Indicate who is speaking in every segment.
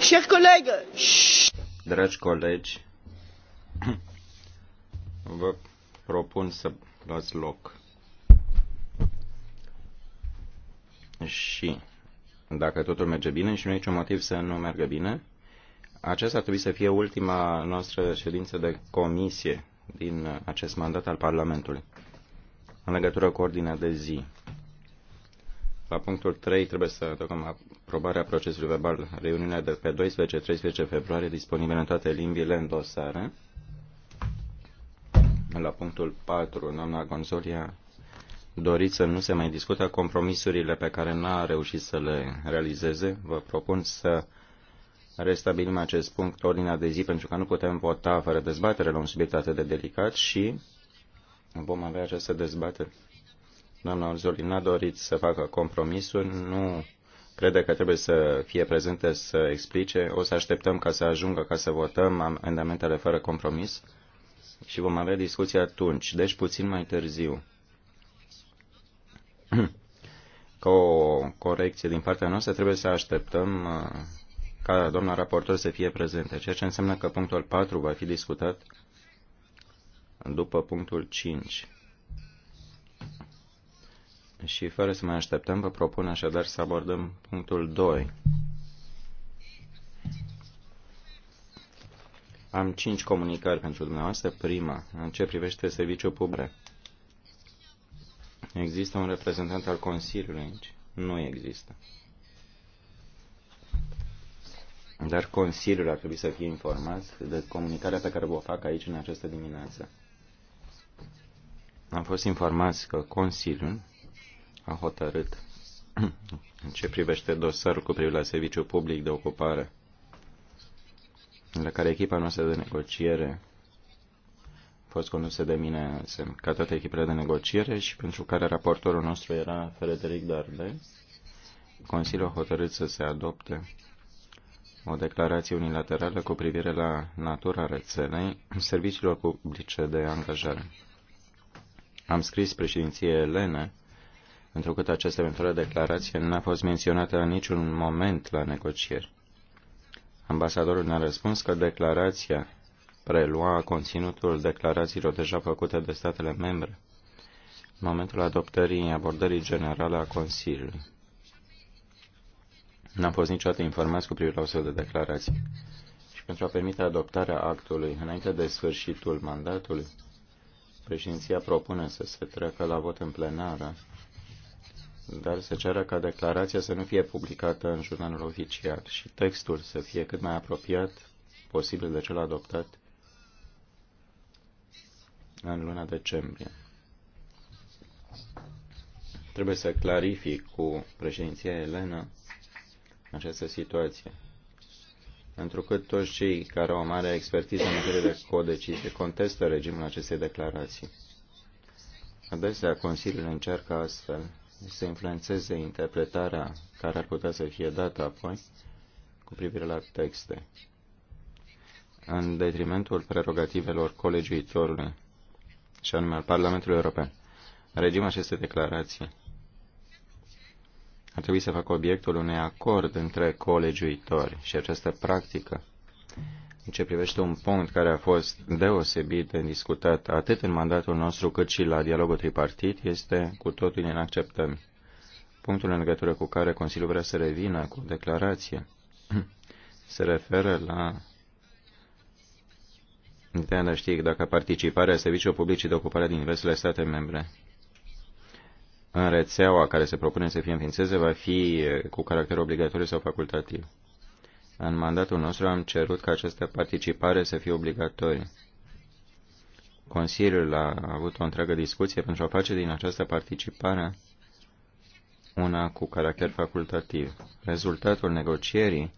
Speaker 1: Chers collègues,
Speaker 2: Dragi colegi, vă propun să luați loc. Și dacă totul merge bine și nu e niciun motiv să nu meargă bine, aceasta ar trebui să fie ultima noastră ședință de comisie din acest mandat al Parlamentului, în legătură cu ordinea de zi. La punctul 3 trebuie să tocăm aprobarea procesului verbal. Reuniunea de pe 12-13 februarie disponibilă în toate limbile în dosare. La punctul 4, doamna Gonzolia, doriți să nu se mai discută compromisurile pe care n-a reușit să le realizeze. Vă propun să restabilim acest punct ordinea de zi pentru că nu putem vota fără dezbatere la un subiect atât de delicat și vom avea această dezbatere Doamna n a dorit să facă compromisuri, nu crede că trebuie să fie prezente să explice. O să așteptăm ca să ajungă ca să votăm amendamentele fără compromis și vom avea discuții atunci, deci puțin mai târziu. Ca o corecție din partea noastră, trebuie să așteptăm uh, ca doamna raportor să fie prezentă, ceea ce înseamnă că punctul 4 va fi discutat după punctul 5. Și fără să mai așteptăm, vă propun așadar să abordăm punctul 2. Am cinci comunicări pentru dumneavoastră. Prima, în ce privește serviciul public. Există un reprezentant al Consiliului aici? Nu există. Dar Consiliul ar trebui să fie informat de comunicarea pe care o fac aici în această dimineață. Am fost informați că Consiliul a hotărât în ce privește dosarul cu privire la serviciul public de ocupare, la care echipa noastră de negociere a fost condusă de mine, ca toate echipele de negociere și pentru care raportorul nostru era Frederic Darde, Consiliul a hotărât să se adopte o declarație unilaterală cu privire la natura rețelei serviciilor publice de angajare. Am scris președinției Elene întrucât această eventuală declarație n-a fost menționată în niciun moment la negocieri. Ambasadorul ne-a răspuns că declarația prelua conținutul declarațiilor deja făcute de statele membre în momentul adoptării abordării generale a Consiliului. N-am fost niciodată informați cu privire la o de declarație. Și pentru a permite adoptarea actului înainte de sfârșitul mandatului, președinția propune să se treacă la vot în plenară dar se cere ca declarația să nu fie publicată în jurnalul oficial și textul să fie cât mai apropiat posibil de cel adoptat în luna decembrie. Trebuie să clarific cu președinția Elena această situație. Întrucât toți cei care au o mare expertiză în materie de codecizie contestă regimul acestei declarații. Adesea Consiliul încearcă astfel să influențeze interpretarea care ar putea să fie dată apoi cu privire la texte, în detrimentul prerogativelor colegiuitorului, și anume al Parlamentului European. Regim aceste declarații ar trebui să facă obiectul unui acord între colegiuitori și această practică în ce privește un punct care a fost deosebit de discutat atât în mandatul nostru cât și la dialogul tripartit, este cu totul inacceptabil. Punctul în legătură cu care Consiliul vrea să revină cu declarație se referă la ideea de a ști dacă participarea serviciilor publice de ocupare din diversele state membre în rețeaua care se propune să fie înființeze va fi cu caracter obligatoriu sau facultativ. În mandatul nostru am cerut ca această participare să fie obligatorie. Consiliul a avut o întreagă discuție pentru a face din această participare una cu caracter facultativ. Rezultatul negocierii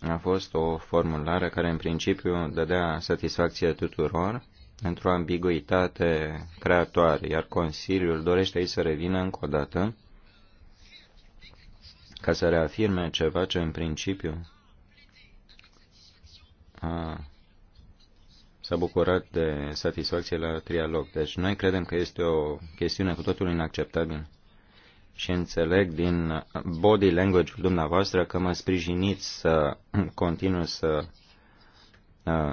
Speaker 2: a fost o formulare care în principiu dădea satisfacție tuturor într-o ambiguitate creatoare, iar Consiliul dorește aici să revină încă o dată ca să reafirme ceva ce în principiu s-a bucurat de satisfacție la trialog. Deci noi credem că este o chestiune cu totul inacceptabilă. Și înțeleg din body language-ul dumneavoastră că mă sprijiniți să continu să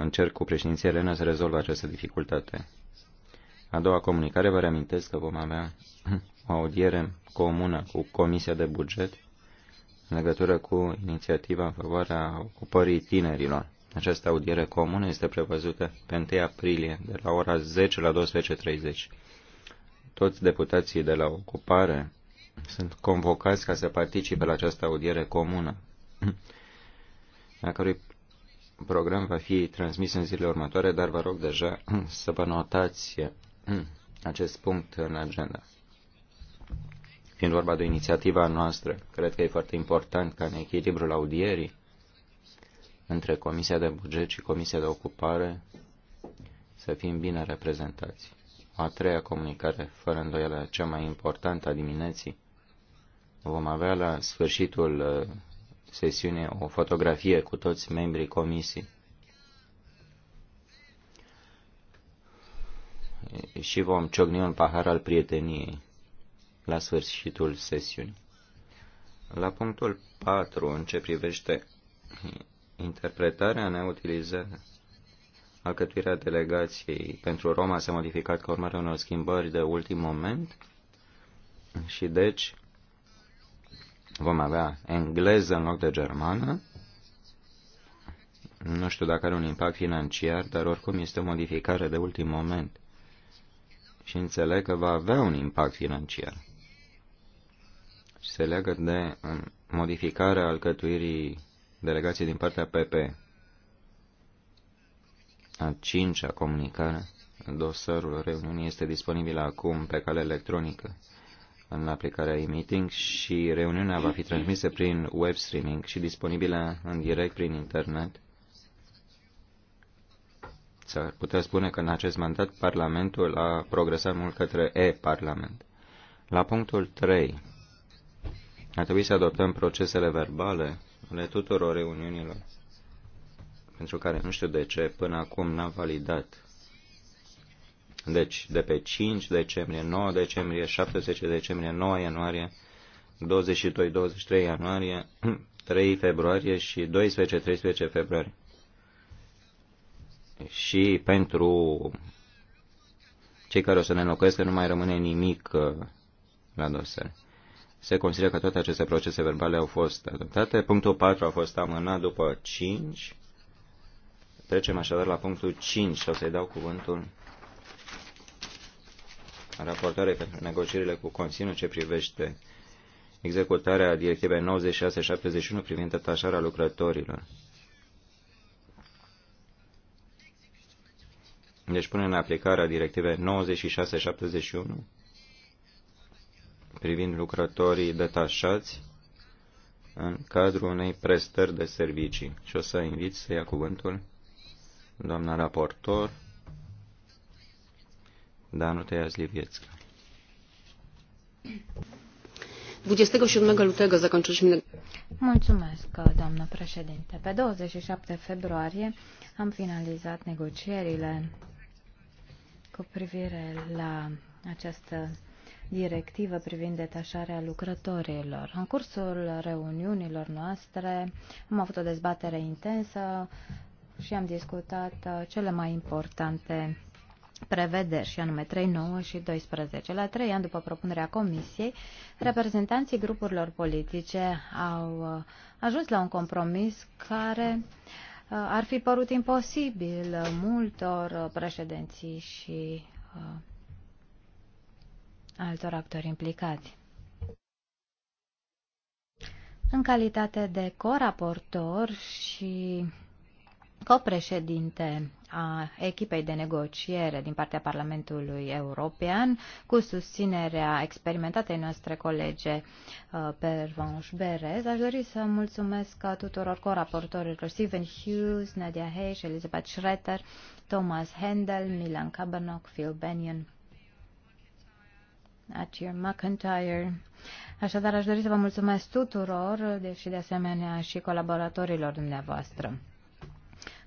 Speaker 2: încerc cu președinția Elena să rezolv această dificultate. A doua comunicare, vă reamintesc că vom avea o audiere comună cu Comisia de Buget în legătură cu inițiativa în favoarea ocupării tinerilor. Această audiere comună este prevăzută pe 1 aprilie, de la ora 10 la 12.30. Toți deputații de la ocupare sunt convocați ca să participe la această audiere comună, a cărui program va fi transmis în zilele următoare, dar vă rog deja să vă notați acest punct în agenda fiind vorba de inițiativa noastră. Cred că e foarte important ca în echilibrul audierii între Comisia de Buget și Comisia de Ocupare să fim bine reprezentați. O a treia comunicare, fără îndoială cea mai importantă a dimineții, vom avea la sfârșitul uh, sesiunii o fotografie cu toți membrii comisii. Și vom ciocni un pahar al prieteniei la sfârșitul sesiunii. La punctul 4, în ce privește interpretarea neutilizată, alcătuirea delegației pentru Roma s-a modificat ca urmare unor schimbări de ultim moment și deci vom avea engleză în loc de germană. Nu știu dacă are un impact financiar, dar oricum este o modificare de ultim moment. Și înțeleg că va avea un impact financiar și se leagă de um, modificarea alcătuirii delegației din partea PP. A cincea comunicare, dosarul reuniunii este disponibil acum pe cale electronică în aplicarea e-meeting și reuniunea va fi transmisă prin web streaming și disponibilă în direct prin internet. S-ar putea spune că în acest mandat Parlamentul a progresat mult către e-Parlament. La punctul 3, ar trebui să adoptăm procesele verbale ale tuturor reuniunilor, pentru care nu știu de ce până acum n-am validat. Deci, de pe 5 decembrie, 9 decembrie, 17 decembrie, 9 ianuarie, 22-23 ianuarie, 3 februarie și 12-13 februarie. Și pentru cei care o să ne înlocuiesc, nu mai rămâne nimic uh, la dosare. Se consideră că toate aceste procese verbale au fost adoptate. Punctul 4 a fost amânat după 5. Trecem așadar la punctul 5 și o să-i dau cuvântul raportare pentru negocierile cu Consiliul ce privește executarea directivei 9671 privind atașarea lucrătorilor. Deci pune în aplicarea directivei 9671 privind lucrătorii detașați în cadrul unei prestări de servicii. Și o să invit să ia cuvântul doamna raportor Danu
Speaker 3: Tejazliwiecka.
Speaker 4: 27 lutego zakończyliśmy...
Speaker 3: Mulțumesc, doamnă președinte. Pe 27 februarie am finalizat negocierile cu privire la această directivă privind detașarea lucrătorilor. În cursul reuniunilor noastre am avut o dezbatere intensă și am discutat uh, cele mai importante prevederi, și anume 3, 9 și 12. La 3 ani după propunerea Comisiei, reprezentanții grupurilor politice au uh, ajuns la un compromis care uh, ar fi părut imposibil multor președinții și altor actori implicați. În calitate de coraportor și copreședinte a echipei de negociere din partea Parlamentului European, cu susținerea experimentatei noastre colege uh, Pervanș Berez. Aș dori să mulțumesc tuturor coraportorilor Stephen Hughes, Nadia Hayes, Elizabeth Schroeter, Thomas Handel, Milan Cabernoc, Phil Bennion your McIntyre. Așadar, aș dori să vă mulțumesc tuturor, deși de asemenea și colaboratorilor dumneavoastră.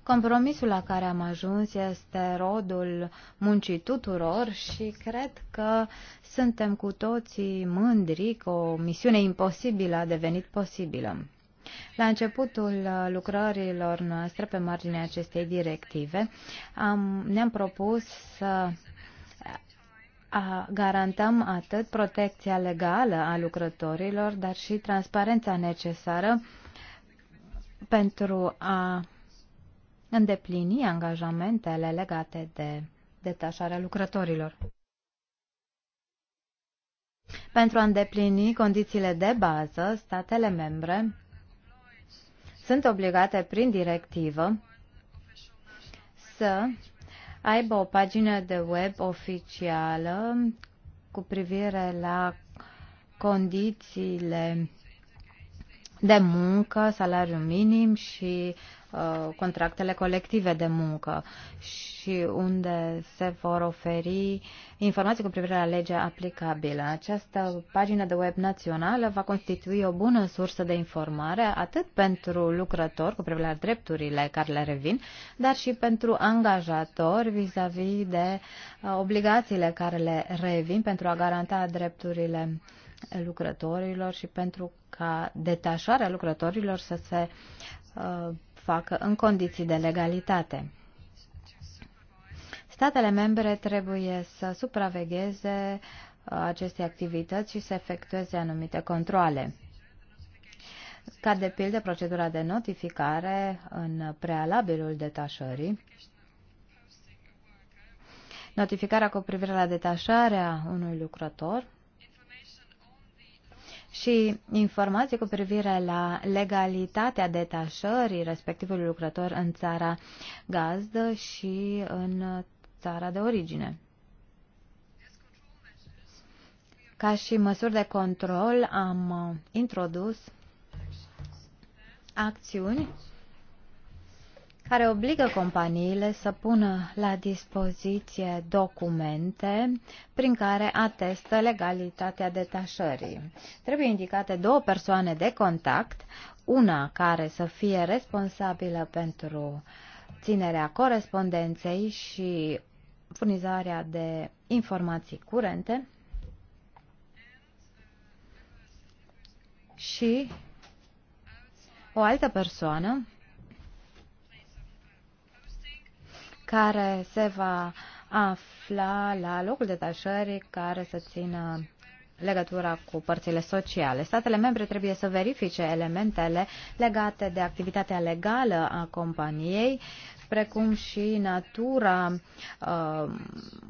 Speaker 3: Compromisul la care am ajuns este rodul muncii tuturor și cred că suntem cu toții mândri că o misiune imposibilă a devenit posibilă. La începutul lucrărilor noastre pe marginea acestei directive am, ne-am propus să a, garantăm atât protecția legală a lucrătorilor, dar și transparența necesară pentru a îndeplini angajamentele legate de detașarea lucrătorilor. Pentru a îndeplini condițiile de bază, statele membre sunt obligate prin directivă să aibă o pagină de web oficială cu privire la condițiile de muncă, salariu minim și Uh, contractele colective de muncă și unde se vor oferi informații cu privire la legea aplicabilă. Această pagină de web națională va constitui o bună sursă de informare atât pentru lucrători cu privire la drepturile care le revin, dar și pentru angajatori vis-a-vis -vis de uh, obligațiile care le revin pentru a garanta drepturile lucrătorilor și pentru ca detașarea lucrătorilor să se uh, facă în condiții de legalitate. Statele membre trebuie să supravegheze uh, aceste activități și să efectueze anumite controle ca de pildă procedura de notificare în prealabilul detașării, notificarea cu privire la detașarea unui lucrător și informații cu privire la legalitatea detașării respectivului lucrător în țara gazdă și în țara de origine. Ca și măsuri de control am introdus acțiuni care obligă companiile să pună la dispoziție documente prin care atestă legalitatea detașării. Trebuie indicate două persoane de contact, una care să fie responsabilă pentru ținerea corespondenței și furnizarea de informații curente și o altă persoană care se va afla la locul detașării care să țină legătura cu părțile sociale. Statele membre trebuie să verifice elementele legate de activitatea legală a companiei, precum și natura uh,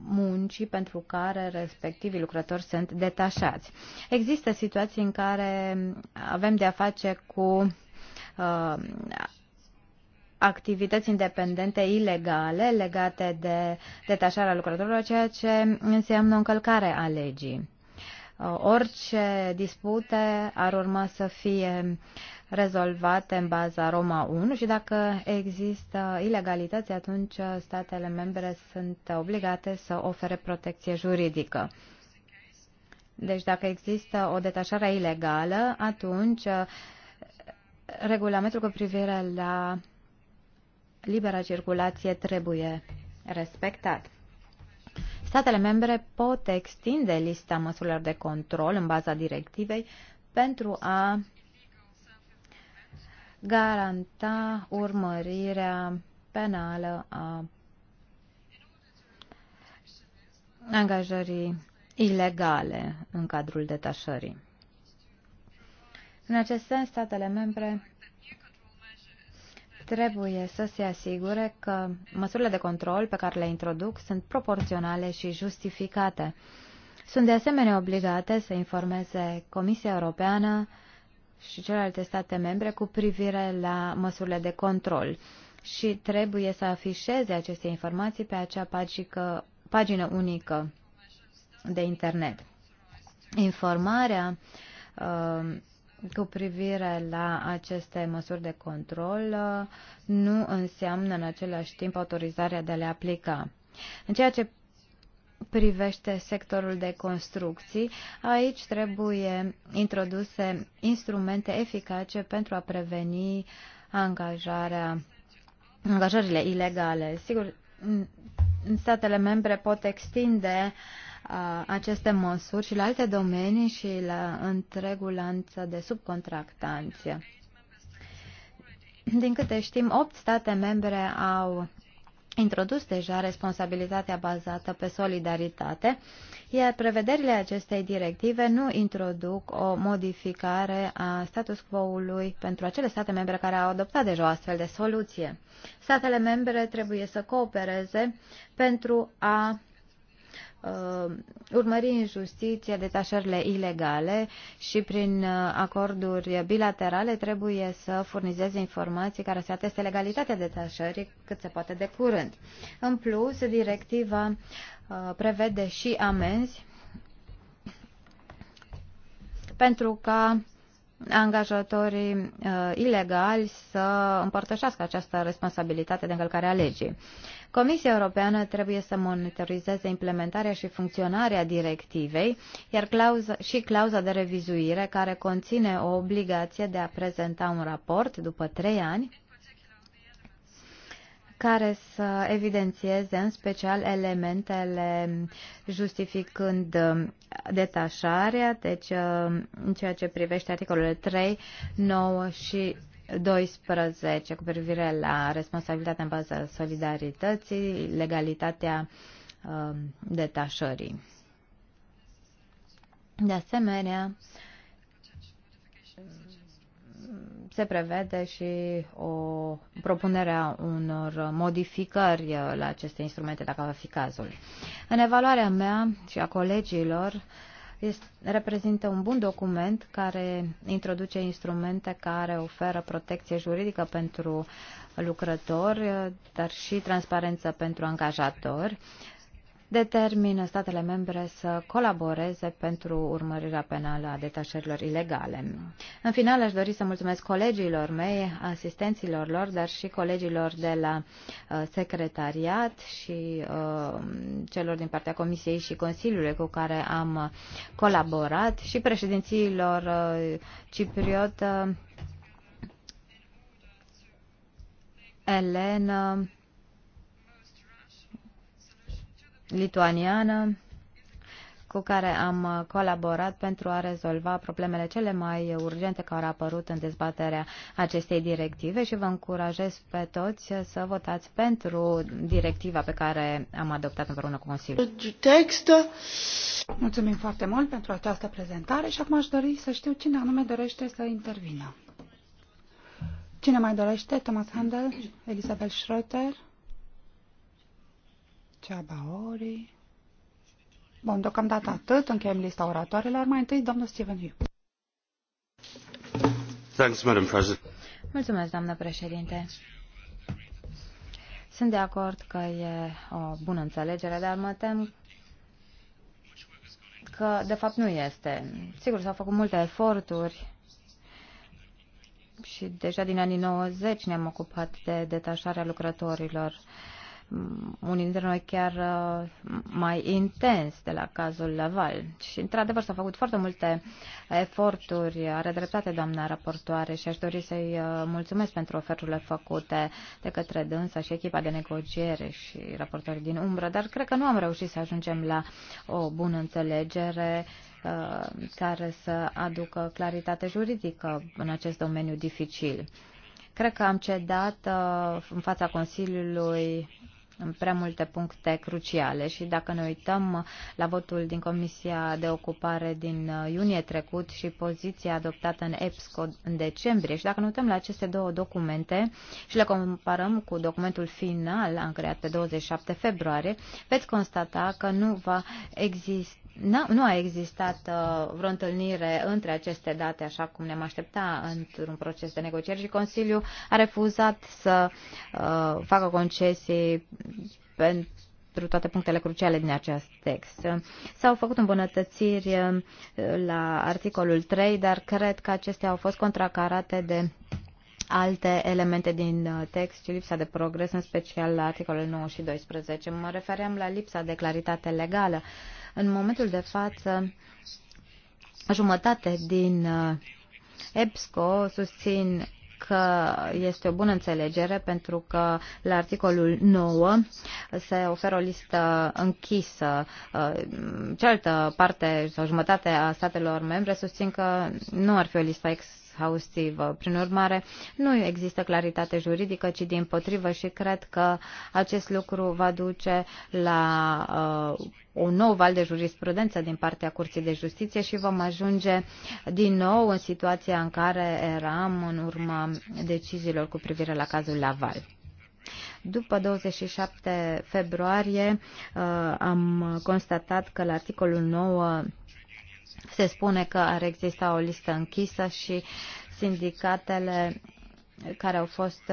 Speaker 3: muncii pentru care respectivii lucrători sunt detașați. Există situații în care avem de a face cu uh, activități independente ilegale legate de detașarea lucrătorilor, ceea ce înseamnă o încălcare a legii. Uh, orice dispute ar urma să fie rezolvate în baza Roma 1 și dacă există ilegalități, atunci statele membre sunt obligate să ofere protecție juridică. Deci dacă există o detașare ilegală, atunci uh, regulamentul cu privire la libera circulație trebuie respectat. Statele membre pot extinde lista măsurilor de control în baza directivei pentru a garanta urmărirea penală a angajării ilegale în cadrul detașării. În acest sens, statele membre trebuie să se asigure că măsurile de control pe care le introduc sunt proporționale și justificate. Sunt de asemenea obligate să informeze Comisia Europeană și celelalte state membre cu privire la măsurile de control și trebuie să afișeze aceste informații pe acea pagică, pagină unică de internet. Informarea uh, cu privire la aceste măsuri de control nu înseamnă în același timp autorizarea de a le aplica. În ceea ce privește sectorul de construcții, aici trebuie introduse instrumente eficace pentru a preveni angajarea, angajările ilegale. Sigur, statele membre pot extinde uh, aceste măsuri și la alte domenii și la întregul lanț de subcontractanți. Din câte știm, opt state membre au introdus deja responsabilitatea bazată pe solidaritate, iar prevederile acestei directive nu introduc o modificare a status quo-ului pentru acele state membre care au adoptat deja o astfel de soluție. Statele membre trebuie să coopereze pentru a Uh, urmări în justiție detașările ilegale și prin uh, acorduri bilaterale trebuie să furnizeze informații care să ateste legalitatea detașării cât se poate de curând. În plus, directiva uh, prevede și amenzi pentru ca angajatorii uh, ilegali să împărtășească această responsabilitate de încălcare a legii. Comisia Europeană trebuie să monitorizeze implementarea și funcționarea directivei, iar clauza, și clauza de revizuire, care conține o obligație de a prezenta un raport după trei ani, care să evidențieze în special elementele justificând detașarea, deci în ceea ce privește articolele 3, 9 și 12 cu privire la responsabilitatea în baza solidarității, legalitatea um, detașării. De asemenea, se prevede și o propunerea unor modificări la aceste instrumente, dacă va fi cazul. În evaluarea mea și a colegilor, uh, este, reprezintă un bun document care introduce instrumente care oferă protecție juridică pentru lucrători, dar și transparență pentru angajatori determină statele membre să colaboreze pentru urmărirea penală a detașărilor ilegale. În final, aș dori să mulțumesc colegilor mei, asistenților lor, dar și colegilor de la uh, secretariat și uh, celor din partea Comisiei și Consiliului cu care am colaborat și președințiilor uh, cipriot, Elena, lituaniană cu care am uh, colaborat pentru a rezolva problemele cele mai urgente care au apărut în dezbaterea acestei directive și vă încurajez pe toți să votați pentru directiva pe care am adoptat împreună cu Consiliul.
Speaker 4: Text. Mulțumim foarte mult pentru această prezentare și acum aș dori să știu cine anume dorește să intervină. Cine mai dorește? Thomas Handel, Elisabeth Schroeter ori. Bun, deocamdată atât. Încheiem lista oratoarelor. Mai întâi, domnul Steven Hugh.
Speaker 1: Thanks, Madam President.
Speaker 4: Mulțumesc, doamnă președinte.
Speaker 3: Sunt de acord că e o bună înțelegere, dar mă tem că de fapt nu este. Sigur, s-au făcut multe eforturi și deja din anii 90 ne-am ocupat de detașarea lucrătorilor. Uh, unii dintre noi chiar uh, mai intens de la cazul Laval. Și, într-adevăr, s-au făcut foarte multe eforturi. Are dreptate doamna raportoare și aș dori să-i uh, mulțumesc pentru oferturile făcute de către dânsa și echipa de negociere și raportorii din umbră, dar cred că nu am reușit să ajungem la o bună înțelegere uh, care să aducă claritate juridică în acest domeniu dificil. Cred că am cedat în fața Consiliului în prea multe puncte cruciale și dacă ne uităm la votul din Comisia de Ocupare din uh, iunie trecut și poziția adoptată în EPSCO în decembrie și dacă ne uităm la aceste două documente și le comparăm cu documentul final am creat pe 27 februarie, veți constata că nu va exista nu a existat uh, vreo întâlnire între aceste date, așa cum ne-am aștepta într-un proces de negocieri și Consiliul a refuzat să uh, facă concesii pentru pentru toate punctele cruciale din acest text. S-au făcut îmbunătățiri uh, la articolul 3, dar cred că acestea au fost contracarate de alte elemente din uh, text și lipsa de progres, în special la articolele 9 și 12. Mă refeream la lipsa de claritate legală. În momentul de față, jumătate din uh, EBSCO susțin că este o bună înțelegere pentru că la articolul 9 se oferă o listă închisă. Uh, cealaltă parte sau jumătate a statelor membre susțin că nu ar fi o listă ex exhaustivă. Prin urmare, nu există claritate juridică, ci din potrivă și cred că acest lucru va duce la uh, un nou val de jurisprudență din partea Curții de Justiție și vom ajunge din nou în situația în care eram în urma deciziilor cu privire la cazul Laval. După 27 februarie uh, am constatat că la articolul 9 se spune că ar exista o listă închisă și sindicatele care au fost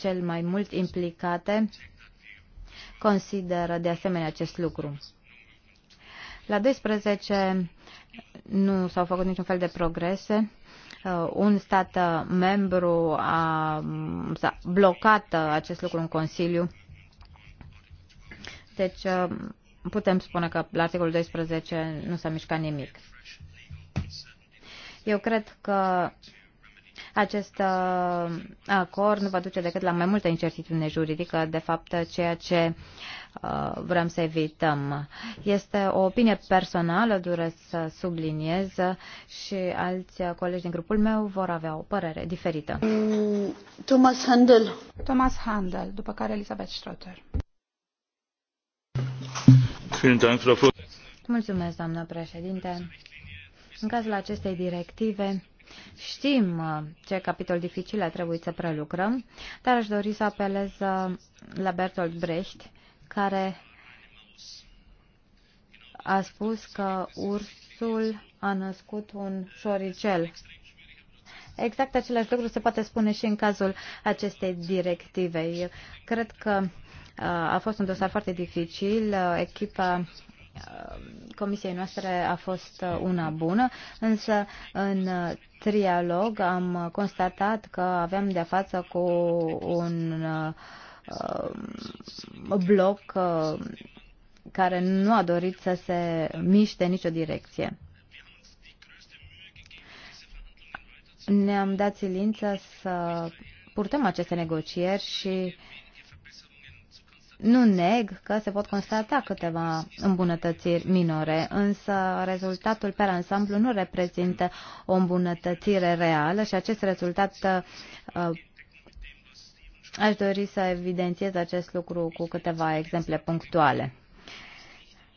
Speaker 3: cel mai mult implicate consideră de asemenea acest lucru. La 12 nu s-au făcut niciun fel de progrese. Uh, un stat membru a, a blocat acest lucru în Consiliu. Deci uh, putem spune că la articolul 12 nu s-a mișcat nimic. Eu cred că acest uh, acord nu va duce decât la mai multă incertitudine juridică, de fapt ceea ce uh, vrem să evităm. Este o opinie personală, doresc să subliniez și alți colegi din grupul meu vor
Speaker 4: avea o părere diferită. Mm, Thomas Handel. Thomas Handel, după care Elisabeth Strotter. Mulțumesc,
Speaker 3: doamnă președinte. În cazul acestei directive, Știm uh, ce capitol dificil a trebuit să prelucrăm, dar aș dori să apelez uh, la Bertolt Brecht, care a spus că ursul a născut un șoricel. Exact același lucru se poate spune și în cazul acestei directive. Eu cred că a fost un dosar foarte dificil. Echipa uh, comisiei noastre a fost uh, una bună, însă în uh, trialog am constatat că aveam de-a față cu un um, bloc care nu a dorit să se miște nicio direcție. Ne-am dat silință să purtăm aceste negocieri și uh, nu neg că se pot constata câteva îmbunătățiri minore, însă rezultatul per ansamblu nu reprezintă o îmbunătățire reală și acest rezultat uh, aș dori să evidențiez acest lucru cu câteva exemple punctuale.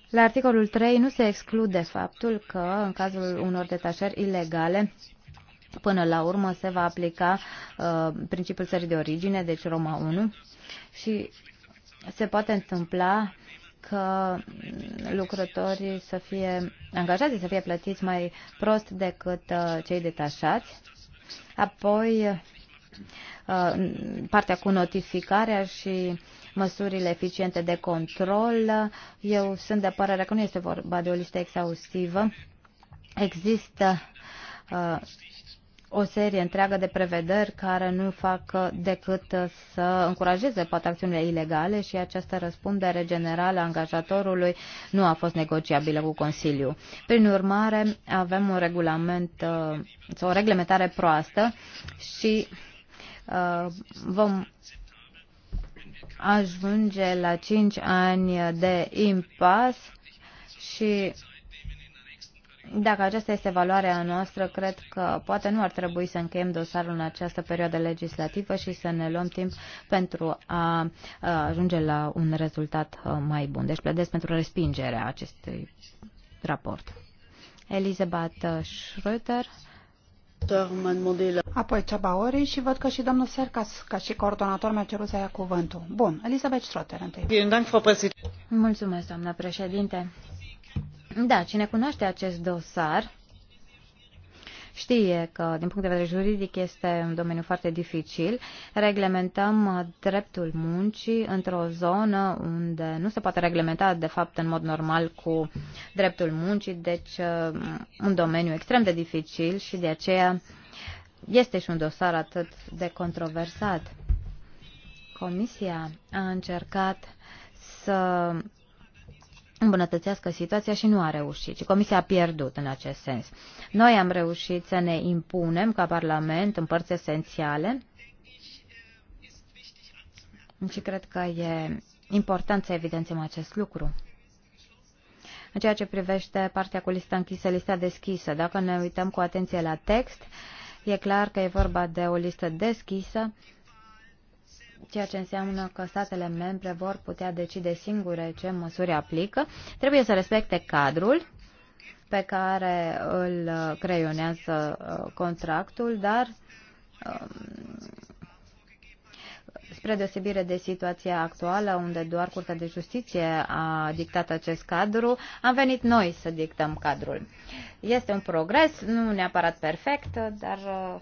Speaker 3: La articolul 3 nu se exclude faptul că, în cazul unor detașări ilegale, Până la urmă se va aplica uh, principiul țării de origine, deci Roma 1, și se poate întâmpla că lucrătorii să fie angajați, să fie plătiți mai prost decât uh, cei detașați. Apoi, uh, partea cu notificarea și măsurile eficiente de control. Eu sunt de părere că nu este vorba de o listă exhaustivă. Există uh, o serie întreagă de prevederi care nu fac decât să încurajeze poate acțiunile ilegale și această răspundere generală a angajatorului nu a fost negociabilă cu Consiliu. Prin urmare, avem un regulament uh, sau o reglementare proastă și uh, vom ajunge la 5 ani de impas și dacă aceasta este valoarea noastră, cred că poate nu ar trebui să încheiem dosarul în această perioadă legislativă și să ne luăm timp pentru a ajunge la un rezultat mai bun. Deci pledez pentru respingerea acestui raport.
Speaker 4: Elizabeth uh, Schröter. Apoi Ceaba Ori și văd că și domnul Sercas, ca și coordonator, mi-a cerut să ia cuvântul. Bun, Elisabeth Schroeter întâi.
Speaker 3: Mulțumesc, doamna președinte. Da, cine cunoaște acest dosar știe că, din punct de vedere juridic, este un domeniu foarte dificil. Reglementăm dreptul muncii într-o zonă unde nu se poate reglementa, de fapt, în mod normal cu dreptul muncii, deci mm, un domeniu extrem de dificil și de aceea este și un dosar atât de controversat. Comisia a încercat să îmbunătățească situația și nu a reușit. Și Comisia a pierdut în acest sens. Noi am reușit să ne impunem ca Parlament în părți esențiale și cred că e important să evidențiem acest lucru. În ceea ce privește partea cu lista închisă, lista deschisă, dacă ne uităm cu atenție la text, e clar că e vorba de o listă deschisă ceea ce înseamnă că statele membre vor putea decide singure ce măsuri aplică, trebuie să respecte cadrul pe care îl creionează uh, contractul, dar um, spre deosebire de situația actuală, unde doar Curtea de Justiție a dictat acest cadru, am venit noi să dictăm cadrul. Este un progres, nu neapărat perfect, dar uh,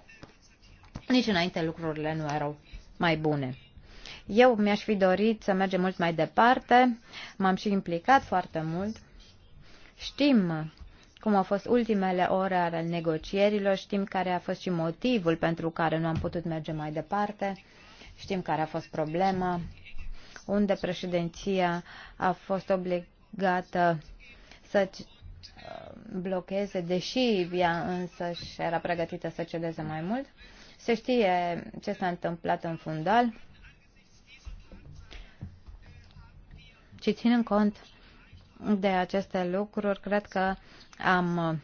Speaker 3: nici înainte lucrurile nu erau mai bune. Eu mi-aș fi dorit să mergem mult mai departe, m-am și implicat foarte mult. Știm cum au fost ultimele ore ale negocierilor, știm care a fost și motivul pentru care nu am putut merge mai departe, știm care a fost problema, unde președinția a fost obligată să uh, blocheze, deși ea însă și era pregătită să cedeze mai mult. Se știe ce s-a întâmplat în fundal. Și ținând cont de aceste lucruri, cred că am uh,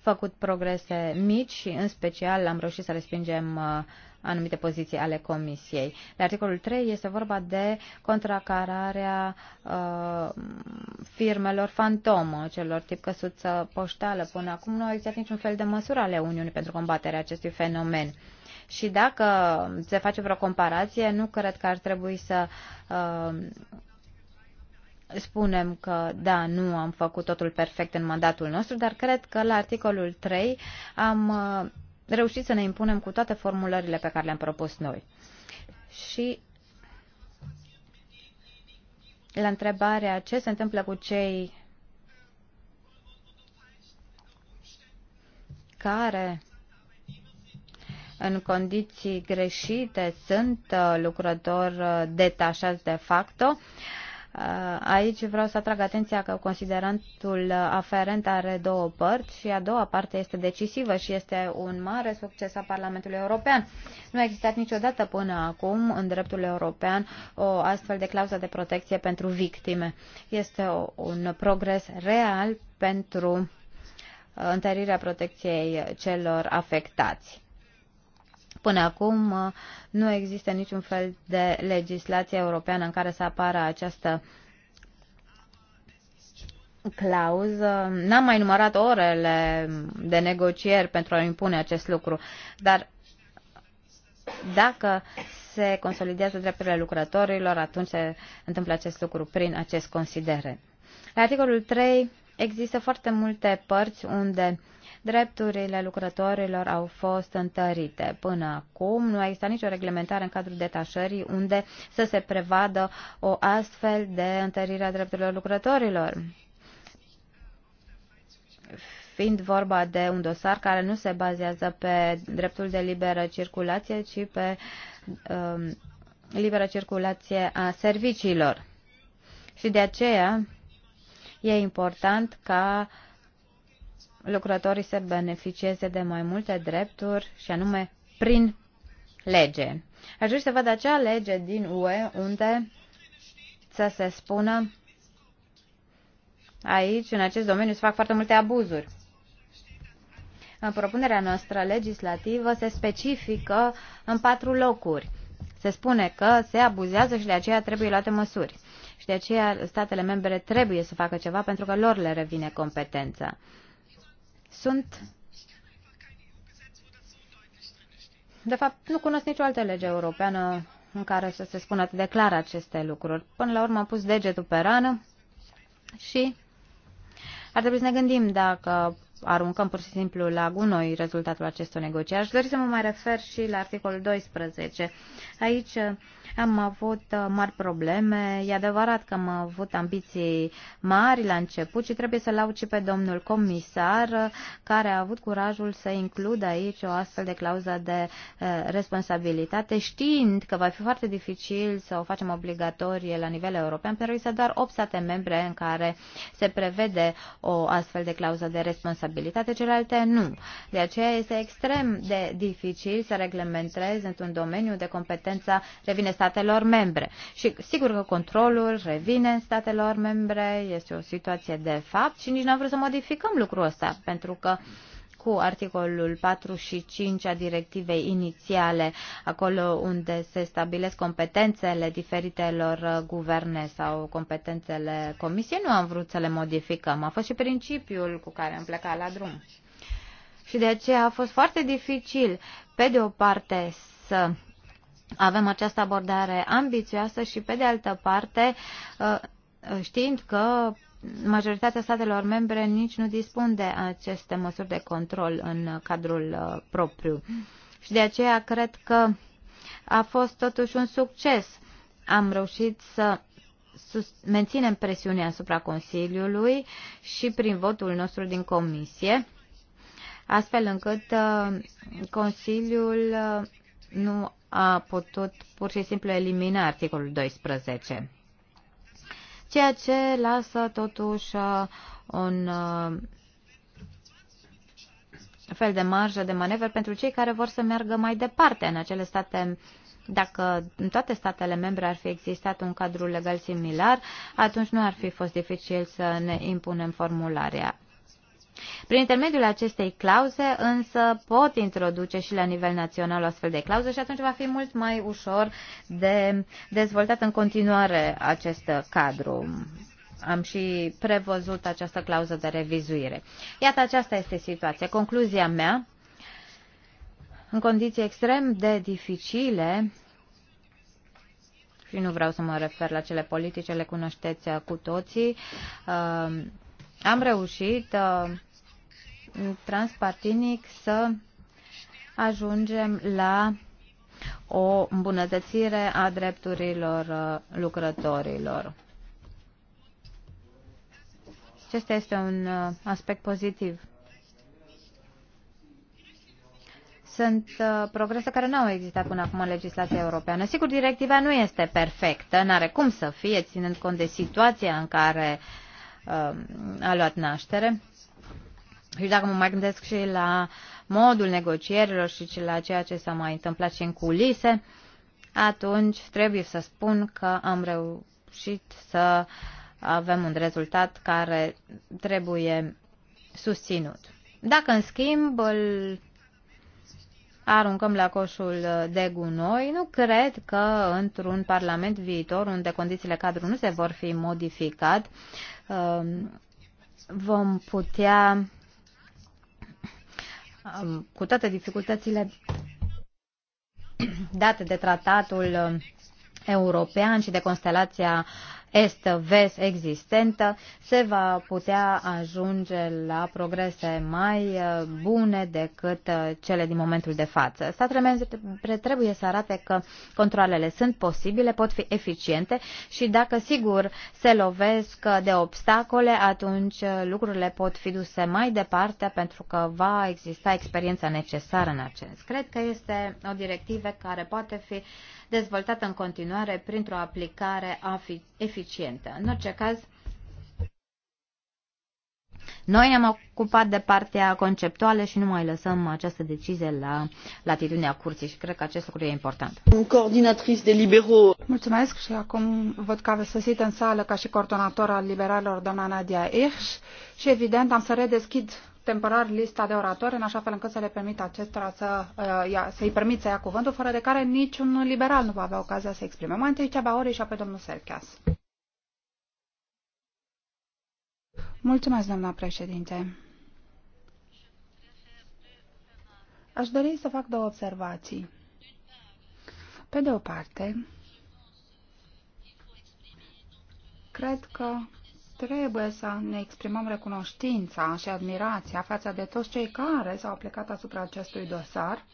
Speaker 3: făcut progrese mici și în special am reușit să respingem uh, anumite poziții ale Comisiei. La articolul 3 este vorba de contracararea uh, firmelor fantomă, celor tip căsuță poștală. Până acum nu a existat niciun fel de măsură ale Uniunii pentru combaterea acestui fenomen. Uh, și dacă se face vreo comparație, nu cred că ar trebui să uh, spunem că, da, nu am făcut totul perfect în mandatul nostru, dar cred că la articolul 3 am uh, reușit să ne impunem cu toate formulările pe care le-am propus noi. Și la întrebarea ce se întâmplă cu cei care în condiții greșite sunt uh, lucrători uh, detașați de facto. Uh, aici vreau să atrag atenția că considerantul aferent are două părți și a doua parte este decisivă și este un mare succes a Parlamentului European. Nu a existat niciodată până acum în dreptul european o astfel de clauză de protecție pentru victime. Este un progres real pentru întărirea protecției celor afectați. Până acum uh, nu există niciun fel de legislație europeană în care să apară această clauză. N-am mai numărat orele de negocieri pentru a impune acest lucru, dar dacă se consolidează drepturile lucrătorilor, atunci se întâmplă acest lucru prin acest considerent. La articolul 3 există foarte multe părți unde uh, drepturile lucrătorilor au fost întărite. Până acum nu a existat nicio reglementare în cadrul detașării unde să se prevadă o astfel de întărire a drepturilor lucrătorilor. Fiind vorba de un dosar care nu se bazează pe dreptul de liberă circulație, ci pe um, liberă circulație a serviciilor. Și de aceea e important ca uh, lucrătorii să beneficieze de mai multe drepturi și anume prin lege. Aș vrea să văd acea lege din UE unde să se spună aici, în acest domeniu, se fac foarte multe abuzuri. În propunerea noastră legislativă se specifică în patru locuri. Se spune că se abuzează și de aceea trebuie luate măsuri. Și de aceea statele membre trebuie să facă ceva pentru că lor le revine competența. Sunt De fapt, nu cunosc nicio altă lege europeană în care să se spună atât de clar aceste lucruri. Până la urmă am pus degetul pe rană și ar trebui să ne gândim dacă aruncăm pur și simplu la gunoi rezultatul acestor negocieri. Aș dori să mă mai refer și la articolul 12. Aici am avut uh, mari probleme. E adevărat că am avut ambiții mari la început și trebuie să laud și pe domnul comisar uh, care a avut curajul să includă aici o astfel de clauză de uh, responsabilitate, știind că va fi foarte dificil să o facem obligatorie la nivel european, pentru că doar 8 state membre în care se prevede o astfel de clauză de responsabilitate, celelalte nu. De aceea este extrem de dificil să reglementezi într-un domeniu de competență revine statul statelor membre. Și sigur că controlul revine în statelor membre, este o situație de fapt și nici nu am vrut să modificăm lucrul ăsta, pentru că cu articolul 4 și 5 a directivei inițiale, acolo unde se stabilesc competențele diferitelor guverne sau competențele comisiei, nu am vrut să le modificăm. A fost și principiul cu care am plecat la drum. Și de aceea a fost foarte dificil, pe de o parte, să avem această abordare ambițioasă și, pe de altă parte, uh, știind că majoritatea statelor membre nici nu dispun de aceste măsuri de control în cadrul uh, propriu. Și de aceea cred că a fost totuși un succes. Am reușit să menținem presiunea asupra Consiliului și prin votul nostru din Comisie, astfel încât uh, Consiliul nu a putut pur și simplu elimina articolul 12, ceea ce lasă totuși uh, un uh, fel de marjă de manevră pentru cei care vor să meargă mai departe în acele state dacă în toate statele membre ar fi existat un cadru legal similar, atunci nu ar fi fost dificil să ne impunem formularea. Prin intermediul acestei clauze însă pot introduce și la nivel național o astfel de clauză și atunci va fi mult mai ușor de dezvoltat în continuare acest cadru. Am și prevăzut această clauză de revizuire. Iată, aceasta este situația. Concluzia mea, în condiții extrem de dificile, și nu vreau să mă refer la cele politice, le cunoșteți cu toții, am reușit transpartinic să ajungem la o îmbunătățire a drepturilor uh, lucrătorilor. Acesta este un uh, aspect pozitiv. Sunt uh, progrese care nu au existat până acum în legislația europeană. Sigur, directiva nu este perfectă, nu are cum să fie, ținând cont de situația în care a luat naștere. Și deci dacă mă mai gândesc și la modul negocierilor și la ceea ce s-a mai întâmplat și în culise, atunci trebuie să spun că am reușit să avem un rezultat care trebuie susținut. Dacă, în schimb, îl aruncăm la coșul de gunoi, nu cred că într-un parlament viitor, unde condițiile cadru nu se vor fi modificat, um, vom putea cu toate dificultățile date de tratatul um, european și de constelația est-vest existentă, se va putea ajunge la progrese mai uh, bune decât uh, cele din momentul de față. Statele membre trebuie să arate că controlele sunt posibile, pot fi eficiente și dacă sigur se lovesc de obstacole, atunci uh, lucrurile pot fi duse mai departe pentru că va exista experiența necesară în acest. Cred că este o directivă care poate fi dezvoltată în continuare printr-o aplicare eficientă. În orice caz, noi ne-am ocupat de partea conceptuală și nu mai lăsăm această decizie la latitudinea curții și cred că acest lucru e important.
Speaker 4: Coordinatrice de libero. Mulțumesc și acum văd că aveți sosit în sală ca și coordonator al liberalilor, doamna Nadia Irș și evident am să redeschid temporar lista de oratori, în așa fel încât să le permit acestora să, uh, să-i permit să ia cuvântul, fără de care niciun liberal nu va avea ocazia să exprime. Mai întâi Ceaba Ori și apoi domnul Serchias. Mulțumesc, doamna președinte. Aș dori să fac două observații. Pe de o parte, cred că trebuie să ne exprimăm recunoștința și admirația față de toți cei care s-au plecat asupra acestui dosar,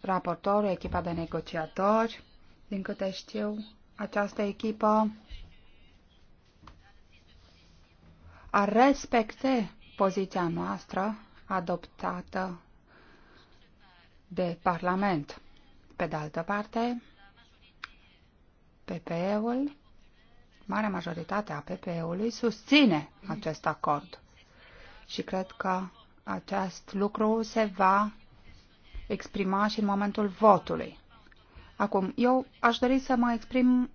Speaker 4: raportorul, echipa de negociatori, din câte știu, această echipă a respecte poziția noastră adoptată de Parlament. Pe de altă parte, PPE-ul marea majoritate a PPE-ului susține acest acord. Și cred că acest lucru se va exprima și în momentul votului. Acum, eu aș dori să mă exprim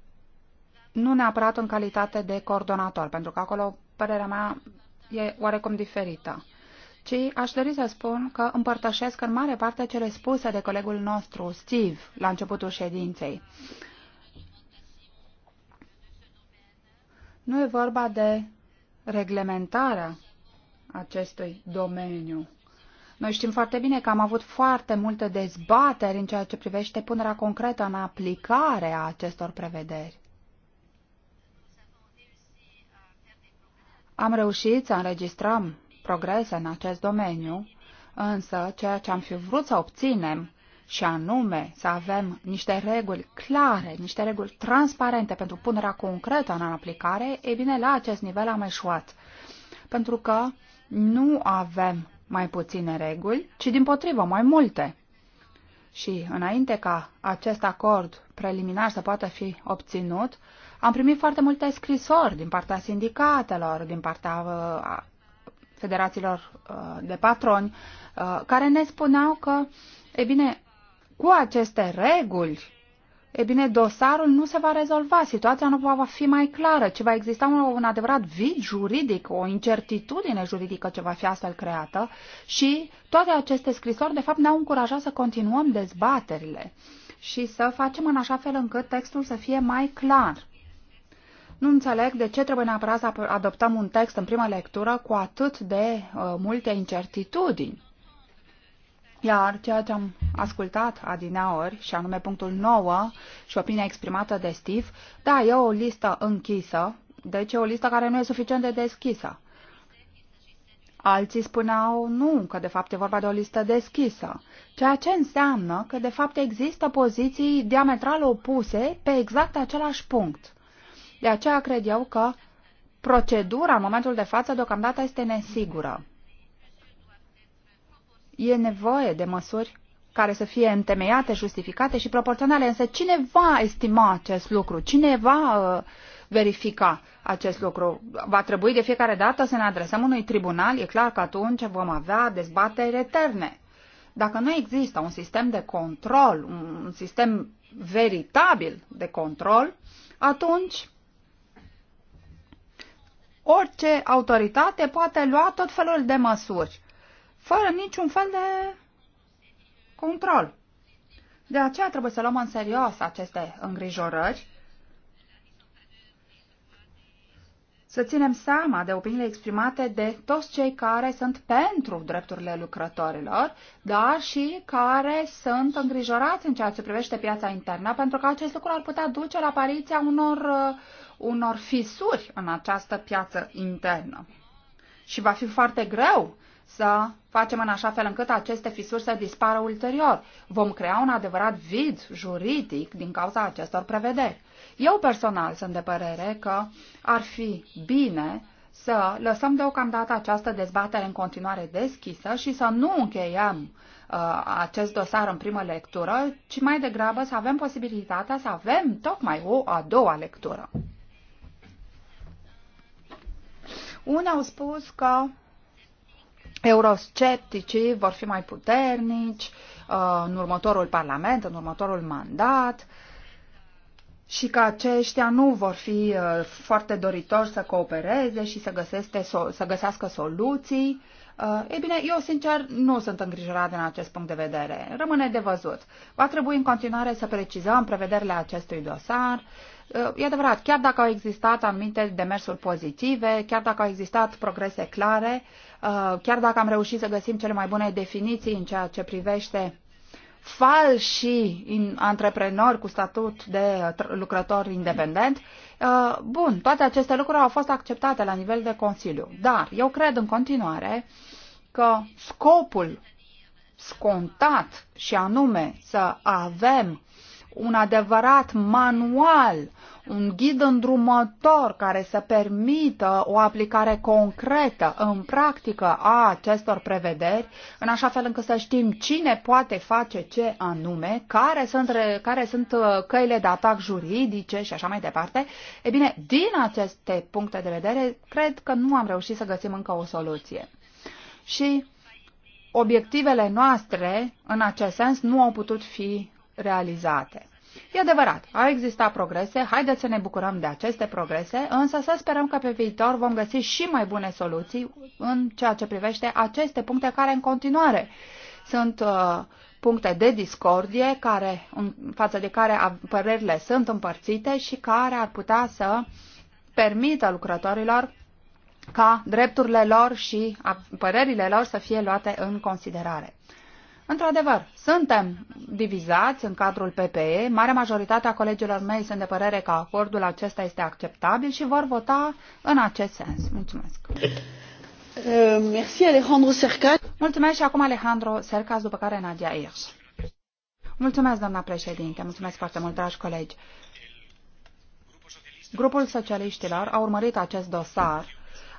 Speaker 4: nu neapărat în calitate de coordonator, pentru că acolo părerea mea e oarecum diferită, ci aș dori să spun că împărtășesc în mare parte cele spuse de colegul nostru, Steve, la începutul ședinței. Uh, Nu e vorba de reglementarea acestui domeniu. Noi știm foarte bine că am avut foarte multe dezbateri în ceea ce privește punerea concretă în aplicare a acestor prevederi. Am reușit să înregistrăm progrese în acest domeniu, însă ceea ce am fi vrut să obținem și anume să avem niște reguli clare, niște reguli transparente pentru punerea concretă în aplicare, e bine, la acest nivel am eșuat. Pentru că nu avem mai puține reguli, ci din potrivă mai multe. Și înainte ca acest acord preliminar să poată fi obținut, am primit foarte multe scrisori din partea sindicatelor, din partea uh, federațiilor uh, de patroni, uh, care ne spuneau că, e bine, cu aceste reguli, e bine, dosarul nu se va rezolva, situația nu va fi mai clară, ci va exista un, un adevărat vid juridic, o incertitudine juridică ce va fi astfel creată și toate aceste scrisori, de fapt, ne-au încurajat să continuăm dezbaterile și să facem în așa fel încât textul să fie mai clar. Nu înțeleg de ce trebuie neapărat să adoptăm un text în prima lectură cu atât de uh, multe incertitudini. Iar ceea ce am ascultat adineori, și anume punctul 9 și opinia exprimată de Steve, da, e o listă închisă, deci e o listă care nu e suficient de deschisă. Alții spuneau nu, că de fapt e vorba de o listă deschisă, ceea ce înseamnă că de fapt există poziții diametral opuse pe exact același punct. De aceea cred eu că procedura în momentul de față deocamdată este nesigură. E nevoie de măsuri care să fie întemeiate, justificate și proporționale, însă cine va estima acest lucru? Cine va uh, verifica acest lucru? Va trebui de fiecare dată să ne adresăm unui tribunal? E clar că atunci vom avea dezbateri eterne. Dacă nu există un sistem de control, un sistem veritabil de control, atunci orice autoritate poate lua tot felul de măsuri fără niciun fel de control. De aceea trebuie să luăm în serios aceste îngrijorări, să ținem seama de opiniile exprimate de toți cei care sunt pentru drepturile lucrătorilor, dar și care sunt îngrijorați în ceea ce privește piața internă, pentru că acest lucru ar putea duce la apariția unor, uh, unor fisuri în această piață internă. Și va fi foarte greu să facem în așa fel încât aceste fisuri să dispară ulterior. Vom crea un adevărat vid juridic din cauza acestor prevederi. Eu personal sunt de părere că ar fi bine să lăsăm deocamdată această dezbatere în continuare deschisă și să nu încheiem uh, acest dosar în primă lectură, ci mai degrabă să avem posibilitatea să avem tocmai o a doua lectură. Unii au spus că Euroscepticii vor fi mai puternici uh, în următorul parlament, în următorul mandat și că aceștia nu vor fi uh, foarte doritori să coopereze și să, găseste, să găsească soluții. Uh, e bine, eu sincer nu sunt îngrijorat din acest punct de vedere. Rămâne de văzut. Va trebui în continuare să precizăm prevederile acestui dosar. E adevărat, chiar dacă au existat anumite demersuri pozitive, chiar dacă au existat progrese clare, Uh, chiar dacă am reușit să găsim cele mai bune definiții în ceea ce privește falși antreprenori cu statut de uh, lucrător independent. Uh, bun, toate aceste lucruri au fost acceptate la nivel de Consiliu, dar eu cred în continuare că scopul scontat și anume să avem un adevărat manual, un ghid îndrumător care să permită o aplicare concretă în practică a acestor prevederi, în așa fel încât să știm cine poate face ce anume, care sunt, care sunt uh, căile de atac juridice și așa mai departe. E bine, din aceste puncte de vedere, cred că nu am reușit să găsim încă o soluție. Și obiectivele noastre, în acest sens, nu au putut fi realizate. E adevărat, au existat progrese, haideți să ne bucurăm de aceste progrese, însă să sperăm că pe viitor vom găsi și mai bune soluții în ceea ce privește aceste puncte care în continuare sunt uh, puncte de discordie care, în față de care părerile sunt împărțite și care ar putea să permită lucrătorilor ca drepturile lor și părerile lor să fie luate în considerare. Într-adevăr, suntem divizați în cadrul PPE, marea majoritate a colegilor mei sunt de părere că acordul acesta este acceptabil și vor vota în acest sens. Mulțumesc! Euh, merci, Alejandro Sercas. Mulțumesc și acum Alejandro Sercas, după care Nadia Irș. Mulțumesc, doamna președinte, mulțumesc foarte mult, dragi colegi. Grupul socialiștilor a urmărit acest dosar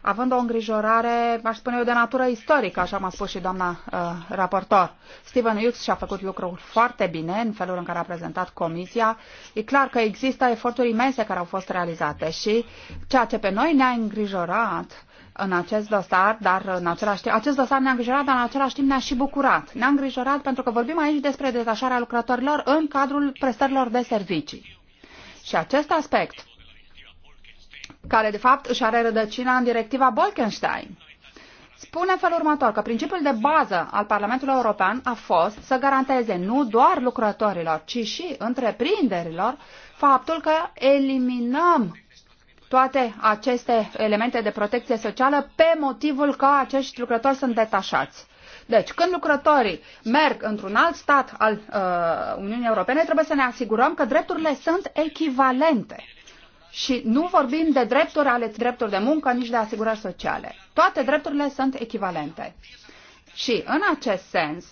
Speaker 4: având o îngrijorare, aș spune eu, de natură istorică, așa m-a spus și doamna uh, raportor. Steven Hughes și-a făcut lucrul foarte bine în felul în care a prezentat comisia. E clar că există eforturi imense care au fost realizate și ceea ce pe noi ne-a îngrijorat în acest dosar, dar în același timp, acest dosar ne-a îngrijorat, dar în același timp ne-a și bucurat. Ne-a îngrijorat pentru că vorbim aici despre detașarea lucrătorilor în cadrul prestărilor de servicii. Și acest aspect care de fapt își are rădăcina în directiva Bolkenstein. Spune în felul următor că principiul de bază al Parlamentului European a fost să garanteze nu doar lucrătorilor, ci și întreprinderilor faptul că eliminăm toate aceste elemente de protecție socială pe motivul că acești lucrători sunt detașați. Deci, când lucrătorii merg într-un alt stat al uh, Uniunii Europene, trebuie să ne asigurăm că drepturile sunt echivalente și nu vorbim de drepturi ale drepturi de muncă, nici de asigurări sociale. Toate drepturile sunt echivalente. Și în acest sens,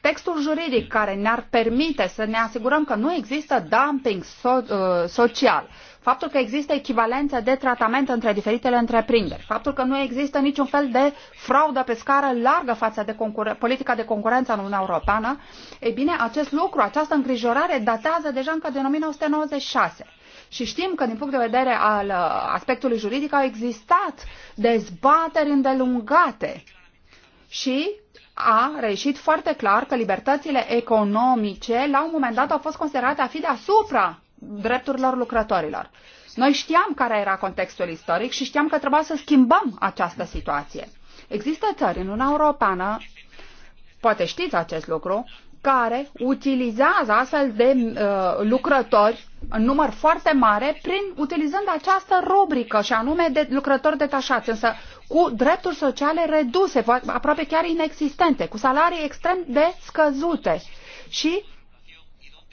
Speaker 4: textul juridic care ne-ar permite să ne asigurăm că nu există dumping so- uh, social, faptul că există echivalență de tratament între diferitele întreprinderi, faptul că nu există niciun fel de fraudă pe scară largă față de politica de concurență în Uniunea Europeană, ei bine, acest lucru, această îngrijorare datează deja încă din 1996. Și știm că, din punct de vedere al uh, aspectului juridic, au existat dezbateri îndelungate și a reieșit foarte clar că libertățile economice, la un moment dat, au fost considerate a fi deasupra drepturilor lucrătorilor. Noi știam care era contextul istoric și știam că trebuia să schimbăm această situație. Există țări în Uniunea Europeană, poate știți acest lucru, care utilizează astfel de uh, lucrători în număr foarte mare prin utilizând această rubrică și anume de lucrători detașați, însă cu drepturi sociale reduse, aproape chiar inexistente, cu salarii extrem de scăzute. Și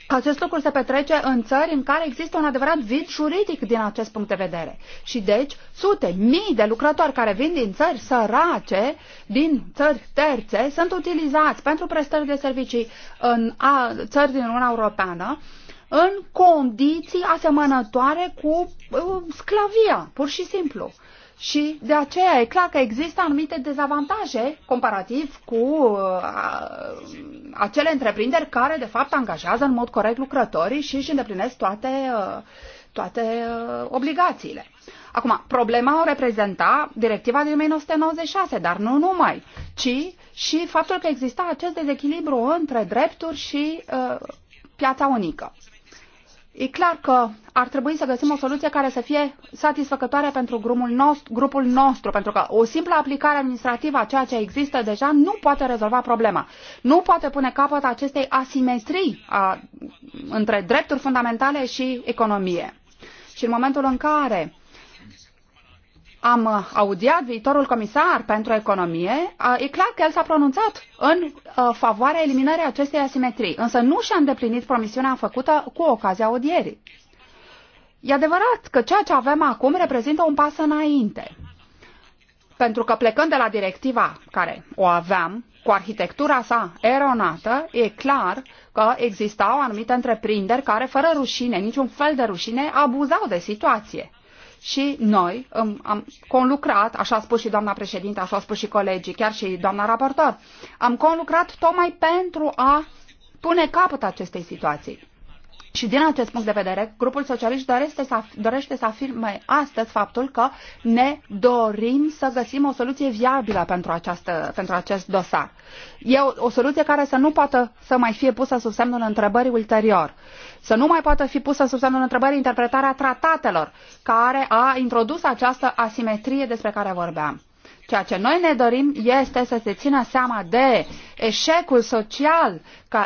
Speaker 4: acest lucru se petrece în țări în care există un adevărat vid juridic din acest punct de vedere. Și deci, sute, mii de lucrători care vin din țări sărace, din țări terțe, sunt utilizați pentru prestări de servicii în a, țări din Uniunea Europeană, în condiții asemănătoare cu uh, sclavia, pur și simplu și de aceea e clar că există anumite dezavantaje comparativ cu uh, acele întreprinderi care, de fapt, angajează în mod corect lucrătorii și își îndeplinesc toate, uh, toate uh, obligațiile. Acum, problema o reprezenta directiva din 1996, dar nu numai, ci și faptul că exista acest dezechilibru între drepturi și uh, piața unică. E clar că ar trebui să găsim o soluție care să fie satisfăcătoare pentru grupul nostru, grupul nostru, pentru că o simplă aplicare administrativă a ceea ce există deja nu poate rezolva problema. Nu poate pune capăt acestei asimetrii a, între drepturi fundamentale și economie. Și în momentul în care am uh, audiat viitorul comisar pentru economie, e clar că el s-a pronunțat în uh, favoarea eliminării acestei asimetrii, însă nu și-a îndeplinit promisiunea făcută cu ocazia audierii. E adevărat că ceea ce avem acum reprezintă un pas înainte. Pentru că plecând de la directiva care o aveam, cu arhitectura sa eronată, e clar că existau anumite întreprinderi care, fără rușine, niciun fel de rușine, abuzau de situație și noi am conlucrat, așa a spus și doamna președinte, așa a spus și colegii, chiar și doamna raportor, am conlucrat tocmai pentru a pune capăt acestei situații. Și din acest punct de vedere, grupul socialist dorește să, dorește să afirme astăzi faptul că ne dorim să găsim o soluție viabilă pentru, această, pentru acest dosar. E o, o soluție care să nu poată să mai fie pusă sub semnul întrebării ulterior să nu mai poată fi pusă sub semnul întrebării interpretarea tratatelor care a introdus această asimetrie despre care vorbeam. Ceea ce noi ne dorim este să se țină seama de eșecul social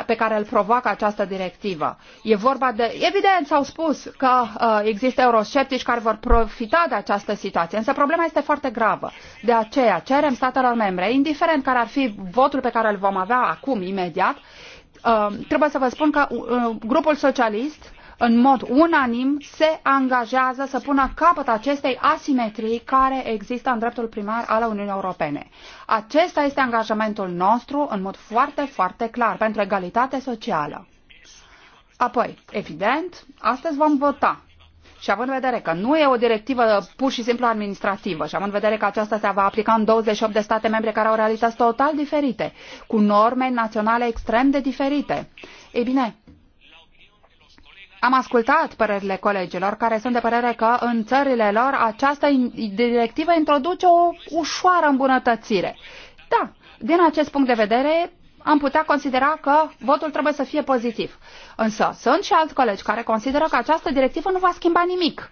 Speaker 4: pe care îl provoacă această directivă. E vorba de. Evident, s-au spus că uh, există eurosceptici care vor profita de această situație, însă problema este foarte gravă. De aceea cerem statelor membre, indiferent care ar fi votul pe care îl vom avea acum, imediat, Um, trebuie să vă spun că uh, grupul socialist în mod unanim se angajează să pună capăt acestei asimetrii care există în dreptul primar al Uniunii Europene. Acesta este angajamentul nostru în mod foarte, foarte clar pentru egalitate socială. Apoi, evident, astăzi vom vota și având în vedere că nu e o directivă pur și simplu administrativă și având în vedere că aceasta se va aplica în 28 de state membre care au realități total diferite, cu norme naționale extrem de diferite, ei bine, am ascultat părerile colegilor care sunt de părere că în țările lor această directivă introduce o ușoară îmbunătățire. Da, din acest punct de vedere, am putea considera că votul trebuie să fie pozitiv. Însă sunt și alți colegi care consideră că această directivă nu va schimba nimic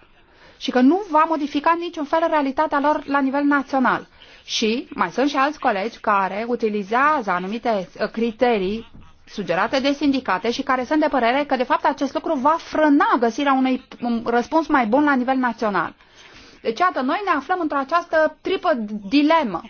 Speaker 4: și că nu va modifica niciun fel realitatea lor la nivel național. Și mai sunt și alți colegi care utilizează anumite uh, criterii sugerate de sindicate și care sunt de părere că, de fapt, acest lucru va frâna găsirea unui răspuns mai bun la nivel național. Deci, iată, noi ne aflăm într-o această tripă dilemă.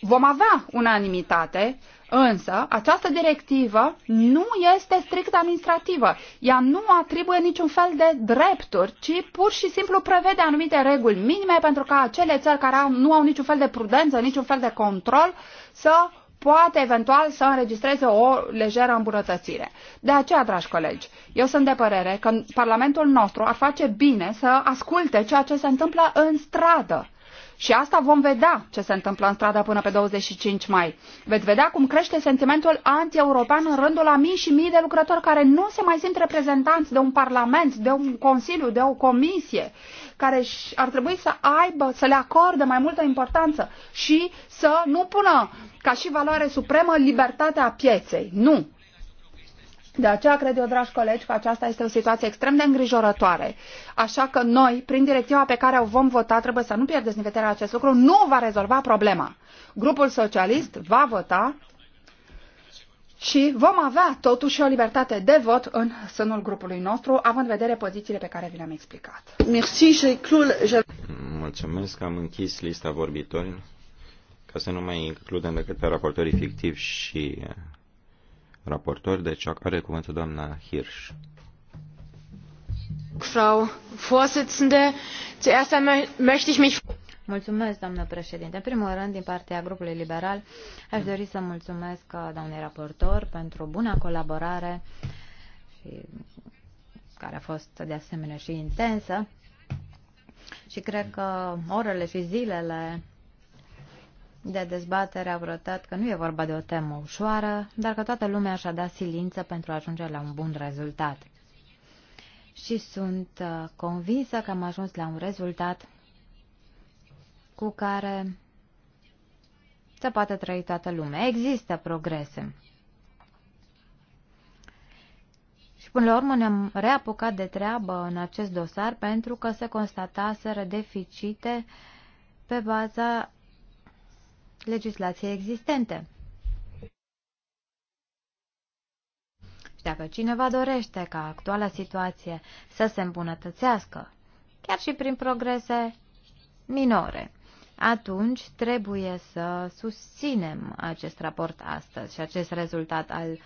Speaker 4: Vom avea unanimitate, Însă, această directivă nu este strict administrativă. Ea nu atribuie niciun fel de drepturi, ci pur și simplu prevede anumite reguli minime pentru ca acele țări care nu au niciun fel de prudență, niciun fel de control, să poate eventual să înregistreze o lejeră îmbunătățire. De aceea, dragi colegi, eu sunt de părere că Parlamentul nostru ar face bine să asculte ceea ce se întâmplă în stradă și asta vom vedea ce se întâmplă în stradă până pe 25 mai. Veți vedea cum crește sentimentul anti-european în rândul a mii și mii de lucrători care nu se mai simt reprezentanți de un parlament, de un consiliu, de o comisie, care ar trebui să aibă, să le acorde mai multă importanță și să nu pună ca și valoare supremă libertatea pieței. Nu! De aceea cred eu, dragi colegi, că aceasta este o situație extrem de îngrijorătoare. Așa că noi, prin directiva pe care o vom vota, trebuie să nu pierdeți din vedere acest lucru, nu va rezolva problema. Grupul socialist va vota și vom avea totuși o libertate de vot în sânul grupului nostru, având în vedere pozițiile pe care vi le-am explicat.
Speaker 2: Mulțumesc, am închis lista vorbitorilor ca să nu mai includem decât pe raportorii fictivi și raportor, deci are cuvântul doamna Hirsch.
Speaker 3: Frau Vorsitzende, zuerst einmal möchte ich mich Mulțumesc, doamnă președinte. În primul rând, din partea grupului liberal, aș dori să mulțumesc uh, doamnei raportor pentru buna colaborare, și, care a fost de asemenea și intensă. Și cred că orele și zilele de dezbatere au rătat că nu e vorba de o temă ușoară, dar că toată lumea și-a dat silință pentru a ajunge la un bun rezultat. Și sunt uh, convinsă că am ajuns la un rezultat cu care se poate trăi toată lumea. Există progrese. Și până la urmă ne-am reapucat de treabă în acest dosar pentru că se constataseră deficite pe baza legislației existente. Și dacă cineva dorește ca actuala situație să se îmbunătățească, chiar și prin progrese minore, atunci trebuie să susținem acest raport astăzi și acest rezultat al uh,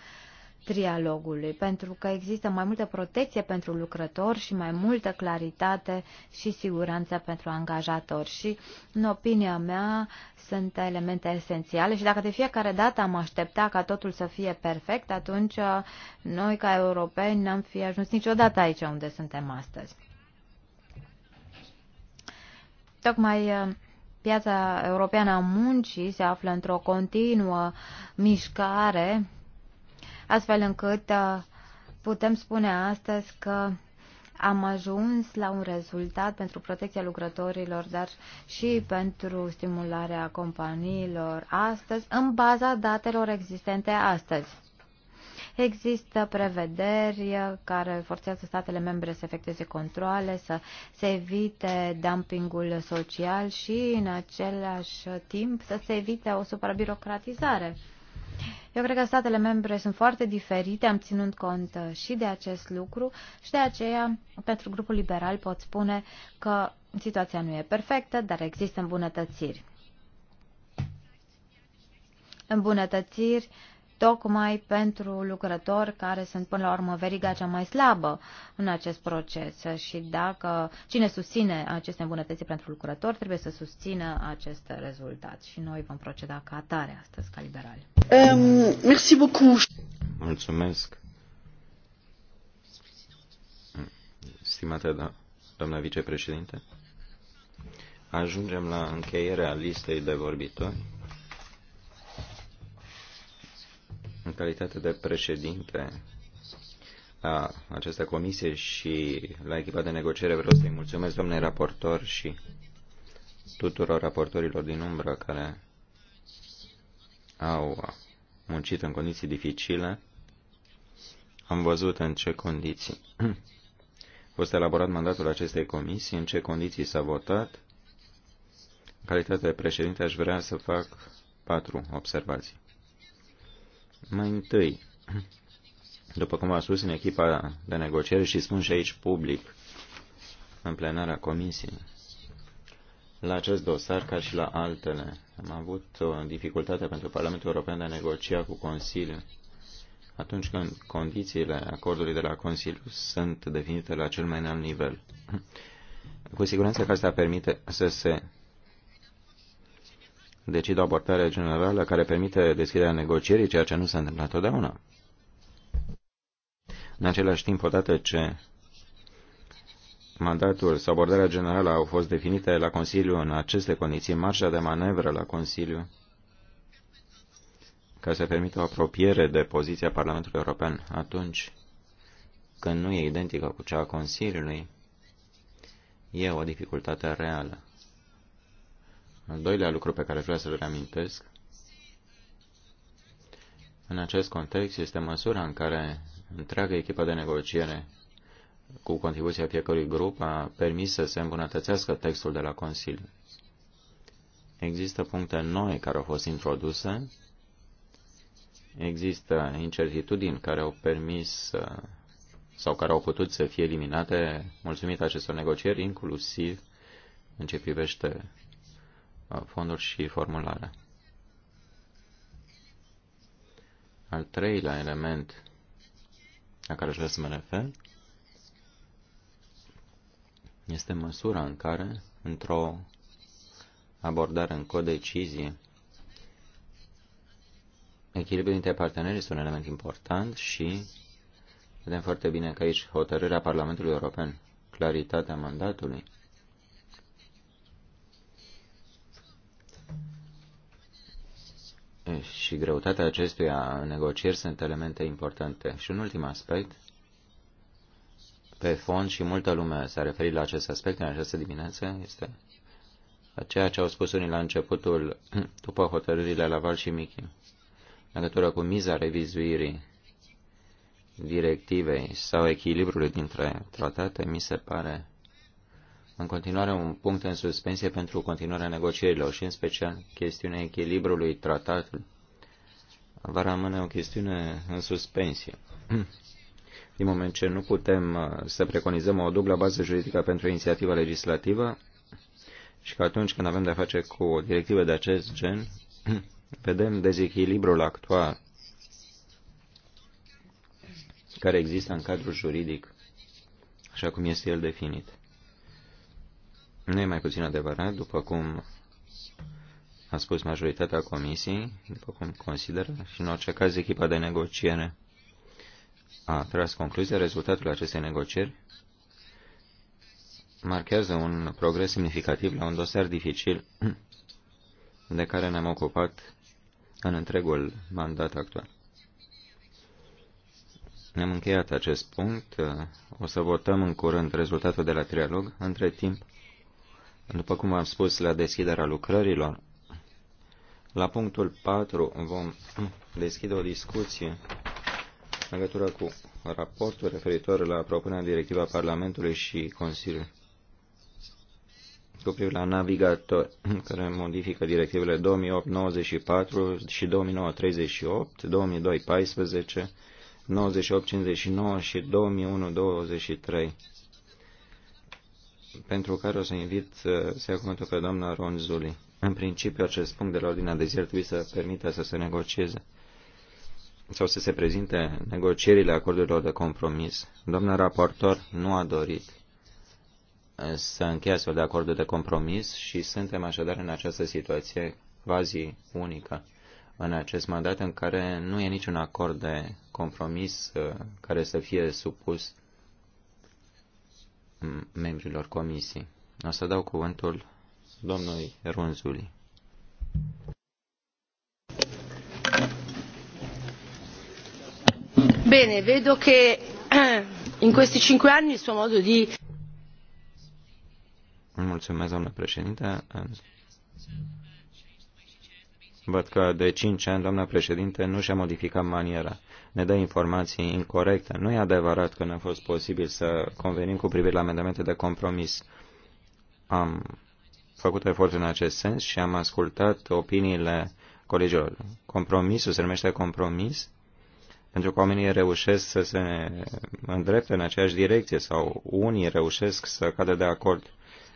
Speaker 3: trialogului, pentru că există mai multă protecție pentru lucrători și mai multă claritate și siguranță pentru angajatori. Și, în opinia mea, sunt elemente esențiale și dacă de fiecare dată am aștepta ca totul să fie perfect, atunci uh, noi, ca europeni, n-am fi ajuns niciodată aici unde suntem astăzi. Tocmai uh, piața europeană a muncii se află într-o continuă mișcare astfel încât uh, putem spune astăzi că am ajuns la un rezultat pentru protecția lucrătorilor, dar și pentru stimularea companiilor astăzi, în baza datelor existente astăzi. Există prevederi care forțează statele membre să efectueze controle, să se evite dumpingul social și, în același timp, să se evite o suprabirocratizare. Eu cred că statele membre sunt foarte diferite, am ținut cont uh, și de acest lucru și de aceea, pentru grupul liberal, pot spune că situația nu e perfectă, dar există îmbunătățiri. Îmbunătățiri tocmai pentru lucrători care sunt până la urmă veriga cea mai slabă în acest proces și dacă cine susține aceste îmbunătățiri pentru lucrători trebuie să susțină acest rezultat și noi vom proceda ca atare astăzi ca liberali.
Speaker 1: Um, merci beaucoup.
Speaker 2: Mulțumesc. Stimate do doamna vicepreședinte, ajungem la încheierea listei de vorbitori. în calitate de președinte a acestei comisie și la echipa de negociere vreau să-i mulțumesc domnului raportor și tuturor raportorilor din umbră care au muncit în condiții dificile. Am văzut în ce condiții a fost elaborat mandatul acestei comisii, în ce condiții s-a votat. În calitate de președinte aș vrea să fac patru observații. Mai întâi, după cum a spus în echipa de negociere și spun și aici public, în plenarea comisiei, la acest dosar, ca și la altele, am avut o dificultate pentru Parlamentul European de a negocia cu Consiliul atunci când condițiile acordului de la Consiliu sunt definite la cel mai înalt nivel. Cu siguranță că asta permite să se decid o abordare generală care permite deschiderea negocierii, ceea ce nu s-a întâmplat totdeauna. În același timp, odată ce mandatul sau abordarea generală au fost definite la Consiliu în aceste condiții, marșa de manevră la Consiliu, ca să permită o apropiere de poziția Parlamentului European atunci când nu e identică cu cea a Consiliului, e o dificultate reală. Al doilea lucru pe care vreau să-l reamintesc, în acest context, este măsura în care întreaga echipă de negociere cu contribuția fiecărui grup a permis să se îmbunătățească textul de la Consiliu. Există puncte noi care au fost introduse, există incertitudini care au permis sau care au putut să fie eliminate mulțumită acestor negocieri, inclusiv în ce privește fonduri și formulare. Al treilea element la care aș vrea să mă refer este măsura în care, într-o abordare în codecizie, echilibrul dintre parteneri este un element important și vedem foarte bine că aici hotărârea Parlamentului European, claritatea mandatului, și greutatea acestuia în negocieri sunt elemente importante. Și un ultim aspect, pe fond și multă lume s-a referit la acest aspect în această dimineață, este ceea ce au spus unii la începutul, după hotărârile la Val și Michi, în legătură cu miza revizuirii directivei sau echilibrului dintre tratate, mi se pare în continuare un punct în suspensie pentru continuarea negocierilor și în special chestiunea echilibrului tratatului va rămâne o chestiune în suspensie. Din moment ce nu putem uh, să preconizăm o dublă bază juridică pentru inițiativa legislativă și că atunci când avem de-a face cu o directivă de acest gen, vedem dezechilibrul actual care există în cadrul juridic, așa cum este el definit. Nu e mai puțin adevărat, după cum a spus majoritatea comisiei, după cum consideră, și în orice caz echipa de negociere a tras concluzia, rezultatul acestei negocieri marchează un progres semnificativ la un dosar dificil de care ne-am ocupat în întregul mandat actual. Ne-am încheiat acest punct. O să votăm în curând rezultatul de la trialog. Între timp, după cum am spus la deschiderea lucrărilor, la punctul 4 vom deschide o discuție în legătură cu raportul referitor la propunerea directiva Parlamentului și Consiliului cu privire la navigator, care modifică directivele 2008-94 și 2009-38, 2002-14, 98-59 și 2001-23 pentru care o să invit să ia cuvântul pe doamna Ronzuli. În principiu, acest punct de la ordinea de zi ar trebui să permită să se negocieze sau să se prezinte negocierile acordurilor de compromis. Doamna raportor nu a dorit uh, să încheie astfel de acordul de compromis și suntem așadar în această situație quasi unică în acest mandat în care nu e niciun acord de compromis uh, care să fie supus membrilor comisiei. O să dau cuvântul domnului Runzuli.
Speaker 4: Bine, vedo că în questi cinci ani, il suo modo di...
Speaker 2: Mulțumesc, doamnă președinte. Văd că de cinci ani, doamna președinte, nu și-a modificat maniera ne dă informații incorrecte. Nu e adevărat că n-a fost posibil să convenim cu privire la amendamente de compromis. Am făcut efort în acest sens și am ascultat opiniile colegilor. Compromisul se numește compromis pentru că oamenii reușesc să se îndrepte în aceeași direcție sau unii reușesc să cadă de acord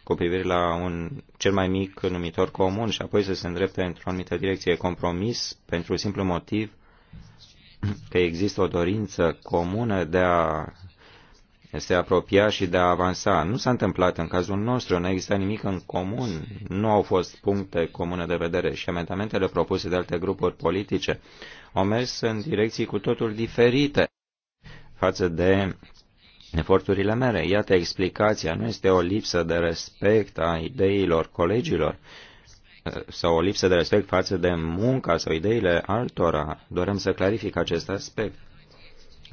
Speaker 2: cu privire la un cel mai mic numitor comun și apoi să se îndrepte într-o anumită direcție. Compromis pentru simplu motiv că există o dorință comună de a se apropia și de a avansa. Nu s-a întâmplat în cazul nostru, nu există nimic în comun, nu au fost puncte comune de vedere și amendamentele propuse de alte grupuri politice au mers în direcții cu totul diferite față de eforturile mele. Iată explicația, nu este o lipsă de respect a ideilor colegilor, sau o lipsă de respect față de munca sau ideile altora. Dorem să clarific acest aspect.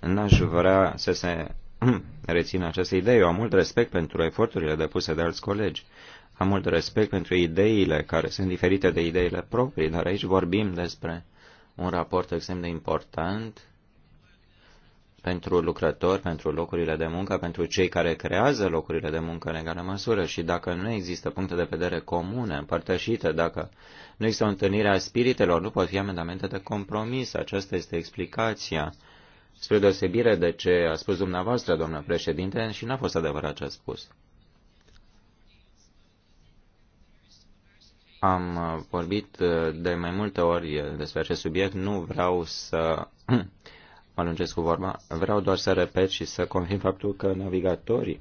Speaker 2: N-aș vrea să se rețină această idee. Eu am mult respect pentru eforturile depuse de alți colegi. Am mult respect pentru ideile care sunt diferite de ideile proprii, dar aici vorbim despre un raport extrem de important pentru lucrători, pentru locurile de muncă, pentru cei care creează locurile de muncă în egală măsură și dacă nu există puncte de vedere comune, împărtășite, dacă nu există o întâlnire a spiritelor, nu pot fi amendamente de compromis. Aceasta este explicația, spre deosebire de ce a spus dumneavoastră, domnul președinte, și n-a fost adevărat ce a spus. Am vorbit de mai multe ori despre acest subiect, nu vreau să mă lungesc cu vorba, vreau doar să repet și să confirm faptul că navigatorii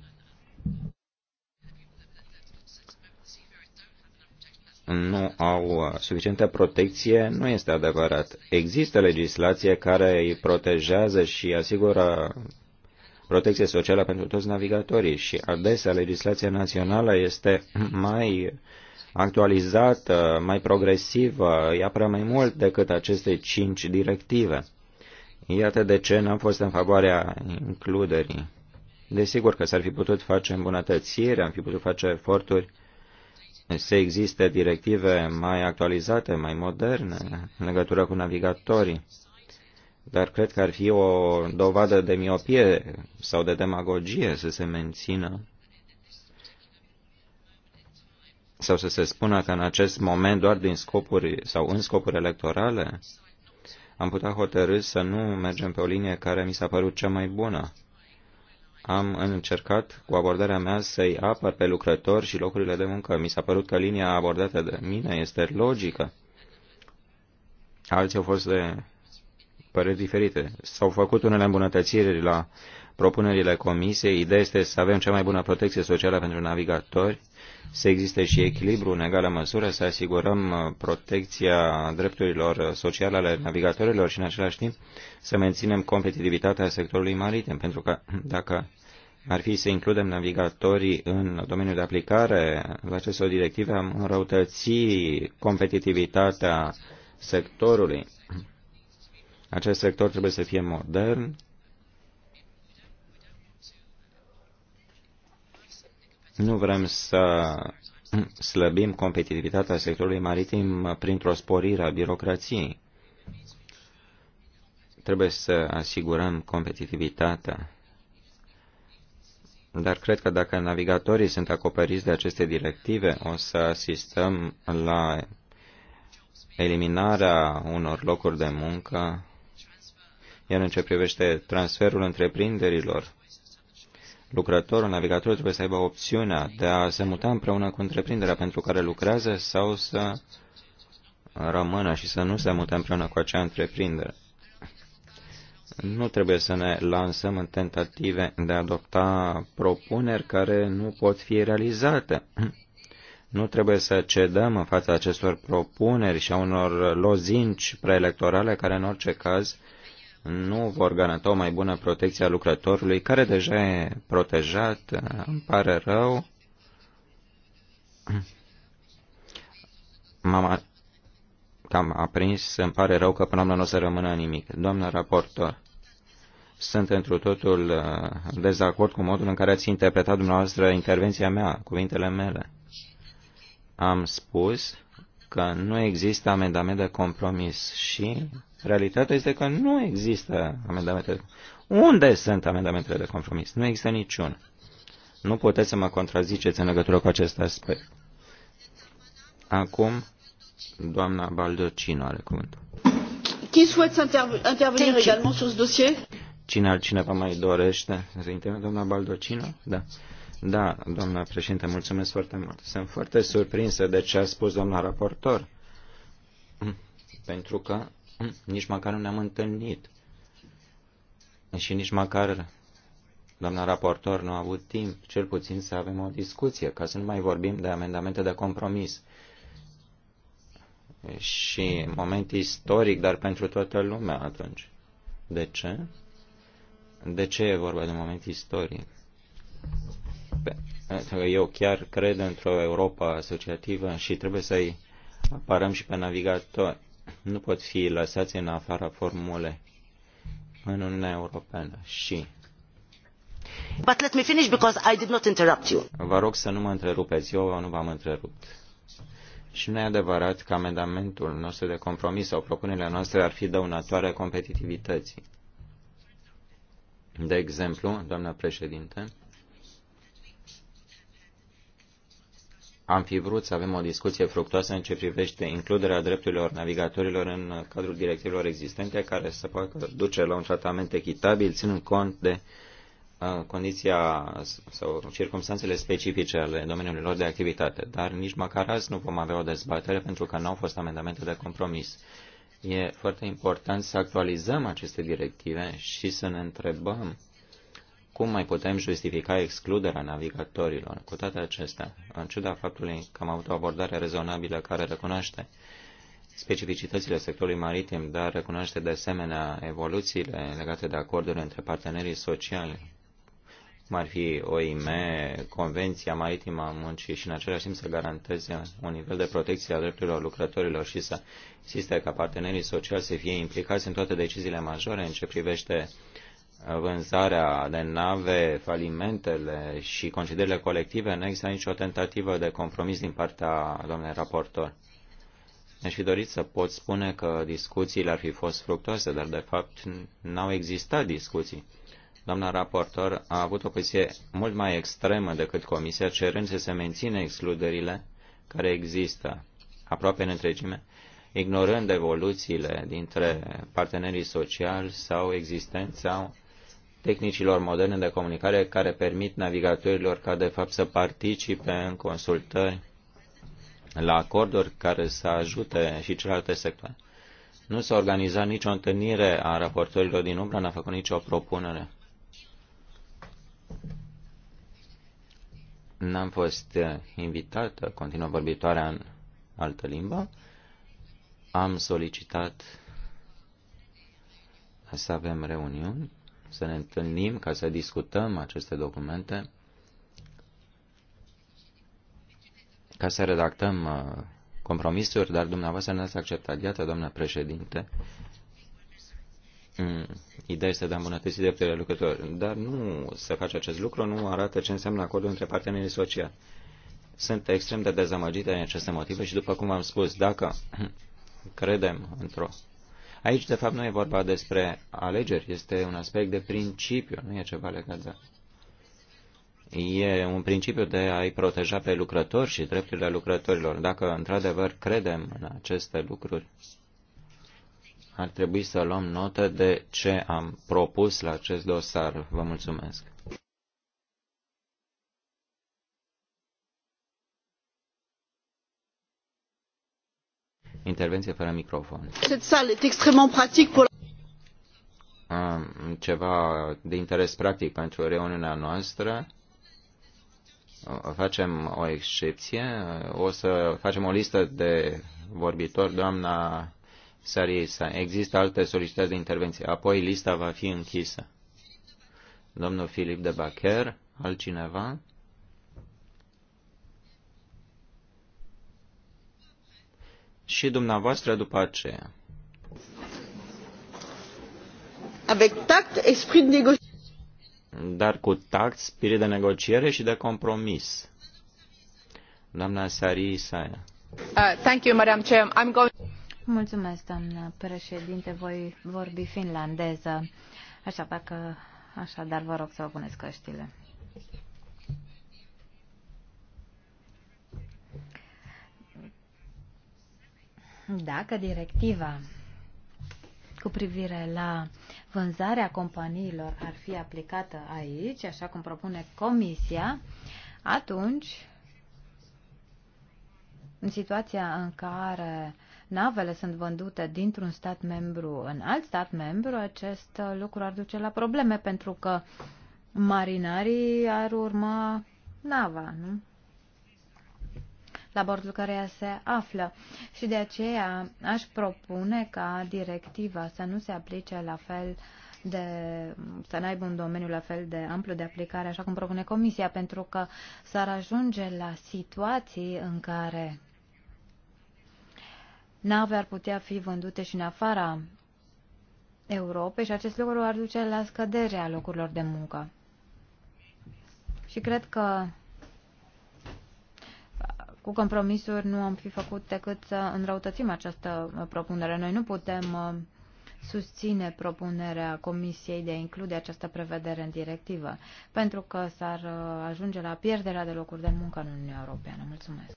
Speaker 2: nu au suficientă protecție, nu este adevărat. Există legislație care îi protejează și asigură protecție socială pentru toți navigatorii și adesea legislația națională este mai actualizată, mai progresivă, ea prea mai mult decât aceste cinci directive. Iată de ce n-am fost în favoarea includerii. Desigur că s-ar fi putut face îmbunătățiri, am fi putut face eforturi să existe directive mai actualizate, mai moderne, în legătură cu navigatorii. Dar cred că ar fi o dovadă de miopie sau de demagogie să se mențină sau să se spună că în acest moment doar din scopuri sau în scopuri electorale am putea hotărâ să nu mergem pe o linie care mi s-a părut cea mai bună. Am încercat cu abordarea mea să-i apăr pe lucrători și locurile de muncă. Mi s-a părut că linia abordată de mine este logică. Alții au fost de păreri diferite. S-au făcut unele îmbunătățiri la propunerile comisiei. Ideea este să avem cea mai bună protecție socială pentru navigatori, să existe și echilibru în egală măsură, să asigurăm uh, protecția drepturilor uh, sociale ale navigatorilor și în același timp să menținem competitivitatea sectorului maritim, pentru că dacă ar fi să includem navigatorii în domeniul de aplicare la aceste directive, am înrăutăți competitivitatea sectorului. Acest sector trebuie să fie modern, Nu vrem să slăbim competitivitatea sectorului maritim printr-o sporire a birocrației. Trebuie să asigurăm competitivitatea. Dar cred că dacă navigatorii sunt acoperiți de aceste directive, o să asistăm la eliminarea unor locuri de muncă, iar în ce privește transferul întreprinderilor, lucrătorul, navigatorul trebuie să aibă opțiunea de a se muta împreună cu întreprinderea pentru care lucrează sau să rămână și să nu se mute împreună cu acea întreprindere. Nu trebuie să ne lansăm în tentative de a adopta propuneri care nu pot fi realizate. Nu trebuie să cedăm în fața acestor propuneri și a unor lozinci preelectorale care în orice caz nu vor garanta o mai bună protecție a lucrătorului, care deja e protejat, îmi pare rău. mama am cam aprins, îmi pare rău că până la nu o să rămână nimic. Doamna raportor, sunt întru totul în uh, dezacord cu modul în care ați interpretat dumneavoastră intervenția mea, cuvintele mele. Am spus că nu există amendament de compromis și Realitatea este că nu există amendamente. Unde sunt amendamentele de compromis? Nu există niciun. Nu puteți să mă contraziceți în legătură cu acest aspect. Acum, doamna Baldocino are cuvântul.
Speaker 1: Qui souhaite intervenir également sur ce dossier?
Speaker 2: Cine altcineva mai dorește să intervină? Doamna Baldocino? Da. Da, doamna președinte, mulțumesc foarte mult. Sunt foarte surprinsă de ce a spus doamna raportor, pentru că nici măcar nu ne-am întâlnit. Și nici măcar doamna raportor nu a avut timp, cel puțin să avem o discuție, ca să nu mai vorbim de amendamente de compromis. Și moment istoric, dar pentru toată lumea atunci. De ce? De ce e vorba de moment istoric? Eu chiar cred într-o Europa asociativă și trebuie să-i apărăm și pe navigatori nu pot fi lăsați în afara formulei în Uniunea Europeană și
Speaker 1: But let me finish because I did not interrupt you.
Speaker 2: Vă rog să nu mă întrerupeți, eu nu v-am întrerupt. Și nu e adevărat că amendamentul nostru de compromis sau propunerile noastre ar fi dăunătoare competitivității. De exemplu, doamna președinte, am fi vrut să avem o discuție fructoasă în ce privește includerea drepturilor navigatorilor în cadrul directivelor existente, care să poată duce la un tratament echitabil, ținând cont de uh, condiția sau circumstanțele specifice ale domeniului lor de activitate. Dar nici măcar azi nu vom avea o dezbatere pentru că nu au fost amendamente de compromis. E foarte important să actualizăm aceste directive și să ne întrebăm cum mai putem justifica excluderea navigatorilor? Cu toate acestea, în ciuda faptului că am avut o abordare rezonabilă care recunoaște specificitățile sectorului maritim, dar recunoaște de asemenea evoluțiile legate de acorduri între partenerii sociali, cum ar fi OIM, Convenția Maritimă a Muncii și în același timp să garanteze un nivel de protecție a drepturilor lucrătorilor și să insiste ca partenerii sociali să fie implicați în toate deciziile majore în ce privește uh, vânzarea de nave, falimentele și concedierile colective, nu există nicio tentativă de compromis din partea doamnei raportor. Mi-aș fi dorit să pot spune că discuțiile ar fi fost fructoase, dar de fapt n-au existat discuții. Doamna raportor a avut o poziție mult mai extremă decât Comisia, cerând să se mențină excluderile care există aproape în întregime, ignorând evoluțiile dintre partenerii sociali sau existența tehnicilor moderne de comunicare care permit navigatorilor ca de fapt să participe în consultări la acorduri care să ajute și celelalte sectoare. Nu s-a organizat nicio întâlnire a raportorilor din umbra, n-a făcut nicio propunere. N-am fost invitată, continuă vorbitoarea în altă limbă. Am solicitat să avem reuniuni să ne întâlnim ca să discutăm aceste documente, ca să redactăm uh, compromisuri, dar dumneavoastră ne-ați acceptat. Iată, doamnă președinte, mm, ideea este de a îmbunătăți drepturile lucrătorilor, dar nu să faci acest lucru nu arată ce înseamnă acordul între partenerii sociali. Sunt extrem de dezamăgite în aceste motive și, după cum v-am spus, dacă credem într-o Aici, de fapt, nu e vorba despre alegeri, este un aspect de principiu, nu e ceva legat de... E un principiu de a-i proteja pe lucrători și drepturile lucrătorilor. Dacă, într-adevăr, credem în aceste lucruri, ar trebui să luăm notă de ce am propus la acest dosar. Vă mulțumesc. Intervenție fără microfon. Ceva de interes practic pentru reuniunea noastră. Facem o excepție. O să facem o listă de vorbitori. Doamna Sarisa, există alte solicitări de intervenție. Apoi lista va fi închisă. Domnul Filip de Bacher, altcineva? și dumneavoastră după aceea.
Speaker 1: Avec tact,
Speaker 4: esprit de
Speaker 2: dar cu tact, spirit de negociere și de compromis. Doamna Sari Isaia.
Speaker 4: Uh, thank you, Madam Chair. I'm going...
Speaker 3: Mulțumesc, doamnă președinte. Voi vorbi finlandeză, așa dacă, Așadar, vă rog să vă puneți căștile. dacă directiva cu privire la vânzarea companiilor ar fi aplicată aici, așa cum propune Comisia, atunci, în situația în care navele sunt vândute dintr-un stat membru în alt stat membru, acest lucru ar duce la probleme, pentru că marinarii ar urma nava, nu? la bordul căreia se află. Și de aceea aș propune ca directiva să nu se aplice la fel de, să n-aibă un domeniu la fel de amplu de aplicare, așa cum propune Comisia, pentru că s-ar ajunge la situații în care nave ar putea fi vândute și în afara Europei și acest lucru ar duce la scăderea locurilor de muncă. Și cred că cu compromisuri nu am fi făcut decât să înrăutățim această propunere. Noi nu putem uh, susține propunerea Comisiei de a include această prevedere în directivă, pentru că s-ar uh, ajunge la pierderea de locuri de muncă în Uniunea Europeană. Mulțumesc.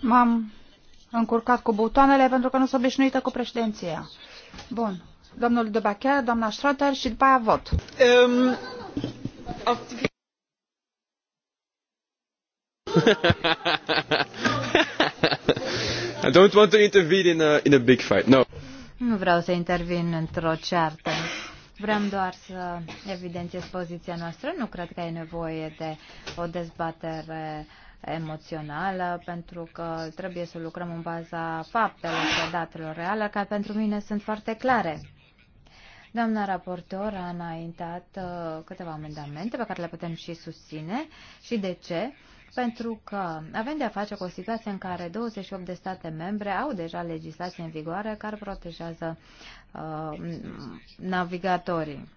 Speaker 4: M-am încurcat cu butoanele pentru că nu s-a obișnuită cu președinția. Bun domnul De Bacher, doamna Schroeter și după aia vot. Ehm,
Speaker 1: I don't want to intervene in a, in a big fight. No.
Speaker 3: Nu vreau să intervin într-o ceartă. Vreau doar să evidențiez poziția noastră. Nu cred că e nevoie de o dezbatere emoțională, pentru că trebuie să lucrăm în baza faptelor și datelor reale, care pentru mine sunt foarte clare. Doamna raportor a înaintat uh, câteva amendamente pe care le putem și susține. Și de ce? Pentru că avem de-a face cu o situație în care 28 de state membre au deja legislație în vigoare care protejează uh, navigatorii.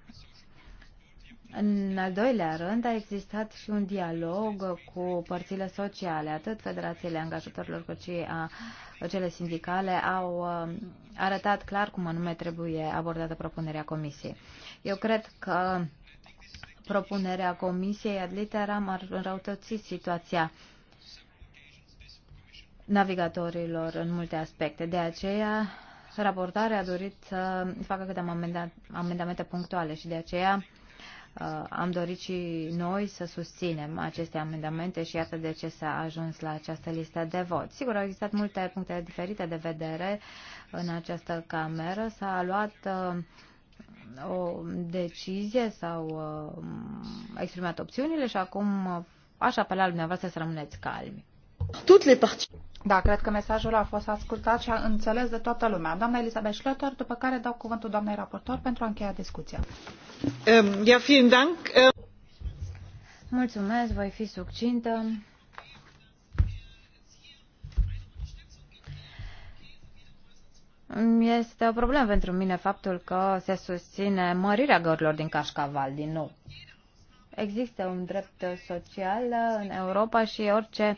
Speaker 3: În al doilea rând, a existat și un dialog cu părțile sociale, atât federațiile angajatorilor cât și a, cele sindicale au um, arătat clar cum anume trebuie abordată propunerea comisiei. Eu cred că propunerea comisiei ad literam ar înrăutăți situația navigatorilor în multe aspecte. De aceea, raportarea a dorit să facă câte amendamente punctuale și de aceea Uh, am dorit și noi să susținem aceste amendamente și iată de ce s-a ajuns la această listă de vot. Sigur, au existat multe puncte diferite de vedere în această cameră. S-a luat uh, o decizie sau uh, exprimat opțiunile și acum aș apela la dumneavoastră să rămâneți calmi.
Speaker 4: Toutes les parties. Da, cred că mesajul a fost ascultat și a înțeles de toată lumea. Doamna Elisabeth Schlöter, după care dau cuvântul doamnei raportor pentru a încheia discuția.
Speaker 3: Ja, vielen Dank. Mulțumesc, voi fi succintă. Este o problemă pentru mine faptul că se susține mărirea gărilor din cașcaval din nou. Există un drept social în Europa și orice uh,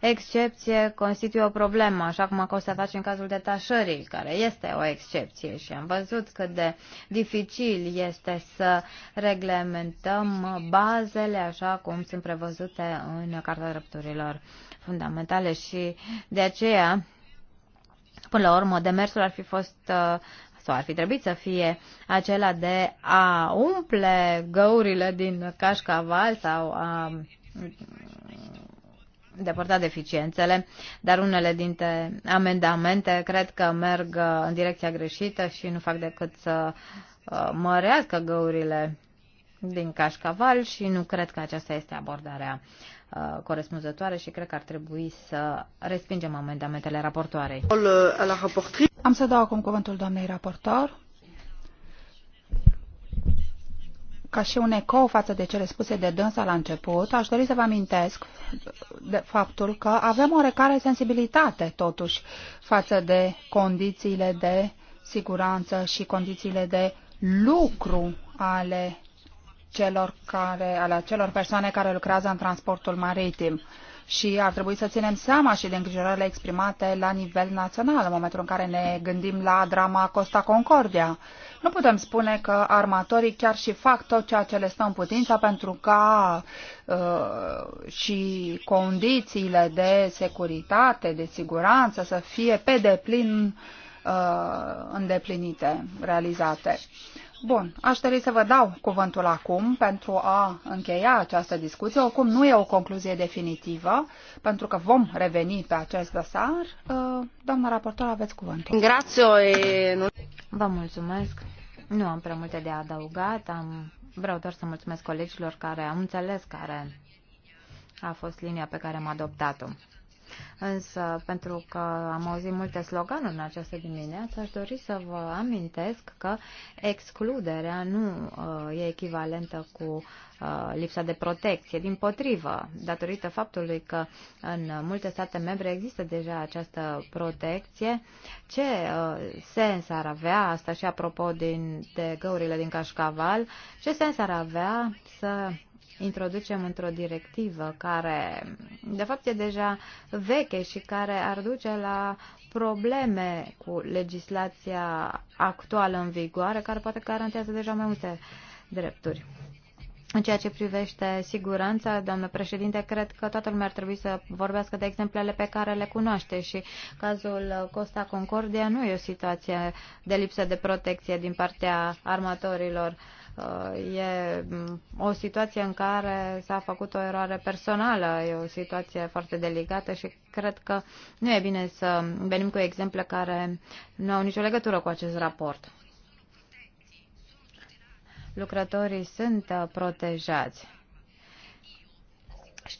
Speaker 3: excepție constituie o problemă, așa cum a constatat și în cazul detașării, care este o excepție și am văzut cât de dificil este să reglementăm bazele așa cum sunt prevăzute în Carta Drepturilor Fundamentale și de aceea Până la urmă, demersul ar fi fost uh, sau ar fi trebuit să fie acela de a umple găurile din cașcaval sau a depărta deficiențele, dar unele dintre amendamente cred că merg uh, în direcția greșită și nu fac decât să uh, mărească găurile din cașcaval și nu cred că aceasta este abordarea uh, corespunzătoare și cred că ar trebui să respingem amendamentele raportoarei.
Speaker 4: Am să dau acum cuvântul doamnei raportor. ca și un ecou față de cele spuse de dânsa la început, aș dori să vă amintesc de faptul că avem o recare sensibilitate, totuși, față de condițiile de siguranță și condițiile de lucru ale celor, care, ale celor persoane care lucrează în transportul maritim. Uh, și ar trebui să ținem seama și de îngrijorările exprimate la nivel național în momentul în care ne gândim la drama Costa Concordia. Nu putem spune că armatorii chiar și fac tot ceea ce le stă în putință pentru ca uh, și condițiile de securitate, de siguranță să fie pe deplin uh, îndeplinite, realizate. Uh, Bun, aș dori să vă dau cuvântul acum pentru a încheia această discuție. Oricum, nu e o concluzie definitivă, pentru că vom reveni pe acest dosar. Uh, doamna raportor, aveți cuvântul. Vă mulțumesc. Nu am prea multe de
Speaker 3: adăugat. Am... Vreau doar să mulțumesc colegilor care au înțeles care a fost linia pe care am adoptat-o însă pentru că am auzit multe sloganuri în această dimineață, aș dori să vă amintesc că excluderea nu uh, e echivalentă cu uh, lipsa de protecție. Din potrivă, datorită faptului că în multe state membre există deja această protecție, ce uh, sens ar avea, asta și apropo din, de găurile din cașcaval, ce sens ar avea să introducem într-o directivă care, de fapt, e deja veche și care ar duce la probleme cu legislația actuală în vigoare, care poate garantează deja mai multe drepturi. În ceea ce privește siguranța, doamnă președinte, cred că toată lumea ar trebui să vorbească de exemplele pe care le cunoaște și cazul Costa Concordia nu e o situație de lipsă de protecție din partea armatorilor Uh, e mm, o situație în care s-a făcut o eroare personală, e o situație foarte delicată și cred că nu e bine să venim cu exemple care nu au nicio legătură cu acest raport. Lucrătorii sunt uh, protejați.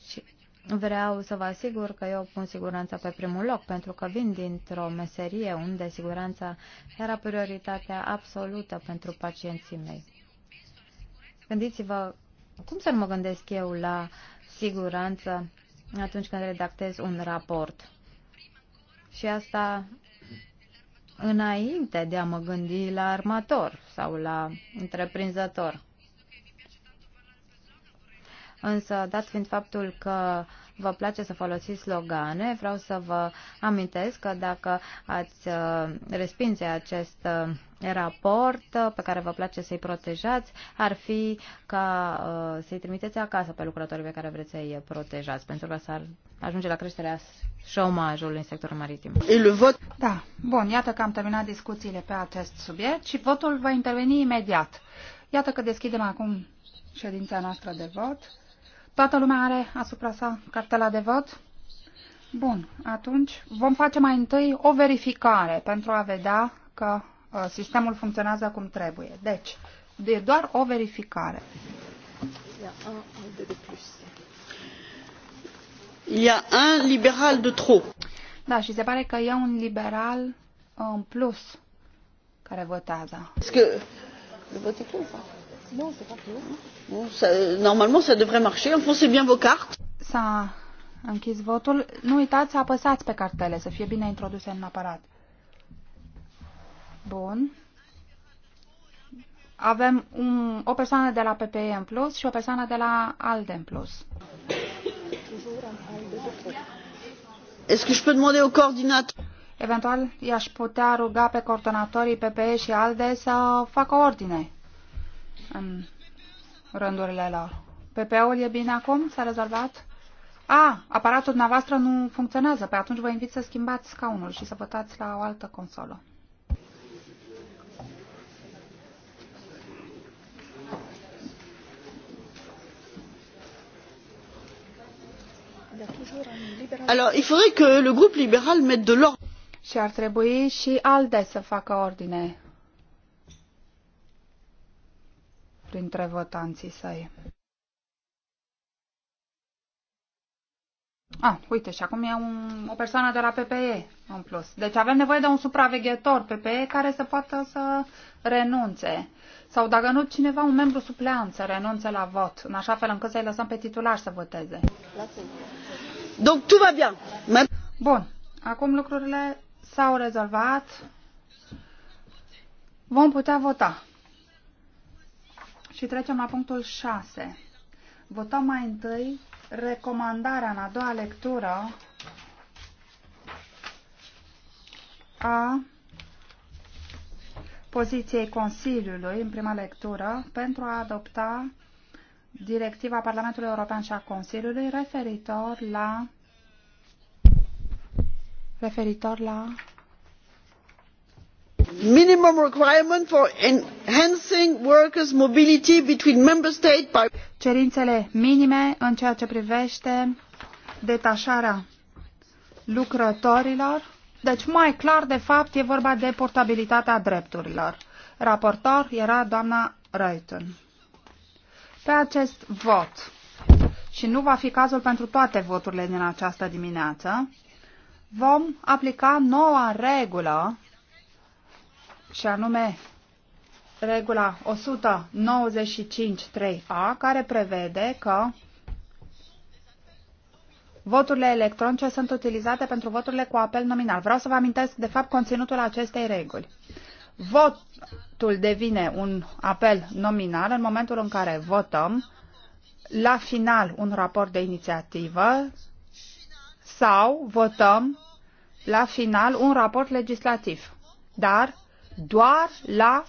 Speaker 3: Și vreau să vă asigur că eu pun siguranța pe primul loc, pentru că vin dintr-o meserie unde siguranța era prioritatea absolută pentru pacienții mei. Gândiți-vă, cum să nu mă gândesc eu la siguranță atunci când redactez un raport? Și asta înainte de a mă gândi la armator sau la întreprinzător. Însă, dat fiind faptul că vă place să folosiți slogane, vreau să vă amintesc că dacă ați uh, respinge acest uh, raport uh, pe care vă place să-i protejați, ar fi ca să-i trimiteți acasă pe lucrătorii pe care vreți să-i protejați, pentru că s-ar ajunge la creșterea șomajului în sectorul maritim.
Speaker 4: Da, bun, iată că am terminat discuțiile pe acest subiect și votul va interveni imediat. Iată că deschidem acum ședința noastră de vot. Toată lumea are asupra sa cartela de vot? Bun, atunci vom face mai întâi o verificare pentru a vedea că uh, sistemul funcționează cum trebuie. Deci, e doar o verificare. Ia un liberal de trop. Da, și se pare că e un liberal în plus care votează. Parce que le Non, c'est pas clos.
Speaker 1: Bon, ça, normalement, ça devrait marcher. Enfoncez bien vos cartes.
Speaker 4: S-a închis votul. Nu uitați să apăsați pe cartele, să fie bine introduse în aparat. Bun. Avem un, o persoană de la PPE în plus și o persoană de la ALDE în plus. Est-ce que je peux demander au coordinateur Eventual, i-aș putea ruga pe coordonatorii PPE și ALDE să facă ordine în rândurile lor. PP-ul e bine acum? S-a rezolvat? A, aparatul dumneavoastră nu funcționează. Pe păi atunci vă invit să schimbați scaunul și să votați la o altă consolă.
Speaker 1: Alors, il faudrait
Speaker 4: que le groupe libéral mette de l'ordre. Și ar trebui și ALDE să facă ordine printre votanții săi. A, ah, uite, și acum e un, o persoană de la PPE în plus. Deci avem nevoie de un supraveghetor PPE care să poată să renunțe. Sau dacă nu, cineva, un membru supleant să renunțe la vot, în așa fel încât să-i lăsăm pe titular să voteze. Donc, tout va bien. Bun, acum lucrurile s-au rezolvat. Vom putea vota și trecem la punctul 6. Votăm mai întâi recomandarea în a doua lectură a poziției Consiliului în prima lectură pentru a adopta directiva Parlamentului European și a Consiliului referitor la referitor la minimum requirement for enhancing workers' mobility between member states by cerințele minime în ceea ce privește detașarea lucrătorilor. Deci mai clar, de fapt, e vorba de portabilitatea drepturilor. Raportor era doamna Reuten. Pe acest vot, și nu va fi cazul pentru toate voturile din această dimineață, vom aplica noua regulă și anume regula 195.3a, care prevede că voturile electronice sunt utilizate pentru voturile cu apel nominal. Vreau să vă amintesc, de fapt, conținutul acestei reguli. Votul devine un apel nominal în momentul în care votăm la final un raport de inițiativă sau votăm la final un raport legislativ. Dar doar la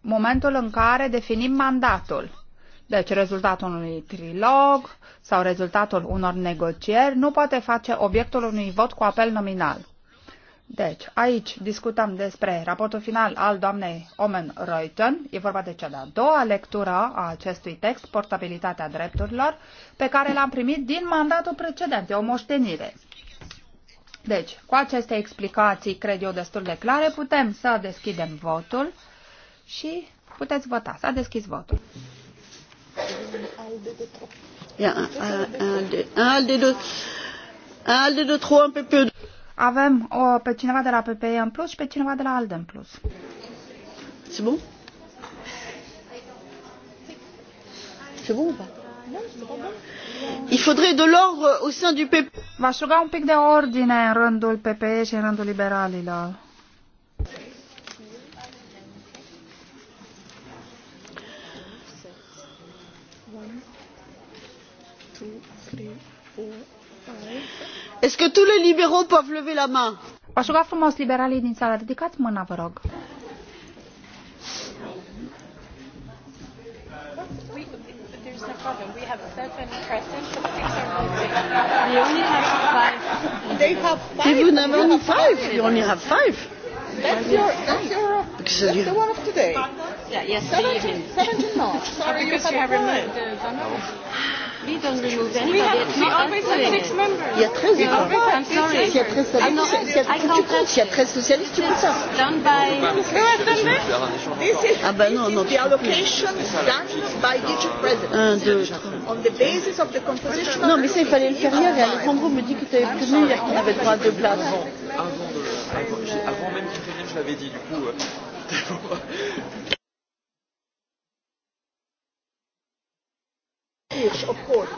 Speaker 4: momentul în care definim mandatul. Deci rezultatul unui trilog sau rezultatul unor negocieri nu poate face obiectul unui vot cu apel nominal. Deci, aici discutăm despre raportul final al doamnei Omen Reuten. E vorba de cea de-a doua lectură a acestui text, portabilitatea drepturilor, pe care l-am primit din mandatul precedent. E o moștenire. Deci, cu aceste explicații, cred eu, destul de clare, putem să deschidem votul și puteți vota. S-a deschis votul. Avem o, pe cineva de la PPE în plus și pe cineva de la ALDE în plus. C'est bon C'est bon ou da. pas Non, c'est pas bon. Il faudrait de l'ordre au sein du PP. V-aș ruga un pic de ordine în rândul PPE și în rândul liberalilor. Est-ce que tous les libéraux peuvent lever la main? V-aș ruga frumos liberalii din sală, ridicați mâna, vă rog.
Speaker 1: is no problem. We have seven present, but six are voting. We only have five. They have five. If you only have five. You only have five. That's your, that's your, that's the one of today. Yeah, yes, 17, 17 March. Sorry, because you, have removed We don't remove anybody. We, have, we always have six members. Il y a 13 no, oh, I'm sorry. S'il y a 13 socialistes, tu comptes. S'il y a 13 socialistes, tu comptes ça. Done by... Ah ben non, non. The allocation is done by DG President. Un, deux, trois. On the basis of the composition Non, mais ça, il fallait le faire hier. Et Alejandro me dit que tu avais prévenu hier qu'on avait droit
Speaker 4: à deux places. Avant de avant, même qu'il prévienne, je l'avais dit, du coup.
Speaker 1: Euh, of course.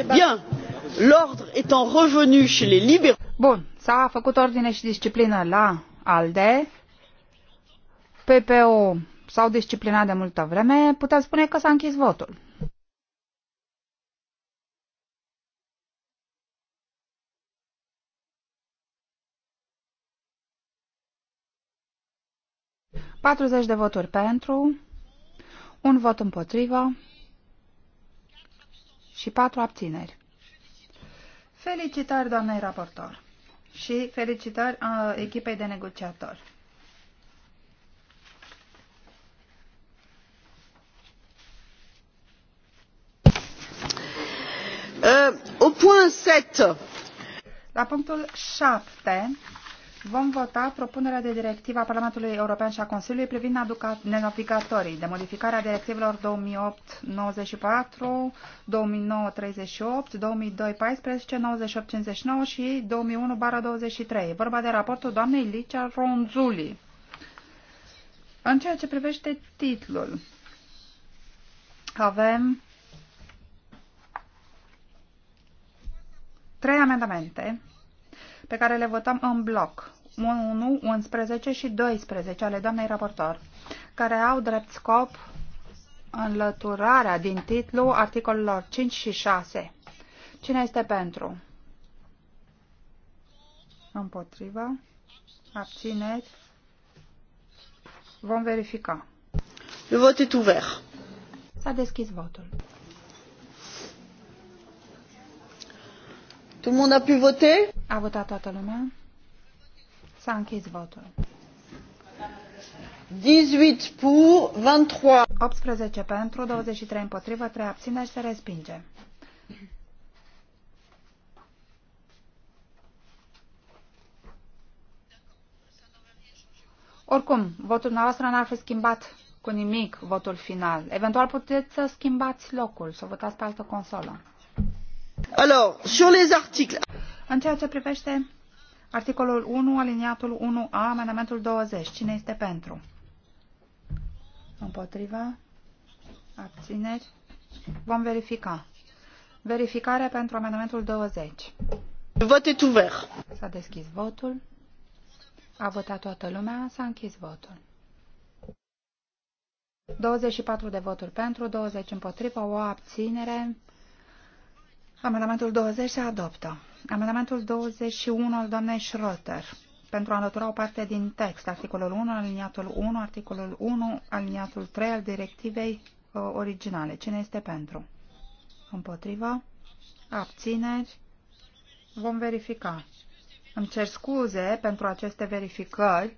Speaker 4: Eh bien, l'ordre étant revenu chez les libéraux. Bun, s-a făcut ordine și disciplină la ALDE. PPO s-au disciplinat de multă vreme, putem spune că s-a închis votul. Patruzeci de voturi pentru, un vot împotrivă și patru abțineri. Felicitări doamnei raportor și felicitări a echipei de negociatori. Uh, o punct 7. La punctul 7 Vom vota propunerea de directivă a Parlamentului European și a Consiliului privind nenavigatorii, de modificarea directivelor 2008-94, 2009-38, 2002-14, 98-59 și 2001-23. Vorba de raportul doamnei Licia Ronzuli. În ceea ce privește titlul, avem trei amendamente pe care le votăm în bloc. 1, 11 și 12 ale doamnei raportor, care au drept scop înlăturarea din titlu articolelor 5 și 6. Cine este pentru? Împotriva. Abțineți? Vom verifica.
Speaker 1: Le vot est ouvert.
Speaker 4: S-a deschis votul. Tout le monde a pu voter? A votat toată lumea. S-a închis votul. 18 pour, 23. 18 pentru, 23 împotrivă, 3 și se respinge. Oricum, votul noastră n-ar fi schimbat cu nimic votul final. Eventual puteți să schimbați locul, să votați pe altă consolă sur les articles... În ceea ce privește articolul 1, aliniatul 1A, amendamentul 20, cine este pentru? Împotriva? Abțineri? Vom verifica. Verificare pentru amendamentul 20. Vot est ouvert. S-a deschis votul. A votat toată lumea, s-a închis votul. 24 de voturi pentru, 20 împotriva, o abținere. Amendamentul 20 se adoptă. Amendamentul 21 al doamnei Schroeter. Pentru a înlătura o parte din text, articolul 1, aliniatul 1, articolul 1, aliniatul 3 al directivei uh, originale. Cine este pentru? Împotriva? Abțineri? Vom verifica. Îmi cer scuze pentru aceste verificări,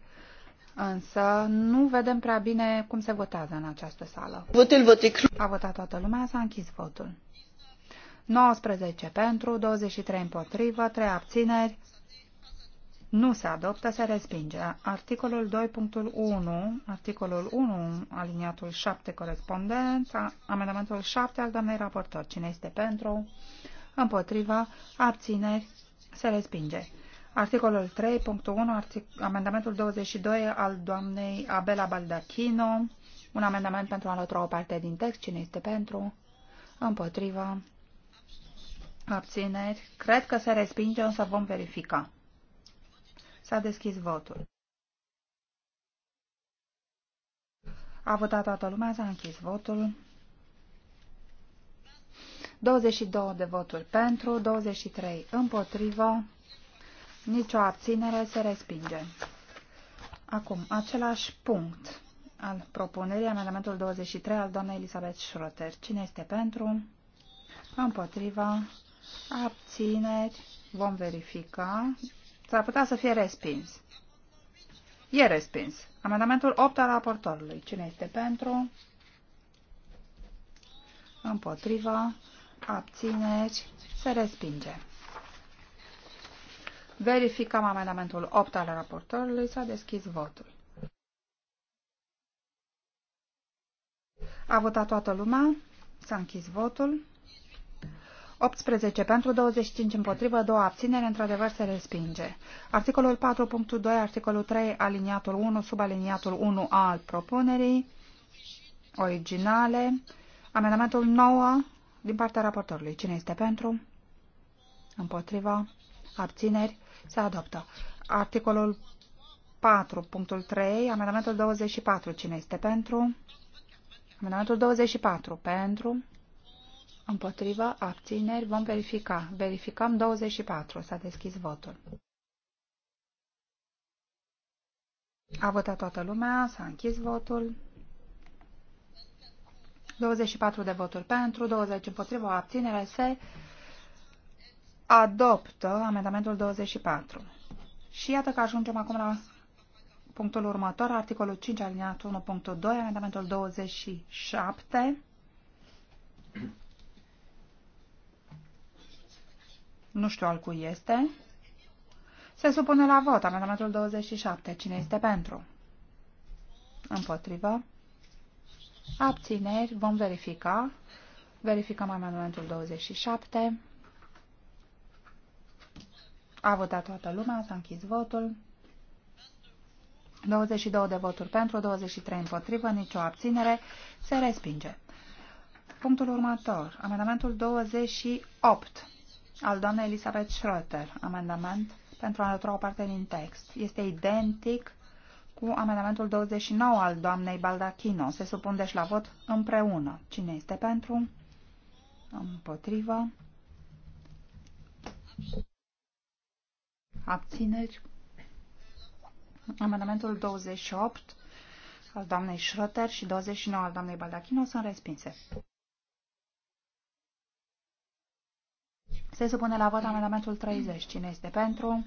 Speaker 4: însă nu vedem prea bine cum se votează în această sală. Votul, votul. A votat toată lumea, s-a închis votul. 19 pentru, 23 împotrivă, 3 abțineri. Nu se adoptă, se respinge. Articolul 2.1, articolul 1, aliniatul 7 corespondent, amendamentul 7 al doamnei raportor. Cine este pentru? Împotriva, abțineri, se respinge. Articolul 3.1, artic amendamentul 22 al doamnei Abela Baldachino, un amendament pentru a o parte din text. Cine este pentru? Împotriva, Abțineri. Cred că se respinge, însă vom verifica. S-a deschis votul. A votat toată lumea, s-a închis votul. 22 de voturi pentru, 23 împotrivă, nicio abținere se respinge. Acum, același punct al propunerii, amendamentul 23 al doamnei Elisabeth Schroeter. Cine este pentru? Împotriva, abțineri, vom verifica. S-ar putea să fie respins. E respins. Amendamentul 8 al raportorului. Cine este pentru? Împotriva, abțineri, se respinge. Verificăm amendamentul 8 al raportorului. S-a deschis votul. A votat toată lumea. S-a închis votul. 18 pentru 25 împotrivă, 2 abținere, într-adevăr se respinge. Articolul 4.2, articolul 3, aliniatul 1, subaliniatul 1A al propunerii, originale, amendamentul 9 din partea raportorului. Cine este pentru? Împotriva? Abțineri? Se adoptă. Articolul 4.3, amendamentul 24. Cine este pentru? Amendamentul 24. Pentru? Împotrivă, abțineri, vom verifica. Verificăm 24. S-a deschis votul. A votat toată lumea, s-a închis votul. 24 de voturi pentru, 20 împotrivă, abținere, se adoptă amendamentul 24. Și iată că ajungem acum la punctul următor, articolul 5, alineatul 1.2, amendamentul 27. nu știu al cui este, se supune la vot amendamentul 27. Cine este pentru? Împotrivă. Abțineri. Vom verifica. Verificăm amendamentul 27. A votat toată lumea, s-a închis votul. 22 de voturi pentru, 23 împotrivă, nicio abținere, se respinge. Punctul următor, amendamentul 28 al doamnei Elisabeth Schroeter, amendament pentru a o parte din text. Este identic cu amendamentul 29 al doamnei Baldachino. Se supun deci la vot împreună. Cine este pentru? Împotrivă. Abțineri. Amendamentul 28 al doamnei Schroeter și 29 al doamnei Baldachino sunt respinse. Se supune la vot amendamentul 30. Cine este pentru?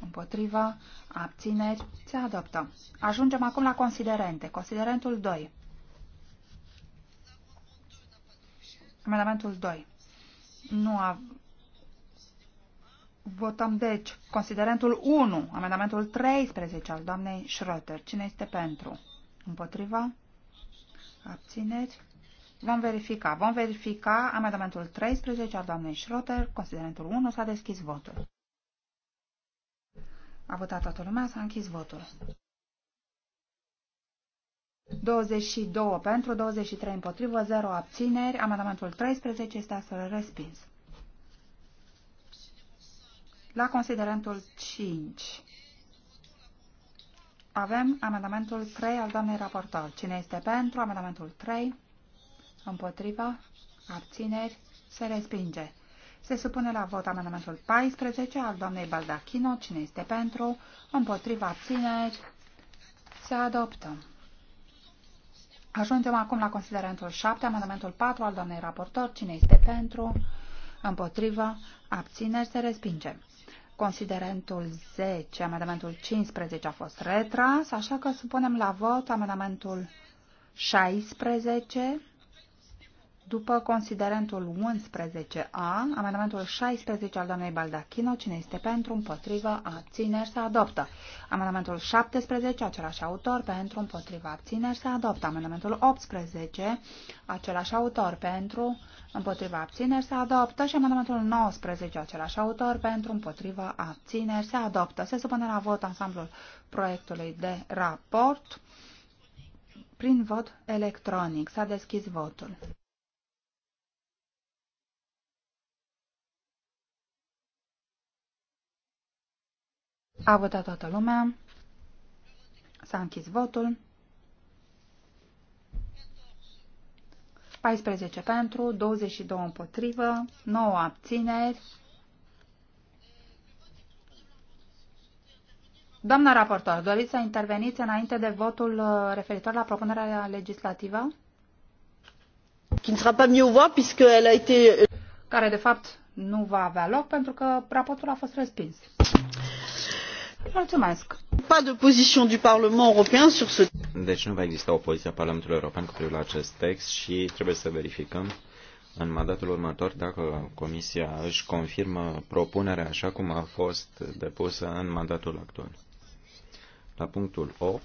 Speaker 4: Împotriva? Abțineri? Se adoptă. Ajungem acum la considerente. Considerentul 2. Amendamentul 2. Nu a... Votăm, deci, considerentul 1, amendamentul 13 al doamnei Schroeter. Cine este pentru? Împotriva? Abțineri? Vom verifica. Vom verifica amendamentul 13 al doamnei Schroeder, considerentul 1, s-a deschis votul. A votat toată lumea, s-a închis votul. 22 pentru, 23 împotrivă, 0 abțineri. Amendamentul 13 este astfel respins. La considerentul 5 avem amendamentul 3 al doamnei raportor. Cine este pentru amendamentul 3? împotriva, abțineri, se respinge. Se supune la vot amendamentul 14 al doamnei Baldachino. Cine este pentru? Împotriva abțineri? Se adoptă. Ajungem acum la considerentul 7, amendamentul 4 al doamnei raportor. Cine este pentru? Împotriva? Abțineri? Se respinge. Considerentul 10, amendamentul 15 a fost retras, așa că supunem la vot amendamentul 16 după considerentul 11a, amendamentul 16 al doamnei Baldachino, cine este pentru, împotrivă, abțineri, se adoptă. Amendamentul 17, același autor, pentru, împotrivă, abțineri, se adoptă. Amendamentul 18, același autor, pentru, împotrivă, abțineri, se adoptă. Și amendamentul 19, același autor, pentru, împotrivă, abțineri, se adoptă. Se supune la vot ansamblul proiectului de raport prin vot electronic. S-a deschis votul. A votat toată lumea. S-a închis votul. 14 pentru, 22 împotrivă, 9 abțineri. Doamna raportor, doriți să interveniți înainte de votul uh, referitor la propunerea legislativă? Euh, Care de fapt nu va avea loc pentru că raportul a fost respins.
Speaker 1: Mulțumesc. Pas de position du Parlement européen sur ce Deci
Speaker 2: nu va exista o poziție a Parlamentului European cu privire la acest text și trebuie să verificăm în mandatul următor dacă Comisia își confirmă propunerea așa cum a fost depusă în mandatul actual. La punctul 8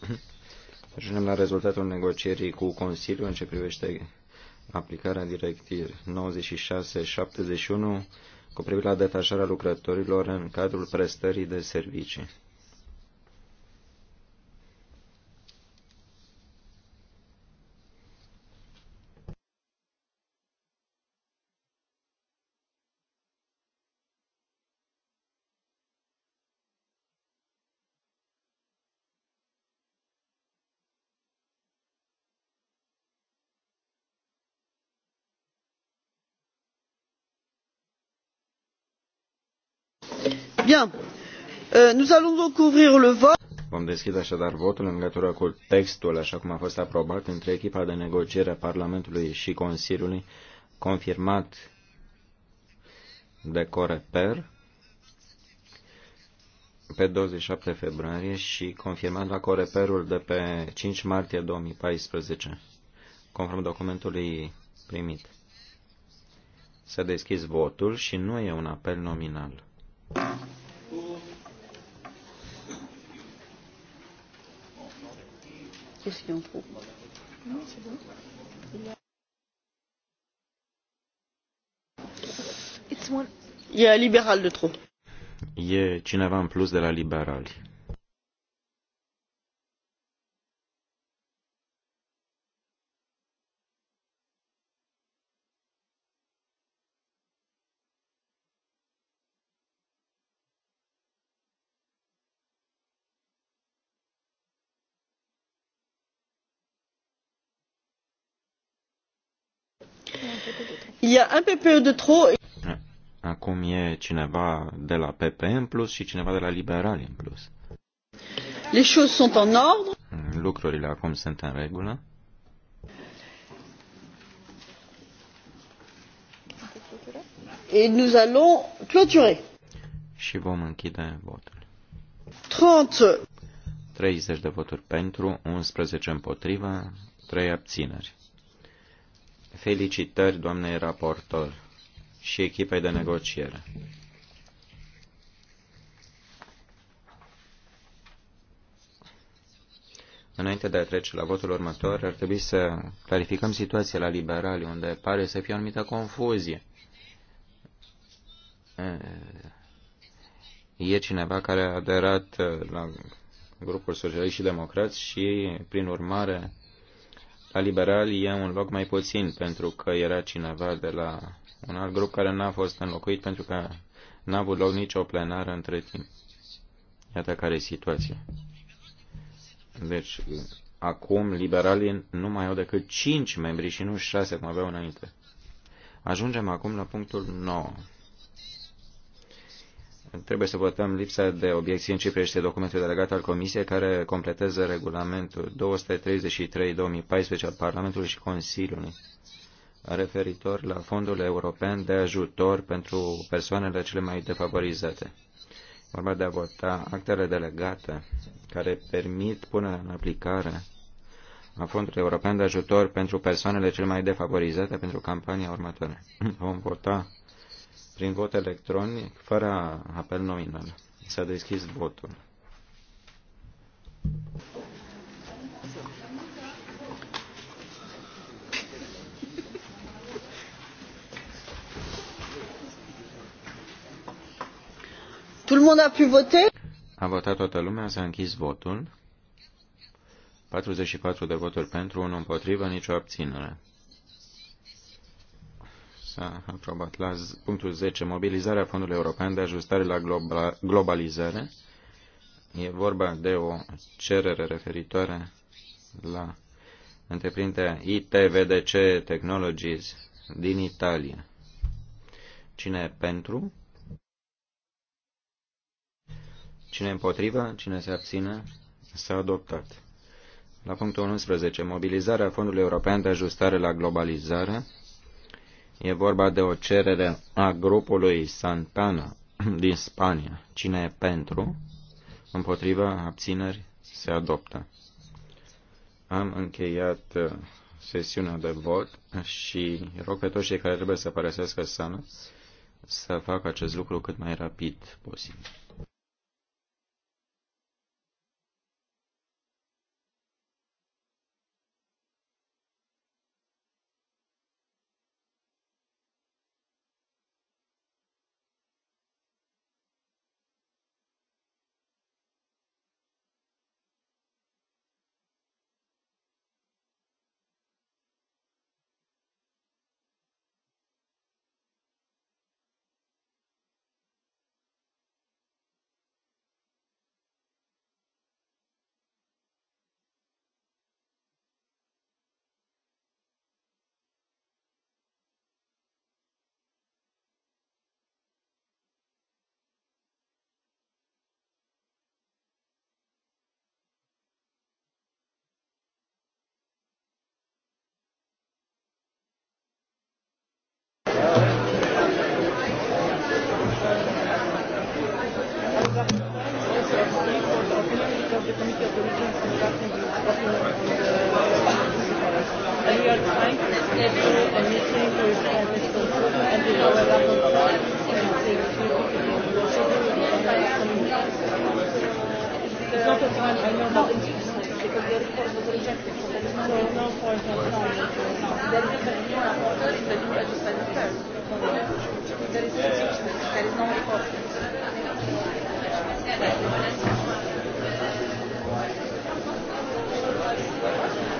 Speaker 2: ajungem la rezultatul negocierii cu Consiliul în ce privește aplicarea directivei 96-71 cu privire la detașarea lucrătorilor în cadrul prestării de servicii.
Speaker 1: Euh,
Speaker 2: Vom deschide așadar votul în legătură cu textul, așa cum a fost aprobat între echipa de negociere a Parlamentului și Consiliului, confirmat de Coreper pe 27 februarie și confirmat la Coreperul de pe 5 martie 2014, conform documentului primit. Să deschizi votul și nu e un apel nominal.
Speaker 4: question pour.
Speaker 1: Non, E liberal de trop.
Speaker 2: E cineva în plus de la liberali.
Speaker 1: y a un PPE de trop.
Speaker 2: Acum e cineva de la PP în plus și cineva de la Liberali în plus.
Speaker 1: Les choses sont en ordre.
Speaker 2: Lucrurile acum sunt în regulă.
Speaker 1: Et nous allons clôturer.
Speaker 2: Și vom închide votul.
Speaker 1: 30.
Speaker 2: 30 de voturi pentru, 11 împotriva, 3 abțineri. Felicitări doamnei raportor și echipei de negociere. Înainte de a trece la votul următor, ar trebui să clarificăm situația la liberali, unde pare să fie o anumită confuzie. E cineva care a aderat uh, la grupul socialist și democrați și, prin urmare, la liberali e un loc mai puțin, pentru că era cineva de la un alt grup care n-a fost înlocuit, pentru că n-a avut loc nicio plenară între timp. Iată care e situația. Deci, acum liberalii nu mai au decât 5 membri și nu 6 cum aveau înainte. Ajungem acum la punctul 9. Trebuie să votăm lipsa de obiecții în ce privește documentul delegat al Comisiei care completează regulamentul 233-2014 al Parlamentului și Consiliului referitor la Fondul European de Ajutor pentru persoanele cele mai defavorizate. Vorba de a vota actele delegate care permit punerea în aplicare a Fondului European de Ajutor pentru persoanele cele mai defavorizate pentru campania următoare. Vom vota prin vot electronic, fără apel nominal. S-a deschis votul.
Speaker 1: Tout le monde a pu voter?
Speaker 2: A votat toată lumea, s-a închis votul. 44 de voturi pentru, 1 împotrivă, nicio abținere s-a aprobat. La punctul 10, mobilizarea Fondului European de ajustare la globalizare. E vorba de o cerere referitoare la întreprinderea ITVDC Technologies din Italia. Cine e pentru? Cine împotrivă? Cine se abține? S-a adoptat. La punctul 11. Mobilizarea Fondului European de Ajustare la Globalizare. E vorba de o cerere a grupului Santana din Spania. Cine e pentru? Împotriva abțineri se adoptă. Am încheiat uh, sesiunea de vot și rog pe toți cei care trebuie să părăsească sana să facă acest lucru cât mai rapid
Speaker 1: posibil. not as well. I know how interesting because the report was rejected. So there is no, no point of trying. There is a new rapporteur in the new legislative term. There is interesting. There is no report. Thank you.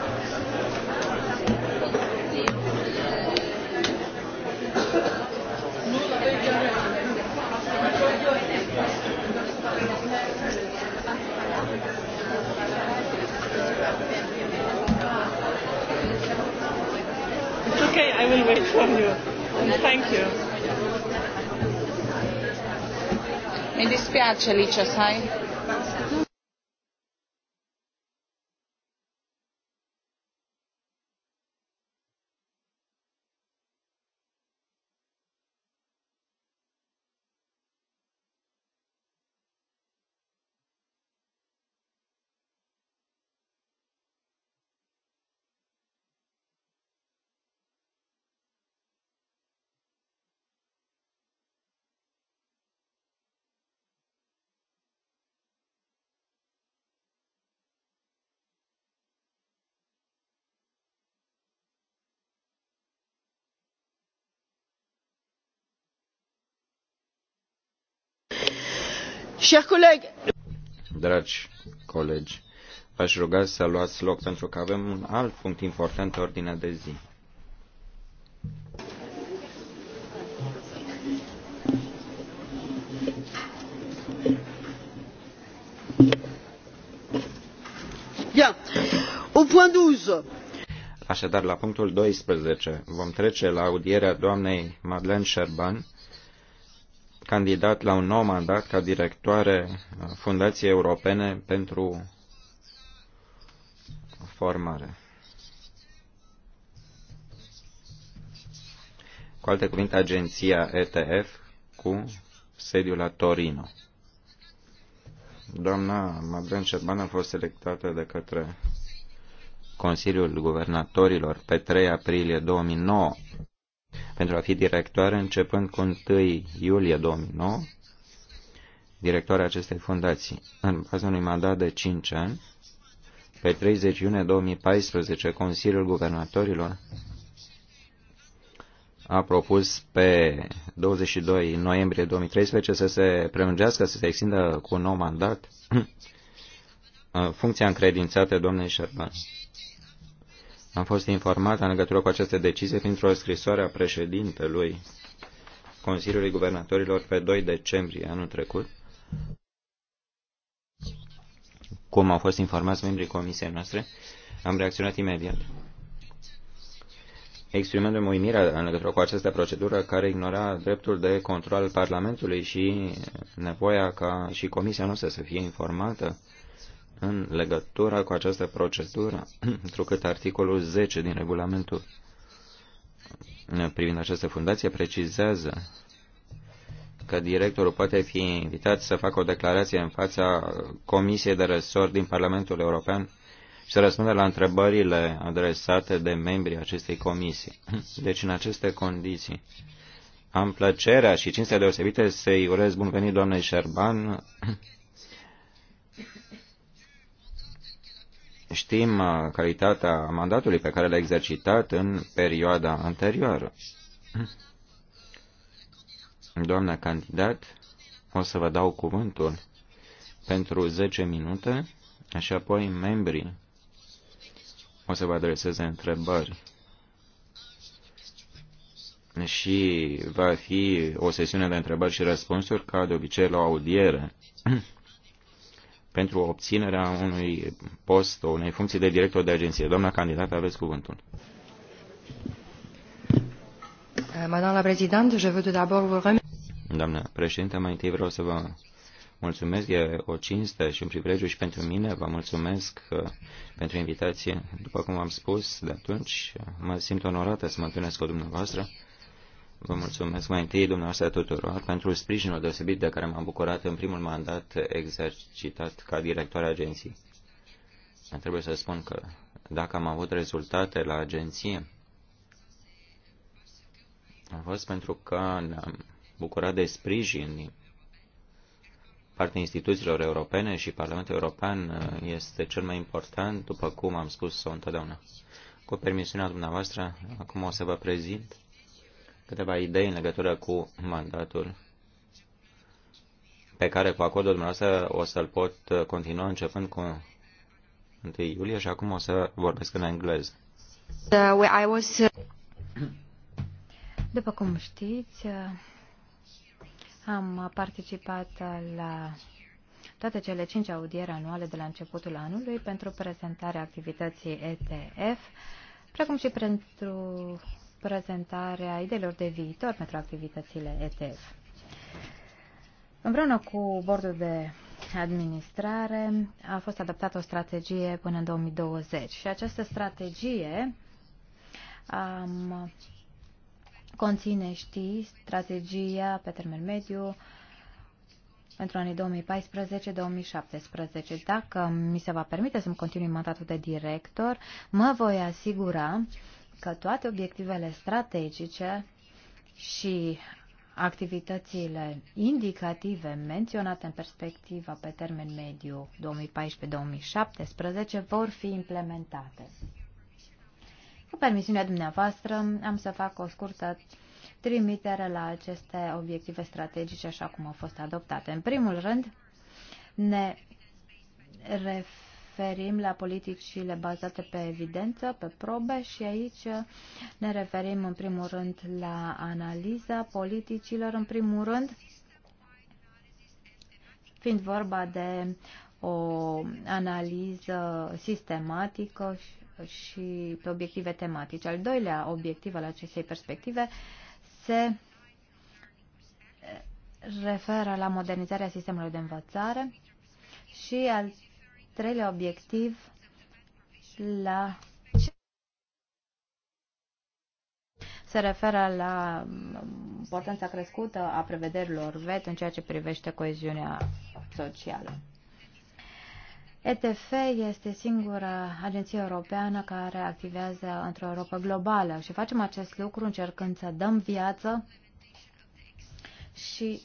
Speaker 1: Okay, I will wait for you. thank you.
Speaker 4: Mi dispiace Licia, sai?
Speaker 1: Chers collègues.
Speaker 2: Dragi colegi, v-aș ruga să luați loc pentru că avem un alt punct important pe ordinea de zi.
Speaker 1: Bien. Au point 12.
Speaker 2: Așadar, la punctul 12 vom trece la audierea doamnei Madeleine Șerban, candidat la un nou mandat ca directoare Fundației Europene pentru Formare. Cu alte cuvinte, agenția ETF cu sediul la Torino. Doamna Madlen Cerban a fost selectată de către Consiliul Guvernatorilor pe 3 aprilie 2009 pentru a fi directoare începând cu 1 iulie 2009, directoarea acestei fundații, în baza unui mandat de 5 ani, pe 30 iunie 2014, Consiliul Guvernatorilor a propus pe 22 noiembrie 2013 să se prelungească, să se extindă cu un nou mandat funcția încredințată domnului Șerban am fost informat în legătură cu aceste decizie printr-o scrisoare a președintelui Consiliului Guvernatorilor pe 2 decembrie anul trecut, cum au fost informați membrii comisiei noastre, am reacționat imediat, exprimând mi uimirea în legătură cu această procedură care ignora dreptul de control al Parlamentului și nevoia ca și comisia noastră să fie informată în legătură cu această procedură, întrucât articolul 10 din regulamentul privind această fundație precizează că directorul poate fi invitat să facă o declarație în fața Comisiei de Resort din Parlamentul European și să răspundă la întrebările adresate de membrii acestei comisii. Deci, în aceste condiții, am plăcerea și cinstea deosebite să-i urez bun venit doamnei Șerban Știm uh, calitatea mandatului pe care l-a exercitat în perioada anterioară. Doamna candidat, o să vă dau cuvântul pentru 10 minute și apoi membrii o să vă adreseze întrebări și va fi o sesiune de întrebări și răspunsuri ca de obicei la o audiere. pentru obținerea unui post, unei funcții de director de agenție. Doamna candidată, aveți cuvântul.
Speaker 4: Euh, Doamna președinte, je veux d'abord vous remercier.
Speaker 2: Doamna președinte, mai întâi vreau să vă mulțumesc, e o cinste și un privilegiu și pentru mine. Vă mulțumesc uh, pentru invitație. După cum am spus de atunci, mă simt onorată să mă întâlnesc cu dumneavoastră. Vă mulțumesc mai întâi dumneavoastră tuturor pentru sprijinul deosebit de care m-am bucurat în primul mandat exercitat ca director agenției. Trebuie să spun că dacă am avut rezultate la agenție, a fost pentru că ne-am bucurat de sprijin din partea instituțiilor europene și Parlamentul European este cel mai important, după cum am spus-o întotdeauna. Cu permisiunea dumneavoastră, acum o să vă prezint câteva idei în legătură cu mandatul pe care cu acordul dumneavoastră o să-l pot continua începând cu 1 iulie și acum o să vorbesc în engleză.
Speaker 3: Uh, După cum știți, uh, am participat la toate cele cinci audieri anuale de la începutul anului pentru prezentarea activității ETF, precum și pentru prezentarea ideilor de viitor pentru activitățile ETF. Împreună cu bordul de administrare a fost adoptată o strategie până în 2020 și această strategie um, conține, știi, strategia pe termen mediu pentru anii 2014-2017. Dacă mi se va permite să-mi continui mandatul de director, mă voi asigura că toate obiectivele strategice și activitățile indicative menționate în perspectiva pe termen mediu 2014-2017 vor fi implementate. Cu permisiunea dumneavoastră, am să fac o scurtă trimitere la aceste obiective strategice așa cum au fost adoptate. În primul rând, ne referim referim la politicile bazate pe evidență, pe probe și aici ne referim în primul rând la analiza politicilor, în primul rând fiind vorba de o analiză sistematică și pe obiective tematice. Al doilea obiectiv al acestei perspective se referă la modernizarea sistemului de învățare și al treilea obiectiv la se referă la importanța crescută a prevederilor VET în ceea ce privește coeziunea socială. ETF este singura agenție europeană care activează într-o Europa globală și facem acest lucru încercând să dăm viață și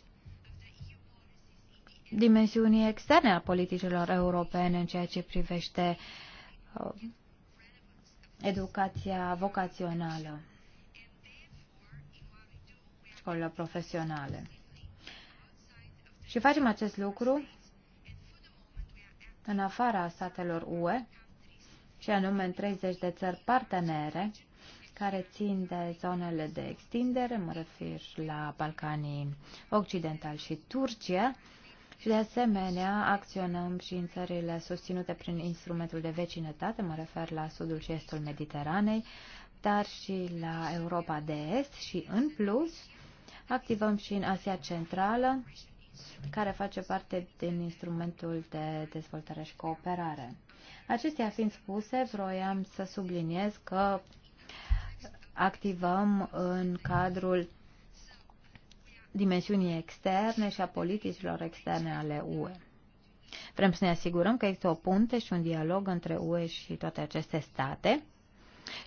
Speaker 3: dimensiunii externe a politicilor europene în ceea ce privește uh, educația vocațională, școlile profesionale. Și facem acest lucru în afara statelor UE, și anume în 30 de țări partenere care țin de zonele de extindere, mă refer la Balcanii Occidental și Turcia, și de asemenea acționăm și în țările susținute prin instrumentul de vecinătate, mă refer la sudul și estul Mediteranei, dar și la Europa de Est și în plus activăm și în Asia Centrală, care face parte din instrumentul de dezvoltare și cooperare. Acestea fiind spuse, vroiam să subliniez că activăm în cadrul dimensiunii externe și a politicilor externe ale UE. Vrem să ne asigurăm că există o punte și un dialog între UE și toate aceste state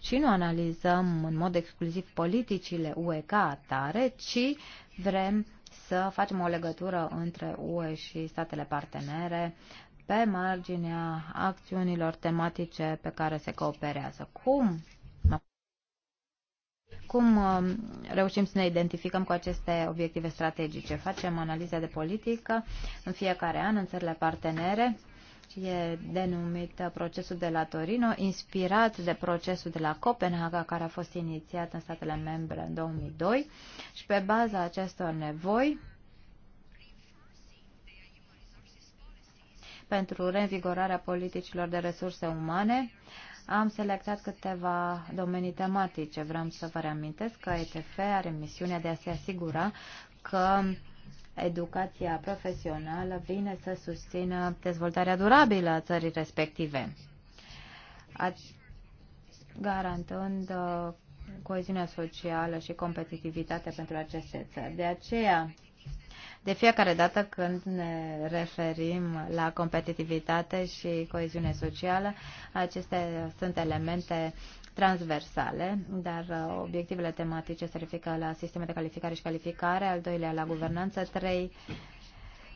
Speaker 3: și nu analizăm în mod exclusiv politicile UE ca atare, ci vrem să facem o legătură între UE și statele partenere pe marginea acțiunilor tematice pe care se cooperează. Cum cum um, reușim să ne identificăm cu aceste obiective strategice? Facem analize de politică în fiecare an în țările partenere. E denumit procesul de la Torino, inspirat de procesul de la Copenhaga, care a fost inițiat în statele membre în 2002 și pe baza acestor nevoi pentru reinvigorarea politicilor de resurse umane, uh, am selectat câteva domenii tematice. Vreau să vă reamintesc că ETF are misiunea de a se asigura că educația profesională vine să susțină dezvoltarea durabilă a țării respective, garantând uh, coeziunea socială și competitivitate pentru aceste țări. De aceea, de fiecare dată când ne referim la competitivitate și coeziune socială, acestea sunt elemente transversale, dar uh, obiectivele tematice se referă la sisteme de calificare și calificare, al doilea la guvernanță, trei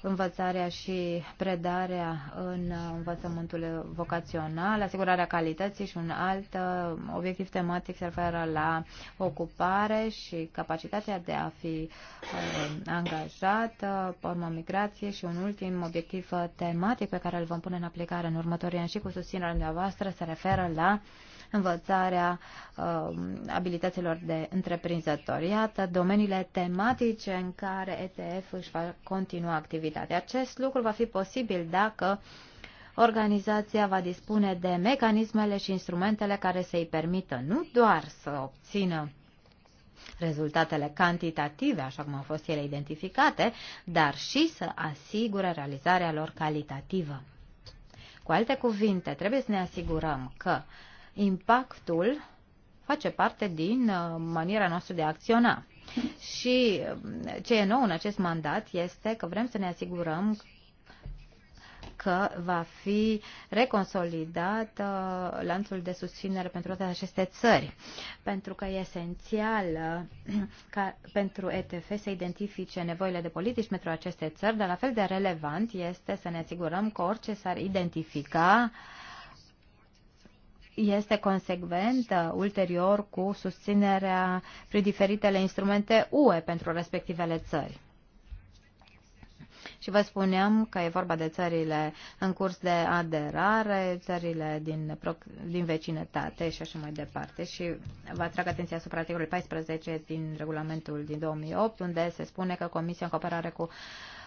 Speaker 3: învățarea și predarea în învățământul vocațional, asigurarea calității și un alt uh, obiectiv tematic se referă la ocupare și capacitatea de a fi uh, angajat, uh, urmă migrație și un ultim obiectiv tematic pe care îl vom pune în aplicare în următorii ani și cu susținerea dumneavoastră se referă la învățarea uh, abilităților de întreprinzător. Iată domeniile tematice în care ETF își va continua activitatea. Acest lucru va fi posibil dacă organizația va dispune de mecanismele și instrumentele care să-i permită nu doar să obțină rezultatele cantitative, așa cum au fost ele identificate, dar și să asigure realizarea lor calitativă. Cu alte cuvinte, trebuie să ne asigurăm că uh, impactul face parte din uh, maniera noastră de a acționa. Și um, ce e nou în acest mandat este că vrem să ne asigurăm că va fi reconsolidat uh, lanțul de susținere pentru toate aceste țări, pentru că e esențial uh, ca pentru ETF să identifice nevoile de politici pentru aceste țări, dar la fel de relevant este să ne asigurăm că orice s-ar identifica uh, este consecventă uh, ulterior cu susținerea prin diferitele instrumente UE pentru respectivele țări. Și vă spuneam că e vorba de țările în curs de aderare, țările din, din vecinătate și așa mai departe. Și vă atrag atenția asupra articolului 14 din regulamentul din 2008, unde se spune că Comisia în cooperare cu uh,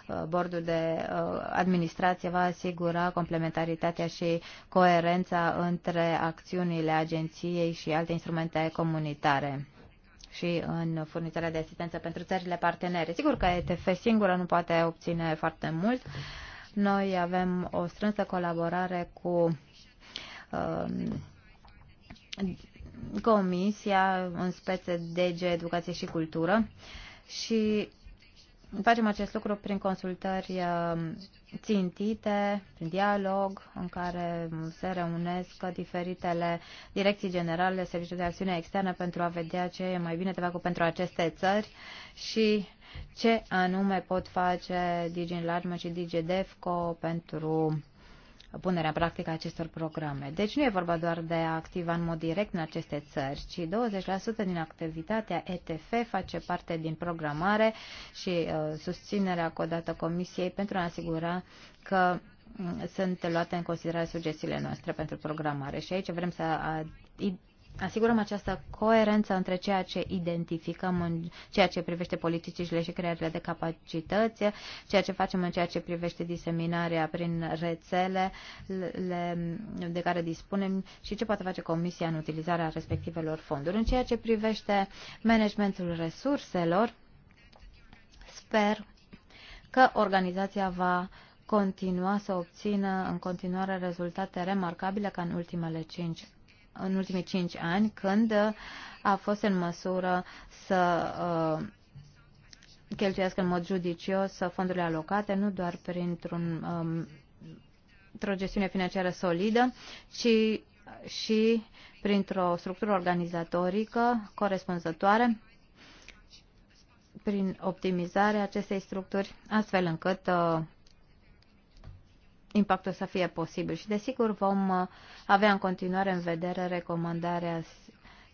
Speaker 3: Uh, bordul de uh, administrație va asigura complementaritatea și coerența între acțiunile agenției și alte instrumente comunitare și în furnizarea de asistență pentru țările partenere. Sigur că ETF singură nu poate obține foarte mult. Noi avem o strânsă colaborare cu uh, Comisia, în spețe DG Educație și Cultură și Facem acest lucru prin consultări uh, țintite, prin dialog, în care se reunesc diferitele direcții generale, serviciul de acțiune externă, pentru a vedea ce e mai bine de făcut pentru aceste țări și ce anume pot face DigiEnlargement și DigiDefco pentru punerea în practică a acestor programe. Deci nu e vorba doar de a activa în mod direct în aceste țări, ci 20% din activitatea ETF face parte din programare și uh, susținerea codată Comisiei pentru a asigura că mm, sunt luate în considerare sugestiile noastre pentru programare. Și aici vrem să asigurăm această coerență între ceea ce identificăm în ceea ce privește politicile și crearea de capacități, ceea ce facem în ceea ce privește diseminarea prin rețele de care dispunem și ce poate face Comisia în utilizarea respectivelor fonduri. În ceea ce privește managementul resurselor, sper că organizația va continua să obțină în continuare rezultate remarcabile ca în ultimele cinci în ultimii cinci ani, când a fost în măsură să uh, cheltuiască în mod judicios fondurile alocate, nu doar printr-un, um, o gestiune financiară solidă, ci și printr-o structură organizatorică corespunzătoare, prin optimizarea acestei structuri, astfel încât uh, impactul să fie posibil. Și desigur vom uh, avea în continuare în vedere recomandarea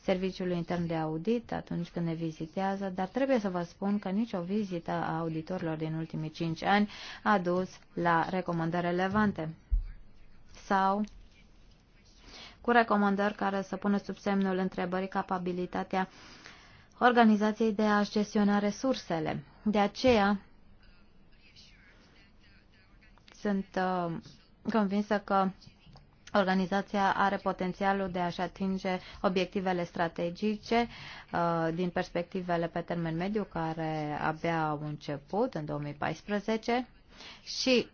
Speaker 3: Serviciului Intern de Audit atunci când ne vizitează, dar trebuie să vă spun că nicio vizită a auditorilor din ultimii 5 ani a dus la recomandări relevante sau cu recomandări care să pună sub semnul întrebării capabilitatea organizației de a-și gestiona resursele. De aceea, sunt uh, convinsă că organizația are potențialul de a-și atinge obiectivele strategice uh, din perspectivele pe termen mediu, care abia au început în 2014 și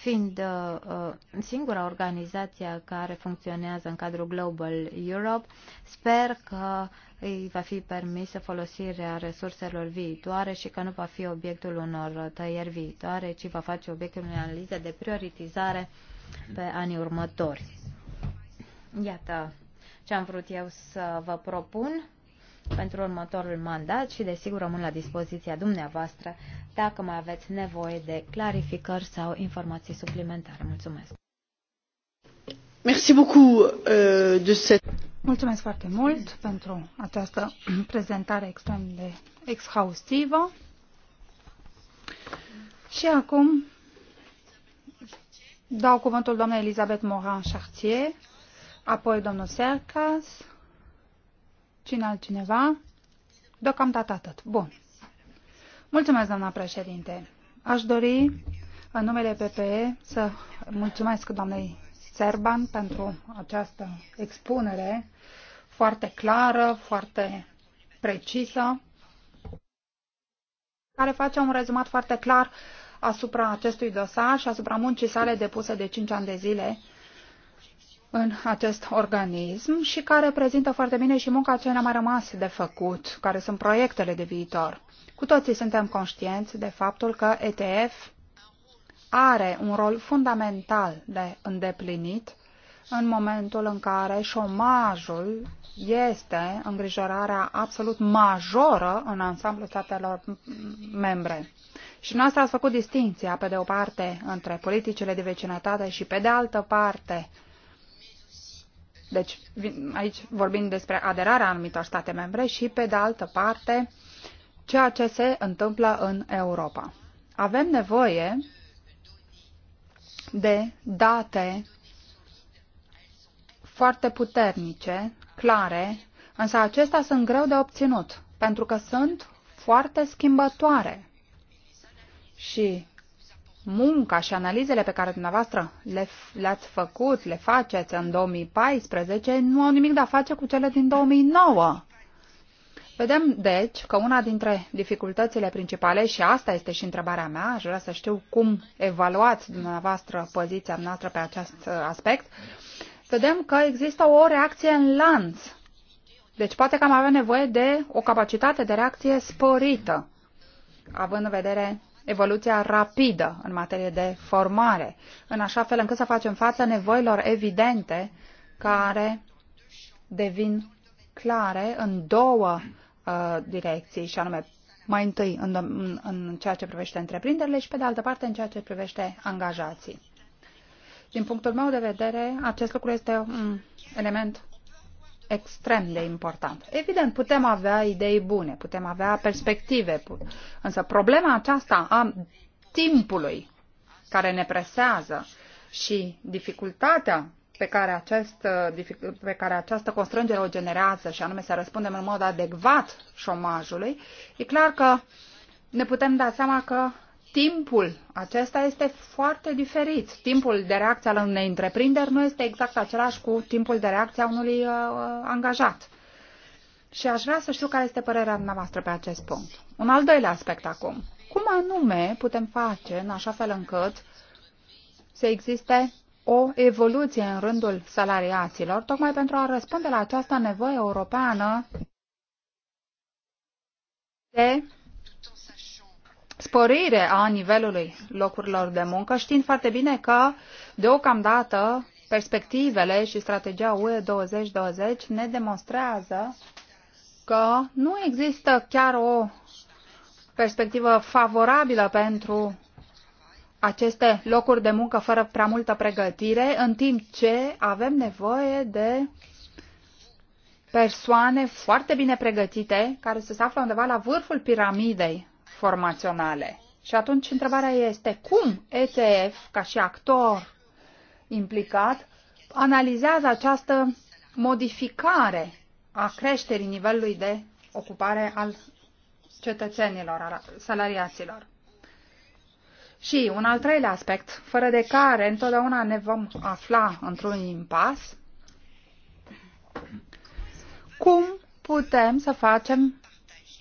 Speaker 3: fiind uh, uh, singura organizație care funcționează în cadrul Global Europe, sper că îi va fi permisă folosirea resurselor viitoare și că nu va fi obiectul unor tăieri viitoare, ci va face obiectul unei analize de prioritizare pe anii următori. Iată ce am vrut eu să vă propun pentru următorul mandat și desigur rămân la dispoziția dumneavoastră dacă mai aveți nevoie de clarificări sau informații suplimentare. Mulțumesc!
Speaker 4: Merci beaucoup, euh, de cette... Mulțumesc foarte mult pentru această prezentare extrem de exhaustivă. Și acum dau cuvântul doamnei Elisabeth Morin-Chartier, apoi domnul Sercas, Cine altcineva? Deocamdată atât. Bun. Mulțumesc, doamna președinte. Aș dori, în numele PPE, să mulțumesc doamnei Serban pentru această expunere foarte clară, foarte precisă, care face un rezumat foarte clar asupra acestui dosar și asupra muncii sale depuse de 5 ani de zile în acest organism și care prezintă foarte bine și munca ce ne-a mai rămas de făcut, care sunt proiectele de viitor. Cu toții suntem conștienți de faptul că ETF are un rol fundamental de îndeplinit în momentul în care șomajul este îngrijorarea absolut majoră în ansamblul statelor membre. Și noastră ați făcut distinția, pe de o parte, între politicile de vecinătate și, pe de altă parte, deci aici vorbim despre aderarea anumitor state membre și, pe de altă parte, ceea ce se întâmplă în Europa. Avem nevoie de date foarte puternice, clare, însă acestea sunt greu de obținut, pentru că sunt foarte schimbătoare. Și munca și analizele pe care dumneavoastră le, le-ați făcut, le faceți în 2014, nu au nimic de a face cu cele din 2009. Vedem, deci, că una dintre dificultățile principale, și asta este și întrebarea mea, aș vrea să știu cum evaluați dumneavoastră poziția noastră pe acest uh, aspect, vedem că există o reacție în lanț. Deci poate că am avea nevoie de o capacitate de reacție sporită, având în vedere evoluția rapidă în materie de formare, în așa fel încât să facem față nevoilor evidente care devin clare în două uh, direcții, și anume mai întâi în, în, în ceea ce privește întreprinderile și pe de altă parte în ceea ce privește angajații. Din punctul meu de vedere, acest lucru este un element extrem de important. Evident, putem avea idei bune, putem avea perspective, însă problema aceasta a timpului care ne presează și dificultatea pe care, acest, uh, pe care această constrângere o generează, și anume să răspundem în mod adecvat șomajului, e clar că ne putem da seama că timpul acesta este foarte diferit. Timpul de reacție al unei întreprinderi nu este exact același cu timpul de reacție a unui uh, angajat. Și aș vrea să știu care este părerea dumneavoastră pe acest punct. Un al doilea aspect acum. Cum anume putem face în așa fel încât să existe o evoluție în rândul salariaților, tocmai pentru a răspunde la această nevoie europeană de sporire a nivelului locurilor de muncă, știind foarte bine că, deocamdată, perspectivele și strategia UE 2020 ne demonstrează că nu există chiar o perspectivă favorabilă pentru aceste locuri de muncă fără prea multă pregătire, în timp ce avem nevoie de persoane foarte bine pregătite care să se află undeva la vârful piramidei formaționale. Și atunci întrebarea este cum ETF, ca și actor implicat, analizează această modificare a creșterii nivelului de ocupare al cetățenilor, al salariaților. Și un al treilea aspect, fără de care întotdeauna ne vom afla într-un impas, cum putem să facem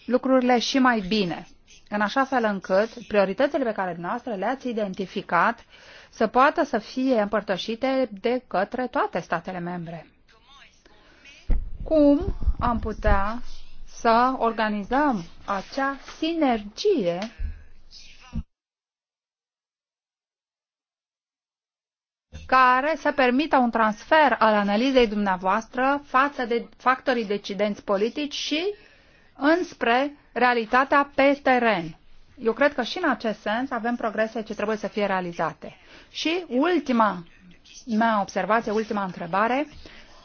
Speaker 4: lucrurile și mai bine în așa fel încât prioritățile pe care dumneavoastră le-ați identificat să poată să fie împărtășite de către toate statele membre. Cum am putea să organizăm acea sinergie care să permită un transfer al analizei dumneavoastră față de factorii decidenți politici și înspre realitatea pe teren. Eu cred că și în acest sens avem progrese ce trebuie să fie realizate. Și ultima mea observație, ultima întrebare,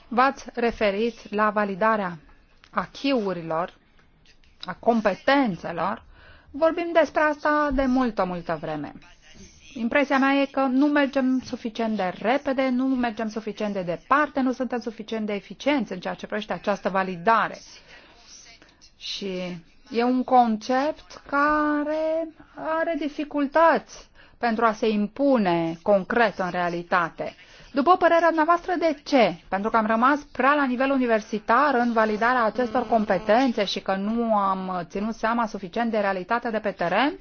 Speaker 4: v-ați referit la validarea achiurilor, a competențelor. Vorbim despre asta de multă, multă vreme. Impresia mea e că nu mergem suficient de repede, nu mergem suficient de departe, nu suntem suficient de eficienți în ceea ce privește această validare. Și E un concept care are dificultăți pentru a se impune concret în realitate. După părerea noastră, de ce? Pentru că am rămas prea la nivel universitar în validarea acestor competențe și că nu am ținut seama suficient de realitatea de pe teren?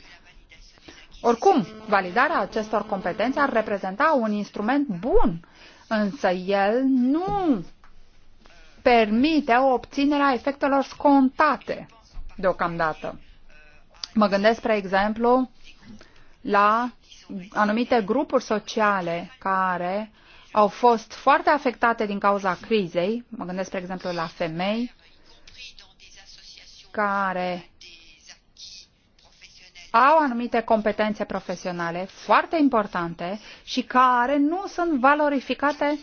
Speaker 4: Oricum, validarea acestor competențe ar reprezenta un instrument bun, însă el nu permite obținerea efectelor scontate deocamdată. Mă gândesc, spre exemplu, la anumite grupuri sociale care au fost foarte afectate din cauza crizei. Mă gândesc, spre exemplu, la femei care au anumite competențe profesionale foarte importante și care nu sunt valorificate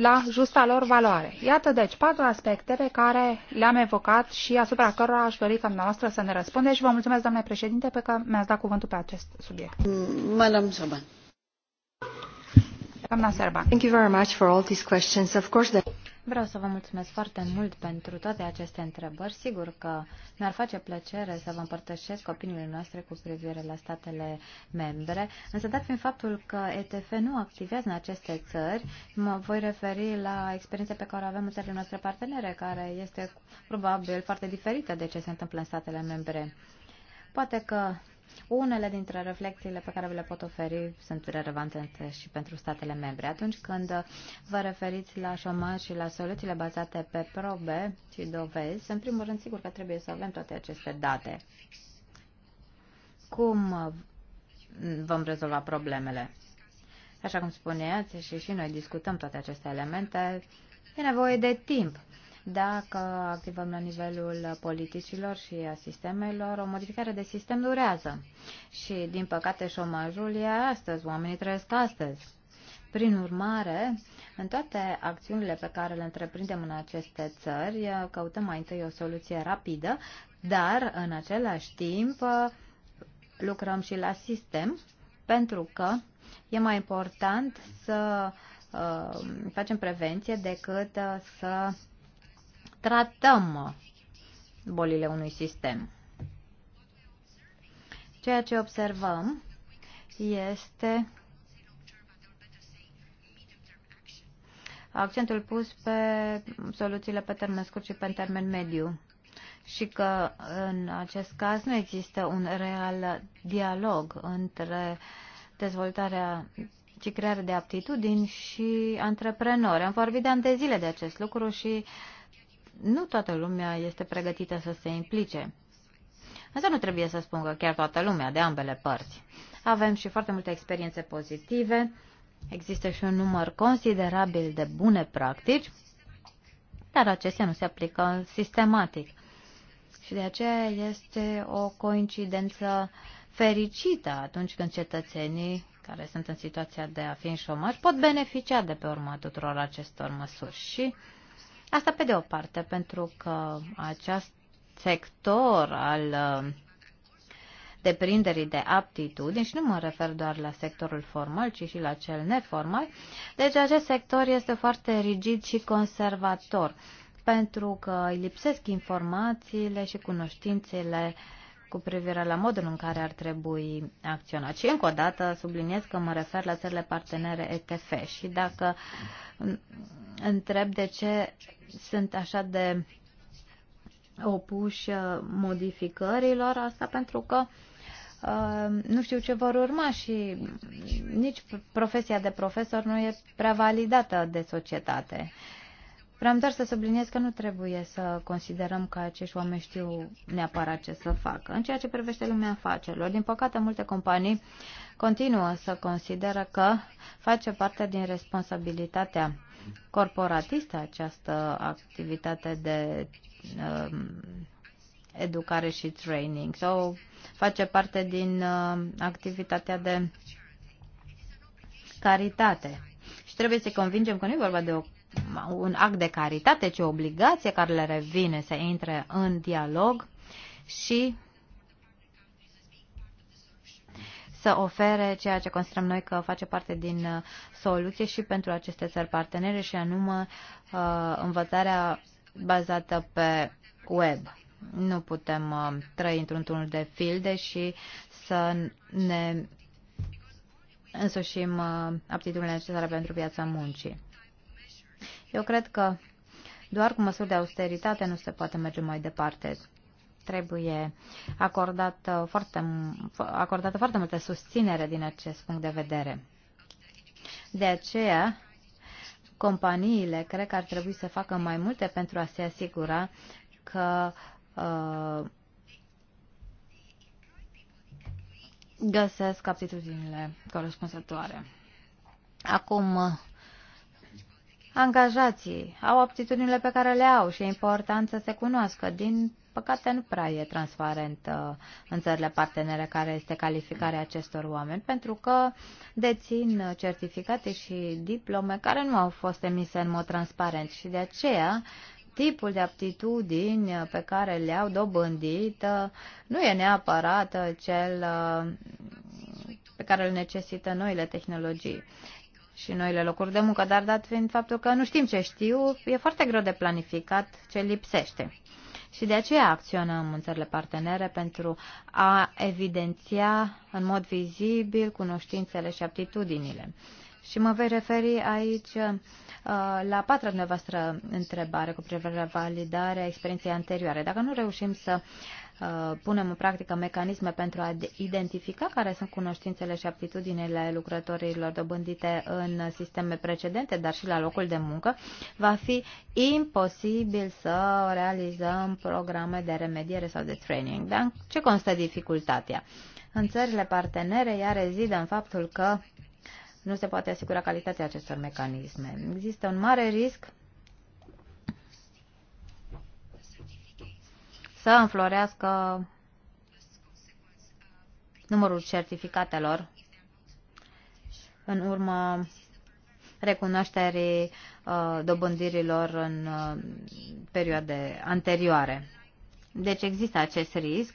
Speaker 4: la justa lor valoare. Iată deci patru aspecte pe care le-am evocat și asupra cărora aș dori ca noastră să ne răspundeți și vă mulțumesc, doamne președinte, pe că mi-ați dat cuvântul pe acest subiect. Madam Soban. Doamna Serban. Thank you very much for all these questions. Of course the... Vreau
Speaker 3: să vă mulțumesc foarte mult pentru toate aceste întrebări. Sigur că mi-ar face plăcere să vă împărtășesc opiniile noastre cu privire la statele membre, însă dat fiind faptul că ETF nu activează în aceste țări, mă voi referi la experiența pe care o avem în țările noastre partenere, care este probabil foarte diferită de ce se întâmplă în statele membre. Poate că unele dintre reflexiile pe care vi le pot oferi sunt relevante și pentru statele membre. Atunci când vă referiți la șomaj și la soluțiile bazate pe probe și dovezi, în primul rând, sigur că trebuie să avem toate aceste date. Cum vom rezolva problemele? Așa cum spuneați și și noi discutăm toate aceste elemente, e nevoie de timp dacă activăm la nivelul politicilor și a sistemelor, o modificare de sistem durează. Și, din păcate, șomajul e astăzi, oamenii trăiesc astăzi. Prin urmare, în toate acțiunile pe care le întreprindem în aceste țări, căutăm mai întâi o soluție rapidă, dar, în același timp, lucrăm și la sistem, pentru că e mai important să uh, facem prevenție decât să tratăm bolile unui sistem. Ceea ce observăm este accentul pus pe soluțiile pe termen scurt și pe termen mediu și că în acest caz nu există un real dialog între dezvoltarea și crearea de aptitudini și antreprenori. Am vorbit de ani de zile de acest lucru și nu toată lumea este pregătită să se implice. Însă nu trebuie să spun că chiar toată lumea, de ambele părți. Avem și foarte multe experiențe pozitive, există și un număr considerabil de bune practici, dar acestea nu se aplică sistematic. Și de aceea este o coincidență fericită atunci când cetățenii care sunt în situația de a fi în șomaj pot beneficia de pe urma tuturor acestor măsuri. Și Asta pe de o parte, pentru că acest sector al uh, deprinderii de aptitudini, și nu mă refer doar la sectorul formal, ci și la cel neformal, deci acest sector este foarte rigid și conservator, pentru că îi lipsesc informațiile și cunoștințele uh, cu privire la modul în care ar trebui acționat. Și încă o dată subliniez că mă refer la țările partenere ETF și dacă întreb de ce sunt așa de opuși uh, modificărilor, asta pentru că uh, nu știu ce vor urma și nici profesia de profesor nu e prea validată de societate. Vreau doar să subliniez că nu trebuie să considerăm că acești oameni știu neapărat ce să facă. În ceea ce privește lumea afacerilor, din păcate, multe companii continuă să consideră că face parte din responsabilitatea corporatistă această activitate de uh, educare și training sau face parte din uh, activitatea de caritate. Și trebuie să convingem că nu e vorba de o un act de caritate, ci o obligație care le revine să intre în dialog și să ofere ceea ce considerăm noi că face parte din uh, soluție și pentru aceste țări partenere și anume uh, învățarea bazată pe web. Nu putem uh, trăi într-un tunel de filde și să ne însușim aptitudinile necesare pentru viața muncii. Eu cred că doar cu măsuri de austeritate nu se poate merge mai departe. Trebuie acordată uh, foarte, acordată foarte multă susținere din acest punct de vedere. De aceea, companiile cred că ar trebui să facă mai multe pentru a se asigura că uh, găsesc aptitudinile corespunzătoare. Acum, angajații au aptitudinile pe care le au și e important să se cunoască. Din păcate nu prea e transparent uh, în țările partenere care este calificarea acestor oameni, pentru că dețin certificate și diplome care nu au fost emise în mod transparent și de aceea tipul de aptitudini pe care le-au dobândit uh, nu e neapărat cel uh, pe care îl necesită noile tehnologii și noile locuri de muncă, dar dat fiind faptul că nu știm ce știu, e foarte greu de planificat ce lipsește. Și de aceea acționăm în țările partenere pentru a evidenția în mod vizibil cunoștințele și aptitudinile. Și mă vei referi aici Uh, la patra dumneavoastră întrebare cu privire la validarea experienței anterioare. Dacă nu reușim să uh, punem în practică mecanisme pentru a identifica care sunt cunoștințele și aptitudinile lucrătorilor dobândite în sisteme precedente, dar și la locul de muncă, va fi imposibil să realizăm programe de remediere sau de training. Dar ce constă dificultatea? În țările partenere ea rezidă în faptul că nu se poate asigura calitatea acestor mecanisme. Există un mare risc să înflorească numărul certificatelor în urma recunoașterii uh, dobândirilor în uh, perioade anterioare. Deci există acest risc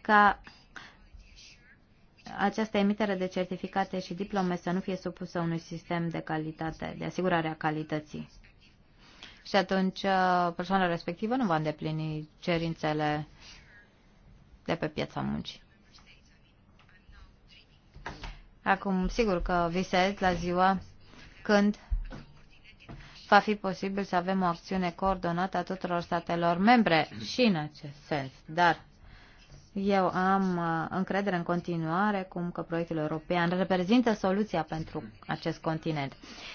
Speaker 3: ca această emitere de certificate și diplome să nu fie supusă unui sistem de calitate, de asigurare a calității. Și atunci uh, persoana respectivă nu va îndeplini cerințele de pe piața muncii. Acum, sigur că visez la ziua când va fi posibil să avem o acțiune coordonată a tuturor statelor membre și în acest sens, dar eu am uh, încredere în continuare cum că proiectul european reprezintă soluția pentru acest continent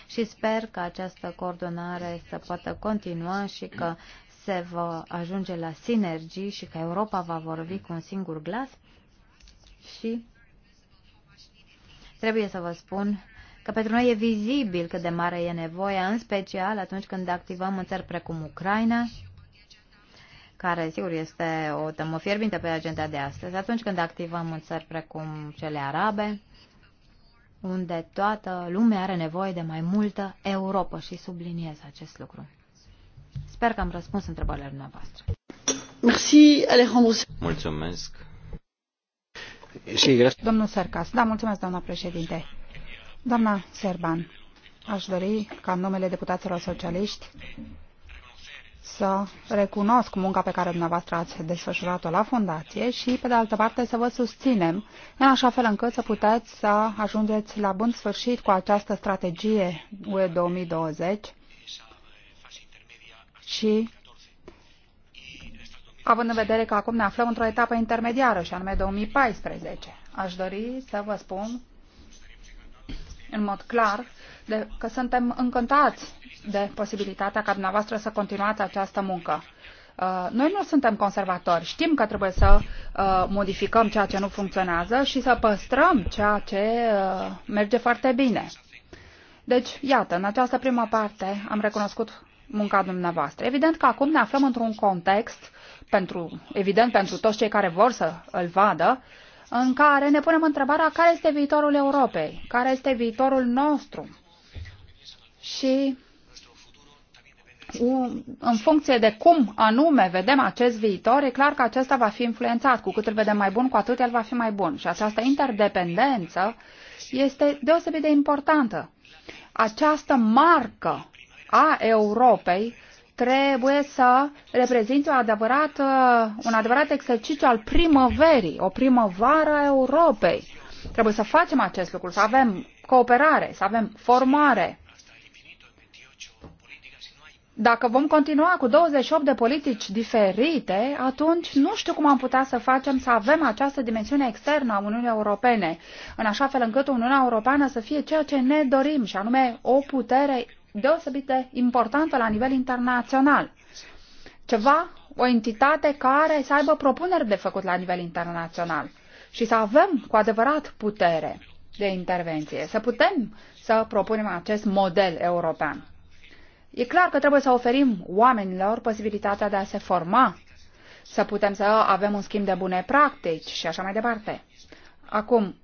Speaker 3: și sper că această coordonare să poată continua și că se va ajunge la sinergii și că Europa va vorbi cu un singur glas și trebuie să vă spun că pentru noi e vizibil cât de mare e nevoia, în special atunci când activăm în țări precum Ucraina, care sigur este o temă fierbinte pe agenda de astăzi, atunci când activăm în țări precum cele arabe, unde toată lumea are nevoie de mai multă Europa și subliniez acest lucru.
Speaker 4: Sper că am răspuns întrebările dumneavoastră.
Speaker 1: Merci, Alejandro.
Speaker 2: Mulțumesc.
Speaker 4: Domnul Sercas, da, mulțumesc, doamna președinte. Doamna Serban, aș dori ca în numele deputaților socialiști să recunosc munca pe care dumneavoastră ați desfășurat-o la fundație și, pe de altă parte, să vă susținem în așa fel încât să puteți să ajungeți la bun sfârșit cu această strategie UE 2020 și având în vedere că acum ne aflăm într-o etapă intermediară și anume 2014. Aș dori să vă spun în mod clar de, că suntem încântați de posibilitatea ca dumneavoastră să continuați această muncă. Uh, noi nu suntem conservatori, știm că trebuie să uh, modificăm ceea ce nu funcționează și să păstrăm ceea ce uh, merge foarte bine. Deci, iată, în această primă parte am recunoscut munca dumneavoastră. Evident că acum ne aflăm într-un context, pentru, evident pentru toți cei care vor să îl vadă, în care ne punem întrebarea care este viitorul Europei, care este viitorul nostru. Și în funcție de cum anume vedem acest viitor, e clar că acesta va fi influențat. Cu cât îl vedem mai bun, cu atât el va fi mai bun. Și această interdependență este deosebit de importantă. Această marcă a Europei trebuie să reprezinte adevărat, uh, un adevărat exercițiu al primăverii, o primăvară a Europei. Trebuie să facem acest lucru, să avem cooperare, să avem formare. Dacă vom continua cu 28 de politici diferite, atunci nu știu cum am putea să facem să avem această dimensiune externă a Uniunii Europene, în așa fel încât Uniunea Europeană să fie ceea ce ne dorim, și anume o putere deosebit de importantă la nivel internațional. Ceva, o entitate care să aibă propuneri de făcut la nivel internațional și să avem cu adevărat putere de intervenție, să putem să propunem acest model european. E clar că trebuie să oferim oamenilor posibilitatea de a se forma, să putem să avem un schimb de bune practici și așa mai departe. Acum,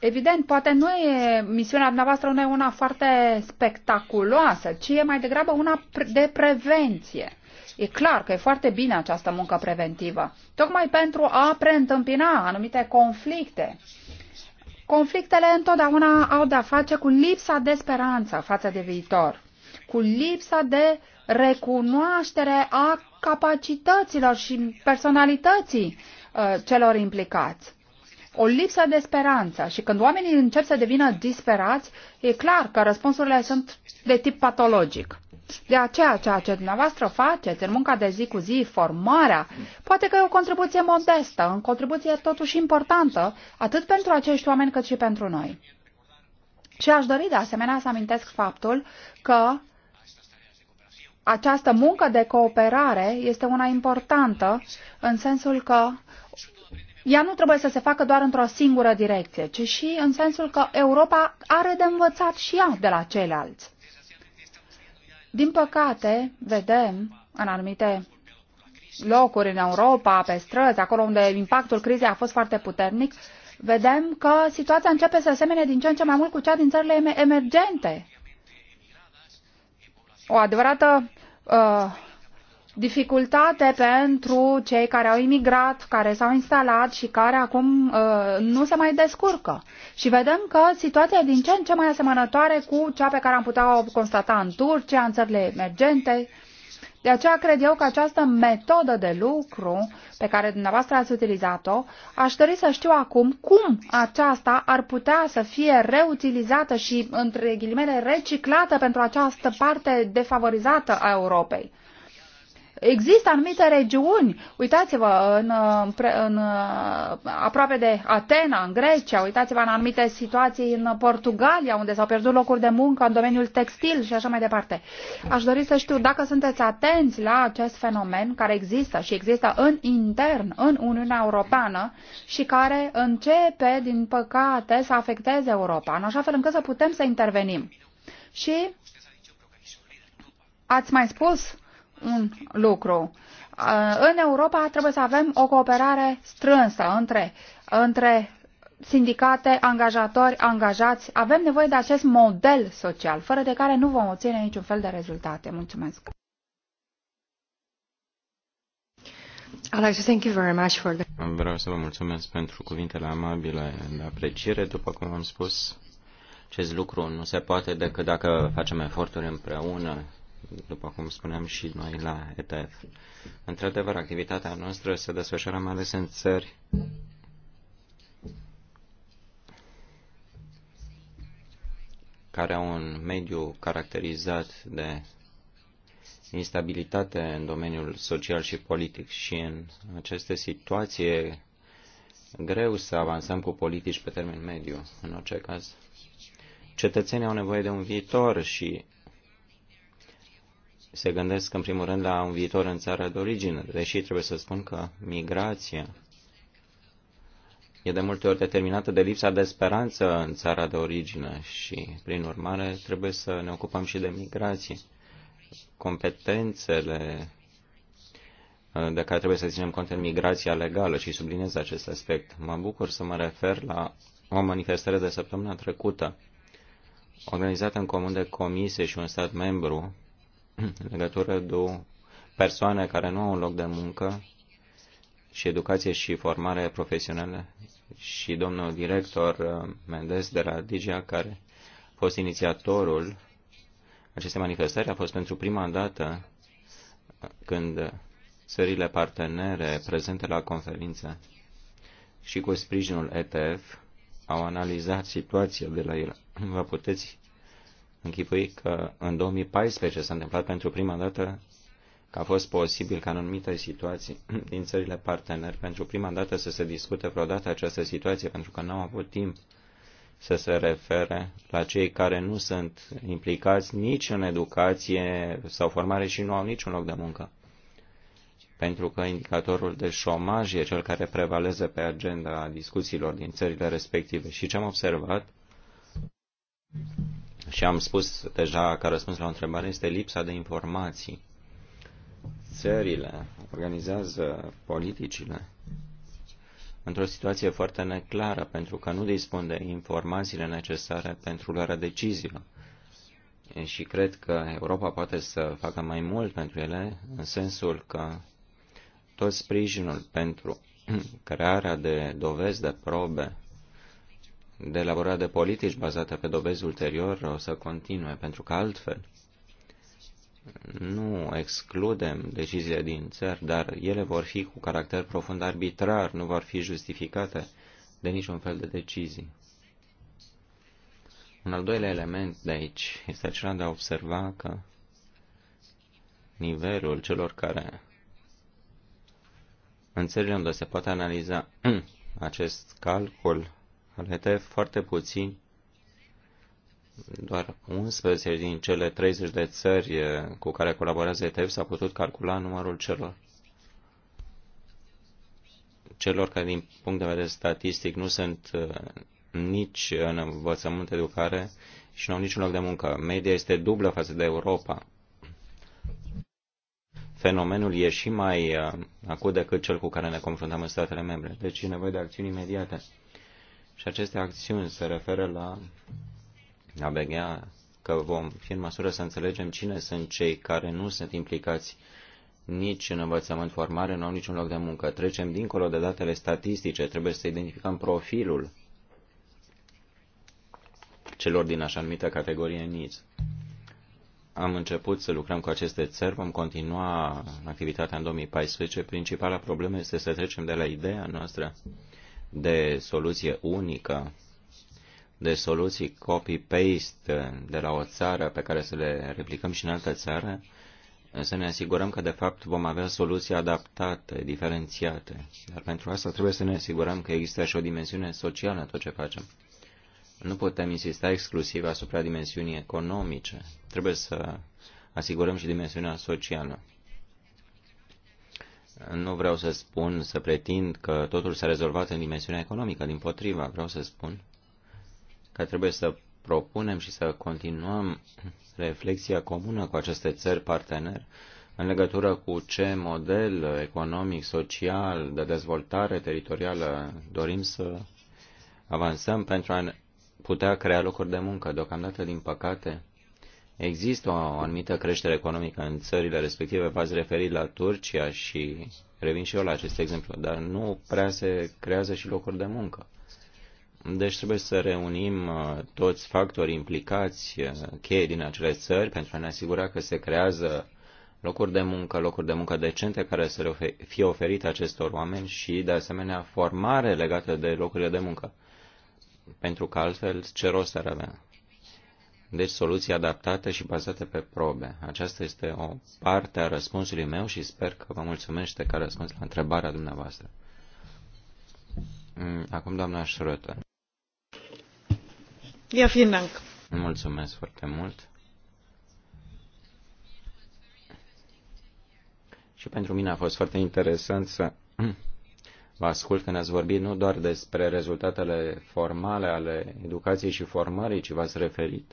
Speaker 4: evident, poate nu e misiunea dumneavoastră nu e una foarte spectaculoasă, ci e mai degrabă una de prevenție. E clar că e foarte bine această muncă preventivă, tocmai pentru a preîntâmpina anumite conflicte. Conflictele întotdeauna au de-a face cu lipsa de speranță față de viitor cu lipsa de recunoaștere a capacităților și personalității uh, celor implicați. O lipsă de speranță și când oamenii încep să devină disperați, e clar că răspunsurile sunt de tip patologic. De aceea, ceea ce dumneavoastră faceți în munca de zi cu zi, formarea, poate că e o contribuție modestă, o contribuție totuși importantă, atât pentru acești oameni cât și pentru noi. Și aș dori de asemenea să amintesc faptul că această muncă de cooperare este una importantă în sensul că ea nu trebuie să se facă doar într-o singură direcție, ci și în sensul că Europa are de învățat și ea de la ceilalți. Din păcate, vedem în anumite locuri în Europa, pe străzi, acolo unde impactul crizei a fost foarte puternic, vedem că situația începe să semene din ce în ce mai mult cu cea din țările emergente o adevărată uh, dificultate pentru cei care au imigrat, care s-au instalat și care acum uh, nu se mai descurcă. Și vedem că situația e din ce în ce mai asemănătoare cu cea pe care am putea o constata în Turcia, în țările emergente de aceea cred eu că această metodă de lucru pe care dumneavoastră ați utilizat-o, aș dori să știu acum cum aceasta ar putea să fie reutilizată și, între ghilimele, reciclată pentru această parte defavorizată a Europei. Există anumite regiuni, uitați-vă, în, în, aproape de Atena, în Grecia, uitați-vă în anumite situații în Portugalia, unde s-au pierdut locuri de muncă în domeniul textil și așa mai departe. Aș dori să știu dacă sunteți atenți la acest fenomen care există și există în intern, în Uniunea Europeană și care începe, din păcate, să afecteze Europa, în așa fel încât să putem să intervenim. Și ați mai spus un lucru. Uh, în Europa trebuie să avem o cooperare strânsă între, între sindicate, angajatori, angajați. Avem nevoie de acest model social, fără de care nu vom obține niciun fel de rezultate. Mulțumesc!
Speaker 2: Vreau să vă mulțumesc pentru cuvintele amabile de apreciere. După cum am spus, acest lucru nu se poate decât dacă facem eforturi împreună după cum spuneam și noi la ETF. Într-adevăr, activitatea noastră se desfășoară mai ales în țări care au un mediu caracterizat de instabilitate în domeniul social și politic și în aceste situații greu să avansăm cu politici pe termen mediu. În orice caz, cetățenii au nevoie de un viitor și se gândesc în primul rând la un viitor în țara de origine, deși trebuie să spun că migrația e de multe ori determinată de lipsa de speranță în țara de origine și, prin urmare, trebuie să ne ocupăm și de migrație. Competențele uh, de care trebuie să ținem cont în migrația legală și subliniez acest aspect. Mă bucur să mă refer la o manifestare de săptămâna trecută organizată în comun de comisie și un stat membru în legătură de persoane care nu au un loc de muncă și educație și formare profesională și domnul director uh, Mendes de la DGA, care a fost inițiatorul acestei manifestări, a fost pentru prima dată uh, când țările partenere prezente la conferință și cu sprijinul ETF au analizat situația de la el. Vă puteți închipui că în 2014 s-a întâmplat pentru prima dată că a fost posibil ca în anumite situații din țările parteneri pentru prima dată să se discute vreodată această situație, pentru că n-au avut timp să se refere la cei care nu sunt implicați nici în educație sau formare și nu au niciun loc de muncă. Pentru că indicatorul de șomaj e cel care prevaleze pe agenda discuțiilor din țările respective. Și ce am observat și am spus deja că răspuns la o întrebare, este lipsa de informații. Țările organizează politicile într-o situație foarte neclară, pentru că nu dispun de informațiile necesare pentru luarea deciziilor. Și cred că Europa poate să facă mai mult pentru ele, în sensul că tot sprijinul pentru crearea de dovezi, de probe, de elaborare de politici bazate pe dovezi ulterior o să continue, pentru că altfel nu excludem deciziile din țări, dar ele vor fi cu caracter profund arbitrar, nu vor fi justificate de niciun fel de decizii. Un al doilea element de aici este acela de a observa că nivelul celor care în țările unde se poate analiza acest calcul ETF foarte puțini, doar 11 din cele 30 de țări eh, cu care colaborează ETF s-a putut calcula numărul celor celor care din punct de vedere statistic nu sunt eh, nici în învățământ, educare și nu au niciun loc de muncă. Media este dublă față de Europa. Fenomenul e și mai eh, acut decât cel cu care ne confruntăm în statele membre. Deci e nevoie de acțiuni imediate. Și aceste acțiuni se referă la a vegea că vom fi în măsură să înțelegem cine sunt cei care nu sunt implicați nici în învățământ formare, nu au niciun loc de muncă. Trecem dincolo de datele statistice, trebuie să identificăm profilul celor din așa numită categorie NIS. Am început să lucrăm cu aceste țări, vom continua activitatea în 2014. Principala problemă este să trecem de la ideea noastră de soluție unică, de soluții copy-paste de la o țară pe care să le replicăm și în altă țară, să ne asigurăm că de fapt vom avea soluții adaptate, diferențiate. Dar pentru asta trebuie să ne asigurăm că există și o dimensiune socială în tot ce facem. Nu putem insista exclusiv asupra dimensiunii economice. Trebuie să asigurăm și dimensiunea socială. Nu vreau să spun, să pretind că totul s-a rezolvat în dimensiunea economică, din potriva, vreau să spun că trebuie să propunem și să continuăm reflexia comună cu aceste țări partener în legătură cu ce model economic, social, de dezvoltare teritorială dorim să avansăm pentru a putea crea locuri de muncă. Deocamdată, din păcate, Există o anumită creștere economică în țările respective, v-ați referit la Turcia și revin și eu la acest exemplu, dar nu prea se creează și locuri de muncă. Deci trebuie să reunim uh, toți factorii implicați, uh, cheie din acele țări, pentru a ne asigura că se creează locuri de muncă, locuri de muncă decente care să le fie oferite acestor oameni și, de asemenea, formare legată de locurile de muncă. Pentru că altfel, ce rost ar avea? Deci soluții adaptate și bazate pe probe. Aceasta este o parte a răspunsului meu și sper că vă mulțumește a răspuns la întrebarea dumneavoastră. Mm, acum doamna Șrătă. Ia fi Dank. Mulțumesc foarte mult. Și pentru mine a fost foarte interesant să vă ascult când ați vorbit nu doar despre rezultatele formale ale educației și formării, ci v-ați referit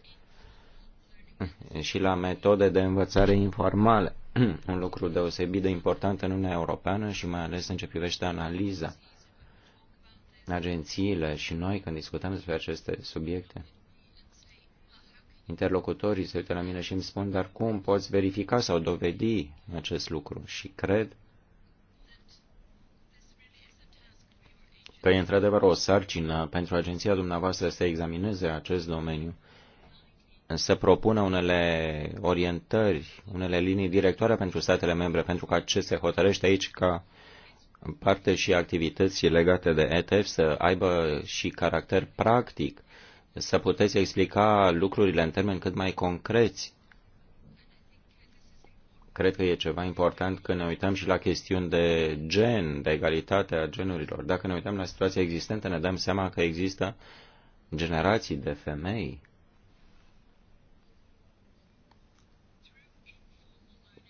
Speaker 2: și la metode de învățare informale, un lucru deosebit de important în Uniunea Europeană și mai ales în ce privește analiza. Agențiile și noi, când discutăm despre aceste subiecte, interlocutorii se uită la mine și îmi spun, dar cum poți verifica sau dovedi acest lucru? Și cred că e într-adevăr o sarcină pentru agenția dumneavoastră să examineze acest domeniu să propună unele orientări, unele linii directoare pentru statele membre, pentru ca ce se hotărăște aici ca parte și activități legate de ETF să aibă și caracter practic, să puteți explica lucrurile în termeni cât mai concreți. Cred că e ceva important când ne uităm și la chestiuni de gen, de egalitate a genurilor. Dacă ne uităm la situația existentă, ne dăm seama că există generații de femei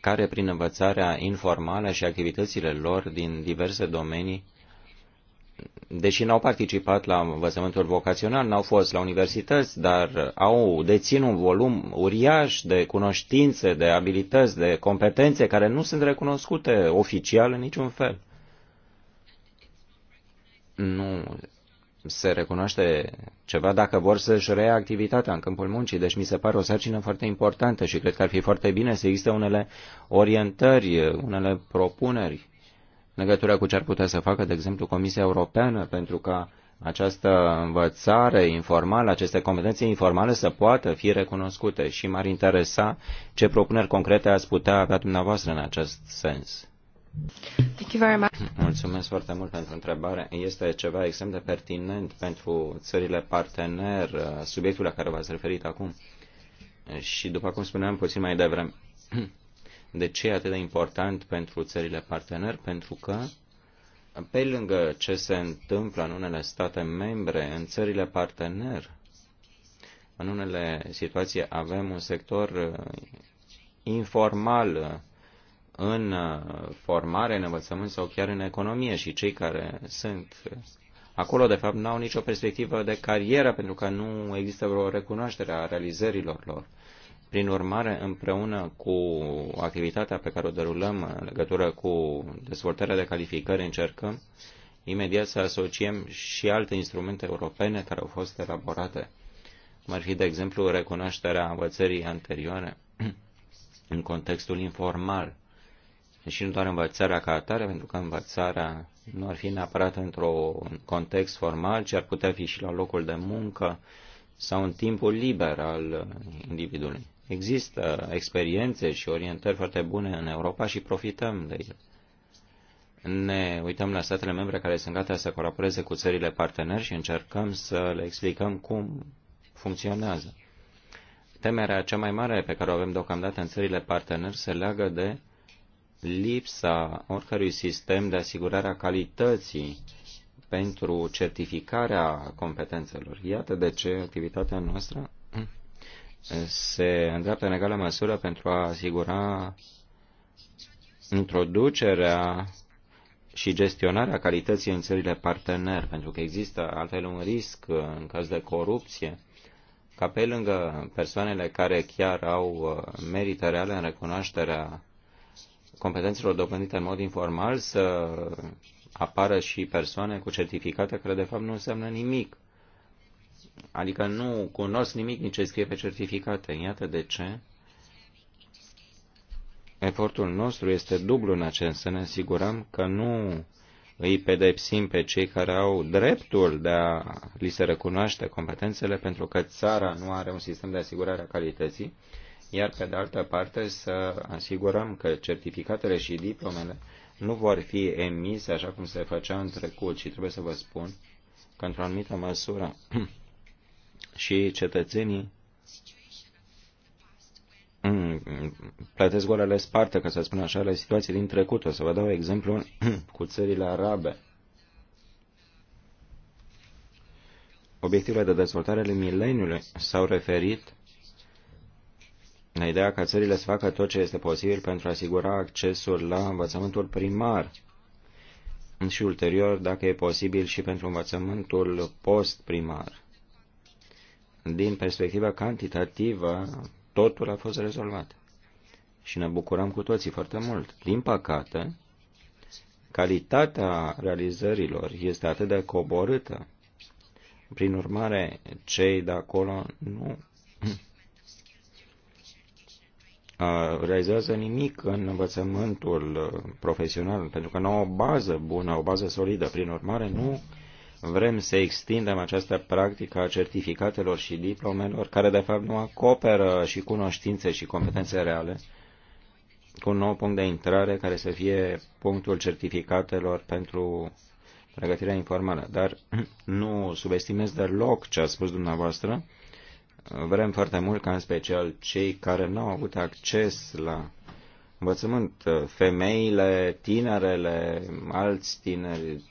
Speaker 2: care prin învățarea informală și activitățile lor din diverse domenii, deși n-au participat la învățământul vocațional, n-au fost la universități, dar au dețin un volum uriaș de cunoștințe, de abilități, de competențe care nu sunt recunoscute oficial în niciun fel. Nu se recunoaște ceva dacă vor să-și reia activitatea în câmpul muncii. Deci mi se pare o sarcină foarte importantă și cred că ar fi foarte bine să existe unele orientări, unele propuneri în legătură cu ce ar putea să facă, de exemplu, Comisia Europeană pentru ca această învățare informală, aceste competențe informale să poată fi recunoscute și m-ar interesa ce propuneri concrete ați putea avea dumneavoastră în acest sens.
Speaker 4: Thank you very much.
Speaker 2: Mulțumesc foarte mult pentru întrebare. Este ceva extrem de pertinent pentru țările partener, uh, subiectul la care v-ați referit acum. Și după cum spuneam puțin mai devreme, de ce e atât de important pentru țările partener? Pentru că pe lângă ce se întâmplă în unele state membre, în țările partener, în unele situații avem un sector uh, informal uh, în uh, formare, în învățământ sau chiar în economie și cei care sunt acolo, de fapt, n-au nicio perspectivă de carieră pentru că nu există vreo recunoaștere a realizărilor lor. Prin urmare, împreună cu activitatea pe care o derulăm în legătură cu dezvoltarea de calificări, încercăm imediat să asociem și alte instrumente europene care au fost elaborate. Cum ar fi, de exemplu, recunoașterea învățării anterioare în contextul informal, și deci nu doar învățarea ca atare, pentru că învățarea nu ar fi neapărat într-un context formal, ci ar putea fi și la locul de muncă sau în timpul liber al individului. Există experiențe și orientări foarte bune în Europa și profităm de ele. Ne uităm la statele membre care sunt gata să colaboreze cu țările parteneri și încercăm să le explicăm cum funcționează. Temerea cea mai mare pe care o avem deocamdată în țările parteneri se leagă de lipsa oricărui sistem de asigurare a calității pentru certificarea competențelor. Iată de ce activitatea noastră se îndreaptă în egală măsură pentru a asigura introducerea și gestionarea calității în țările partener, pentru că există altfel un risc în caz de corupție, ca pe lângă persoanele care chiar au uh, merite reale în recunoașterea competențelor dobândite în mod informal să apară și persoane cu certificate care de fapt nu înseamnă nimic. Adică nu cunosc nimic din ce scrie pe certificate. Iată de ce efortul nostru este dublu în acest să ne asigurăm că nu îi pedepsim pe cei care au dreptul de a li se recunoaște competențele pentru că țara nu are un sistem de asigurare a calității iar pe de altă parte să asigurăm că certificatele și diplomele nu vor fi emise așa cum se făcea în trecut și trebuie să vă spun că într-o anumită măsură și cetățenii plătesc golele sparte, ca să spun așa, la situații din trecut. O să vă dau exemplu cu țările arabe. Obiectivele de dezvoltare ale mileniului s-au referit în ideea ca țările să facă tot ce este posibil pentru a asigura accesul la învățământul primar și ulterior, dacă e posibil, și pentru învățământul post-primar. Din perspectiva cantitativă, totul a fost rezolvat. Și ne bucurăm cu toții foarte mult. Din păcate, calitatea realizărilor este atât de coborâtă. Prin urmare, cei de acolo nu realizează nimic în învățământul uh, profesional, pentru că nu au o bază bună, o bază solidă. Prin urmare, nu vrem să extindem această practică a certificatelor și diplomelor, care de fapt nu acoperă și cunoștințe și competențe reale, cu un nou punct de intrare care să fie punctul certificatelor pentru pregătirea informală. Dar nu subestimez deloc ce a spus dumneavoastră, Vrem foarte mult ca în special cei care nu au avut acces la învățământ, femeile, tinerele, alți tineri,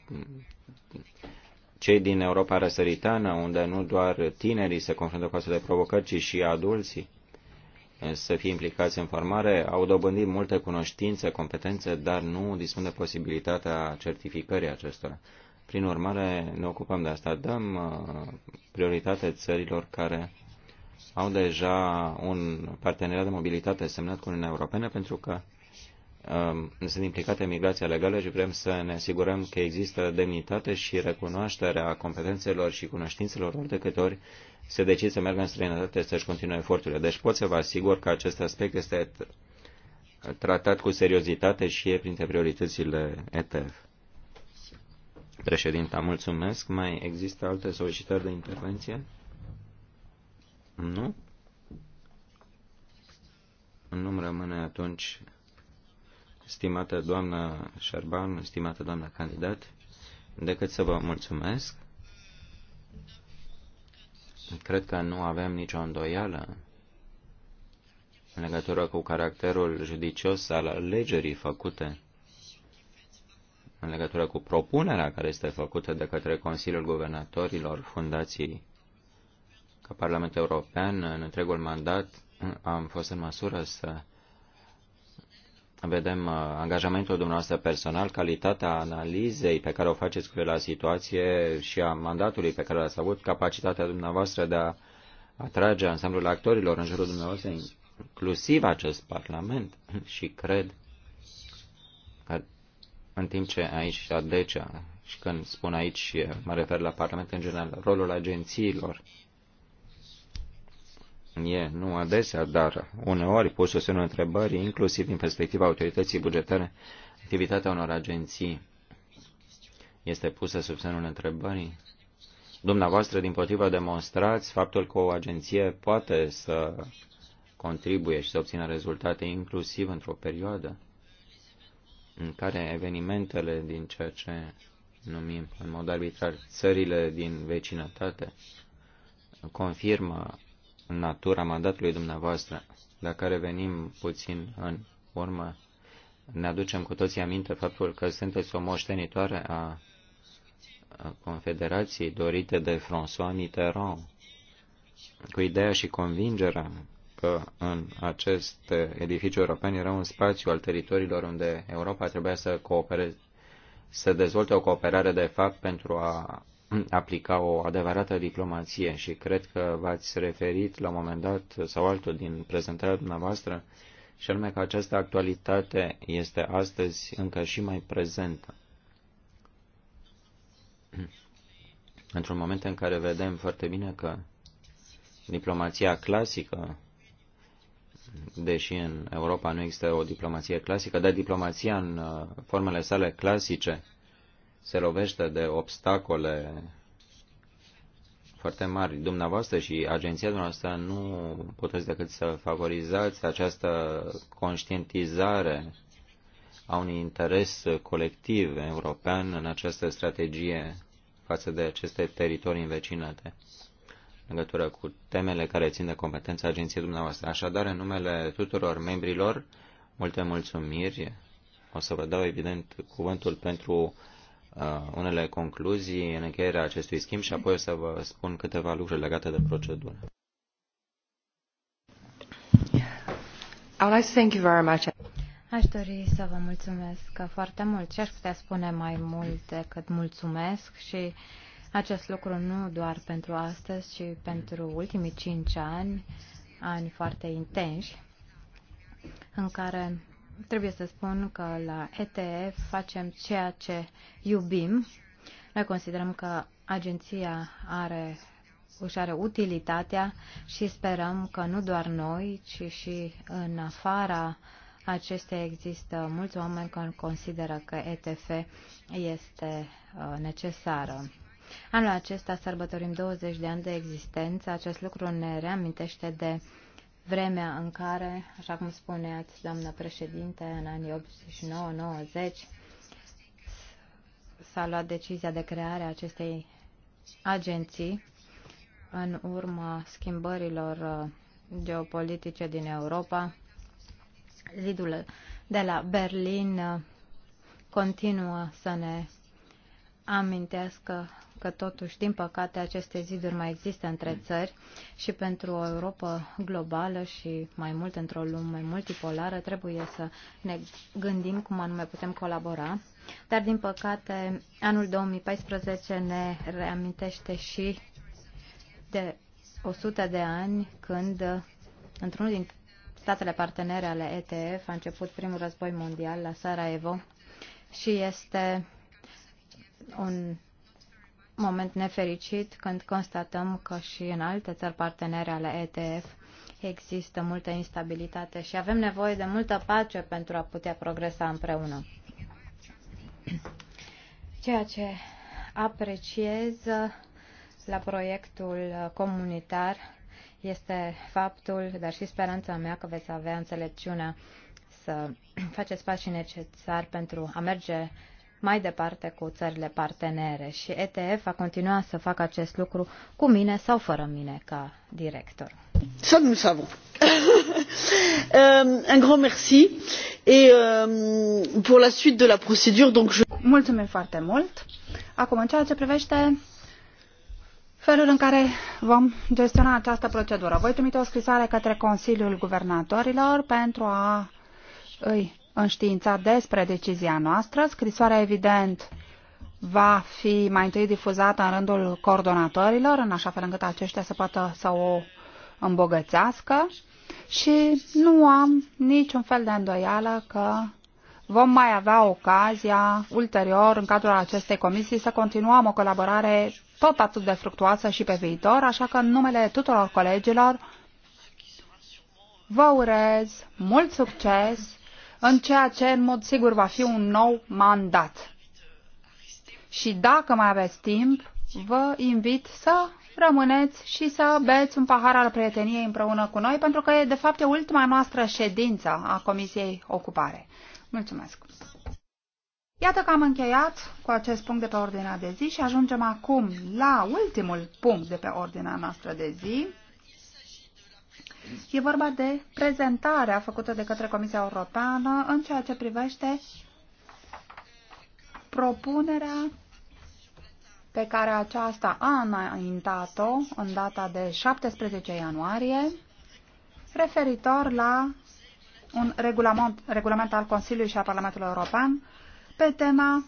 Speaker 2: cei din Europa răsăritană, unde nu doar tinerii se confruntă cu astfel de provocări, ci și adulții să fie implicați în formare, au dobândit multe cunoștințe, competențe, dar nu dispun de posibilitatea certificării acestora. Prin urmare, ne ocupăm de asta. Dăm uh, prioritate țărilor care au deja un parteneriat de mobilitate semnat cu Uniunea Europeană pentru că um, sunt implicate în migrația legală și vrem să ne asigurăm că există demnitate și recunoașterea competențelor și cunoștințelor ori de câte ori se decide să meargă în străinătate să-și continue eforturile. Deci pot să vă asigur că acest aspect este tratat cu seriozitate și e printre prioritățile ETF. Președinta, mulțumesc. Mai există alte solicitări de intervenție? Nu? Nu-mi rămâne atunci, stimată doamnă Șerban, stimată doamnă candidat, decât să vă mulțumesc. Cred că nu avem nicio îndoială în legătură cu caracterul judicios al alegerii făcute, în legătură cu propunerea care este făcută de către Consiliul Guvernatorilor Fundației ca Parlament European, în întregul mandat, am fost în măsură să vedem uh, angajamentul dumneavoastră personal, calitatea analizei pe care o faceți cu la situație și a mandatului pe care l-ați avut, capacitatea dumneavoastră de a atrage ansamblul actorilor în jurul dumneavoastră, inclusiv acest Parlament. Și cred că în timp ce aici adecea, și când spun aici, mă refer la Parlament în general, rolul agențiilor e nu adesea, dar uneori pus sub semnul întrebării, inclusiv din perspectiva autorității bugetare, activitatea unor agenții este pusă sub semnul întrebării? Dumneavoastră, din potriva, demonstrați faptul că o agenție poate să contribuie și să obțină rezultate inclusiv într-o perioadă în care evenimentele din ceea ce numim în mod arbitrar țările din vecinătate confirmă natura mandatului dumneavoastră, la care venim puțin în urmă, ne aducem cu toții aminte faptul că sunteți o moștenitoare a Confederației dorite de François Mitterrand, cu ideea și convingerea că în acest edificiu european era un spațiu al teritoriilor unde Europa trebuia să coopereze, să dezvolte o cooperare de fapt pentru a aplica o adevărată diplomație și cred că v-ați referit la un moment dat sau altul din prezentarea dumneavoastră și anume că această actualitate este astăzi încă și mai prezentă. Într-un moment în care vedem foarte bine că diplomația clasică, deși în Europa nu există o diplomație clasică, dar diplomația în uh, formele sale clasice se lovește de obstacole foarte mari. Dumneavoastră și agenția dumneavoastră nu puteți decât să favorizați această conștientizare a unui interes colectiv european în această strategie față de aceste teritorii învecinate în legătură cu temele care țin de competența agenției dumneavoastră. Așadar, în numele tuturor membrilor, multe mulțumiri. O să vă dau, evident, cuvântul pentru Uh, unele concluzii în încheierea acestui schimb și apoi o să vă spun câteva lucruri legate de procedură.
Speaker 4: I would like to thank you very much.
Speaker 3: Aș dori să vă mulțumesc foarte mult și aș putea spune mai mult decât mulțumesc și acest lucru nu doar pentru astăzi, ci pentru ultimii cinci ani, ani foarte intensi, în care trebuie să spun că la ETF facem ceea ce iubim. Noi considerăm că agenția are, își are utilitatea și sperăm că nu doar noi, ci și în afara acestea există mulți oameni care consideră că ETF este uh, necesară. Anul acesta sărbătorim 20 de ani de existență. Acest lucru ne reamintește de uh, vremea în care, așa cum spuneați, doamnă președinte, în anii 89-90 s-a luat decizia de creare a acestei agenții în urma schimbărilor uh, geopolitice din Europa. Zidul de la Berlin uh, continuă să ne amintească că totuși, din păcate, aceste ziduri mai există între țări și pentru o Europa globală și mai mult într-o lume multipolară trebuie să ne gândim cum anume putem colabora. Dar, din păcate, anul 2014 ne reamintește și de 100 de ani când, într-unul din statele partenere ale ETF, a început primul război mondial la Sarajevo și este un moment nefericit când constatăm că și în alte țări partenere ale ETF există multă instabilitate și avem nevoie de multă pace pentru a putea progresa împreună. Ceea ce apreciez la proiectul comunitar este faptul, dar și speranța mea că veți avea înțelepciunea să faceți pașii necesari pentru a merge mai departe cu țările partenere și ETF va continua să facă acest lucru cu mine sau fără mine ca director. Să nu savons.
Speaker 4: Euh, un grand merci et euh, pour la suite de la procédure donc je Mulțumim foarte mult. Acum în ceea ce privește felul în care vom gestiona această procedură. Voi trimite o scrisoare către Consiliul Guvernatorilor pentru a îi înștiințat despre decizia noastră. Scrisoarea, evident, va fi mai întâi difuzată în rândul coordonatorilor, în așa fel încât aceștia să poată să o îmbogățească și nu am niciun fel de îndoială că vom mai avea ocazia ulterior în cadrul acestei comisii să continuăm o colaborare tot atât de fructuoasă și pe viitor, așa că în numele tuturor colegilor vă urez mult succes în ceea ce, în mod sigur, va fi un nou mandat. Și dacă mai aveți timp, vă invit să rămâneți și să beți un pahar al prieteniei împreună cu noi, pentru că, e de fapt, e ultima noastră ședință a Comisiei Ocupare. Mulțumesc! Iată că am încheiat cu acest punct de pe ordinea de zi și ajungem acum la ultimul punct de pe ordinea noastră de zi, E vorba de prezentarea făcută de către Comisia Europeană în ceea ce privește propunerea pe care aceasta a înaintat-o în data de 17 ianuarie referitor la un regulament, regulament al Consiliului și al Parlamentului European pe tema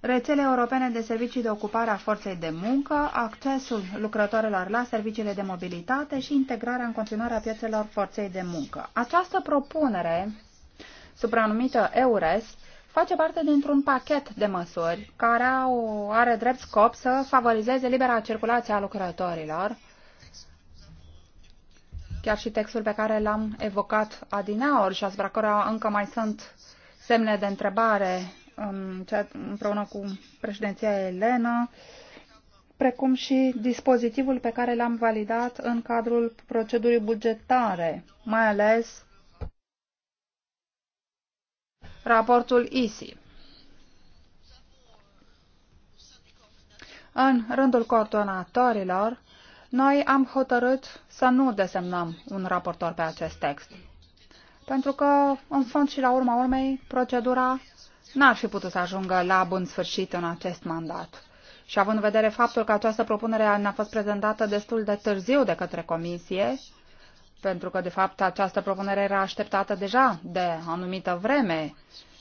Speaker 4: rețele europene de servicii de ocupare a forței de muncă, accesul lucrătorilor la serviciile de mobilitate și integrarea în continuare a piețelor forței de muncă. Această propunere, supranumită EURES, face parte dintr-un pachet de măsuri care au, are drept scop să favorizeze libera circulație a lucrătorilor, chiar și textul pe care l-am evocat adineaori și asupra cărora încă mai sunt semne de întrebare împreună cu președinția Elena, precum și dispozitivul pe care l-am validat în cadrul procedurii bugetare, mai ales raportul ISI. În rândul coordonatorilor, noi am hotărât să nu desemnăm un raportor pe acest text. Pentru că, în fond și la urma urmei, procedura n-ar fi putut să ajungă la bun sfârșit în acest mandat. Și având în vedere faptul că această propunere ne-a fost prezentată destul de târziu de către Comisie, pentru că, de fapt, această propunere era așteptată deja de anumită vreme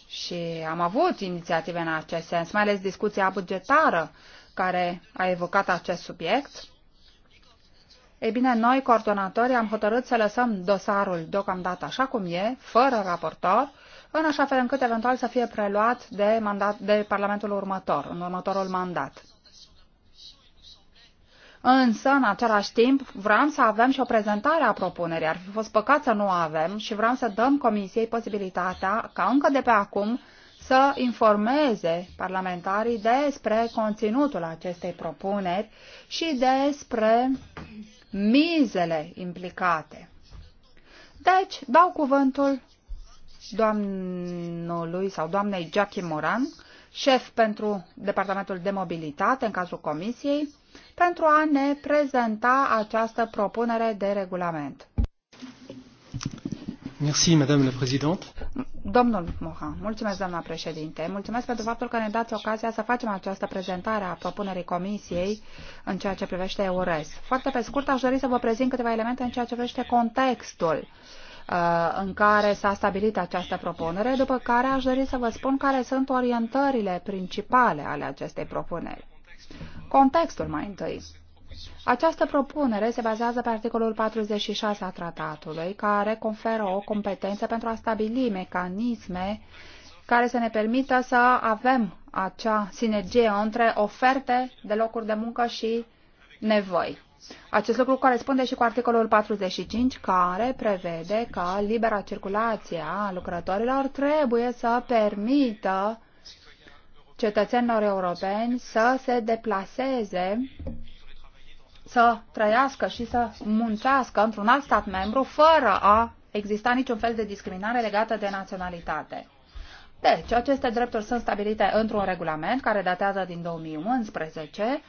Speaker 4: și am avut inițiative în acest sens, mai ales discuția bugetară care a evocat acest subiect. Ei bine, noi, coordonatorii, am hotărât să lăsăm dosarul deocamdată așa cum e, fără raportor, în așa fel încât eventual să fie preluat de, mandat, de Parlamentul următor, în următorul mandat. Însă, în același timp, vreau să avem și o prezentare a propunerii. Ar fi fost păcat să nu o avem și vreau să dăm Comisiei posibilitatea ca încă de pe acum să informeze parlamentarii despre conținutul acestei propuneri și despre mizele implicate. Deci, dau cuvântul doamnului sau doamnei Jackie Moran, șef pentru Departamentul de Mobilitate în cazul Comisiei, pentru a ne prezenta această propunere de regulament.
Speaker 1: Merci, Madame la Présidente.
Speaker 4: Domnul Mohan, mulțumesc, doamna președinte. Mulțumesc pentru faptul că ne dați ocazia să facem această prezentare a propunerii Comisiei în ceea ce privește EURES. Foarte pe scurt, aș dori să vă prezint câteva elemente în ceea ce privește contextul uh, Uh, în care s-a stabilit această propunere, după care aș dori să vă spun care sunt orientările principale ale acestei propuneri. Contextul mai întâi. Această propunere se bazează pe articolul 46 a tratatului, care conferă o competență pentru a stabili mecanisme care să ne permită să avem acea sinergie între oferte de locuri de muncă și nevoi. Acest lucru corespunde și cu articolul 45, care prevede că libera circulație a lucrătorilor trebuie să permită cetățenilor europeni să se deplaseze, să trăiască și să muncească într-un alt stat membru fără a exista niciun fel de discriminare legată de naționalitate. Deci, aceste drepturi sunt stabilite într-un regulament care datează din 2011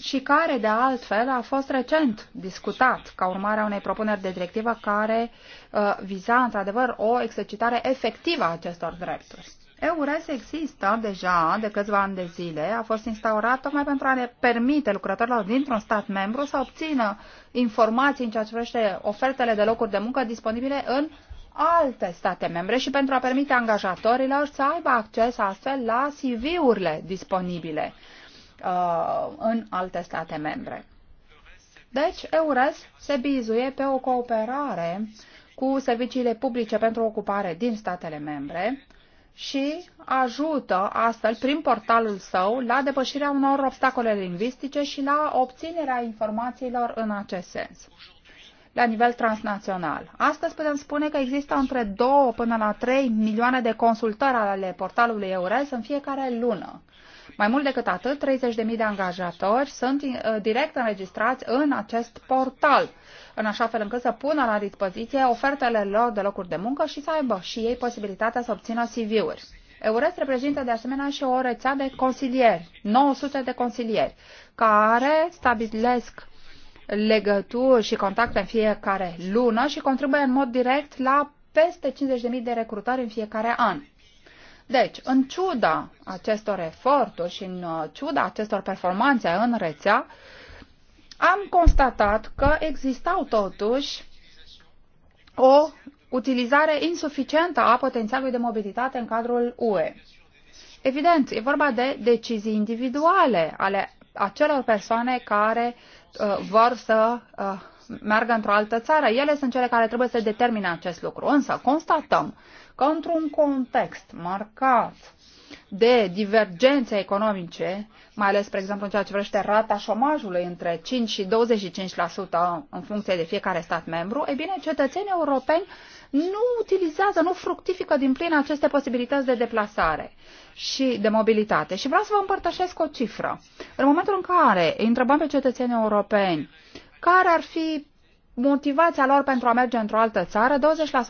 Speaker 4: și care, de altfel, a fost recent discutat ca urmare a unei propuneri de directivă care uh, viza, într-adevăr, o exercitare efectivă a acestor drepturi. EURES există deja de câțiva ani de zile, a fost instaurat tocmai pentru a ne permite lucrătorilor dintr-un stat membru să obțină informații în ceea ce privește ofertele de locuri de muncă disponibile în alte state membre și pentru a permite angajatorilor să aibă acces astfel la CV-urile disponibile uh, în alte state membre. Deci, EURES se bizuie pe o cooperare cu serviciile publice pentru ocupare din statele membre și ajută astfel, prin portalul său, la depășirea unor obstacole lingvistice și la obținerea informațiilor în acest sens la nivel transnațional. Astăzi putem spune că există între 2 până la 3 milioane de consultări ale portalului EURES în fiecare lună. Mai mult decât atât, 30.000 de angajatori sunt uh, direct înregistrați în acest portal, în așa fel încât să pună la dispoziție ofertele lor de locuri de muncă și să aibă și ei posibilitatea să obțină CV-uri. EURES reprezintă de asemenea și o rețea de consilieri, 900 de consilieri, care stabilesc legături și contacte în fiecare lună și contribuie în mod direct la peste 50.000 de recrutări în fiecare an. Deci, în ciuda acestor eforturi și în uh, ciuda acestor performanțe în rețea, am constatat că existau totuși o utilizare insuficientă a potențialului de mobilitate în cadrul UE. Evident, e vorba de decizii individuale ale acelor persoane care uh, vor să uh, meargă într-o altă țară. Ele sunt cele care trebuie să determine acest lucru. Însă, constatăm că într-un context marcat de divergențe economice, mai ales, spre exemplu, în ceea ce vrește rata șomajului între 5 și 25% în funcție de fiecare stat membru, e bine, cetățenii europeni nu utilizează, nu fructifică din plin aceste posibilități de deplasare și de mobilitate. Și vreau să vă împărtășesc o cifră. În momentul în care îi întrebam pe cetățenii europeni care ar fi motivația lor pentru a merge într-o altă țară, 20%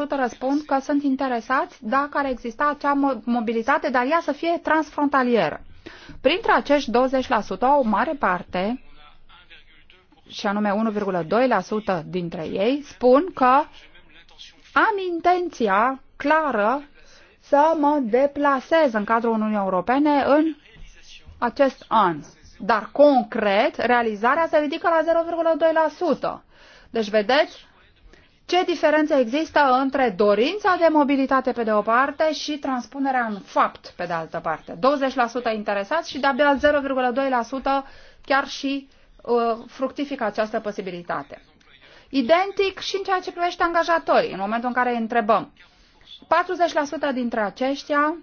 Speaker 4: răspund că sunt interesați dacă ar exista acea mobilitate, dar ea să fie transfrontalieră. Printre acești 20%, o mare parte, și anume 1,2% dintre ei, spun că am intenția clară să mă deplasez în cadrul Uniunii Europene în acest an. Dar concret, realizarea se ridică la 0,2%. Deci, vedeți ce diferență există între dorința de mobilitate pe de o parte și transpunerea în fapt pe de altă parte. 20% interesați și de-abia 0,2% chiar și uh, fructifică această posibilitate. Identic și în ceea ce privește angajatorii, în momentul în care îi întrebăm. 40% dintre aceștia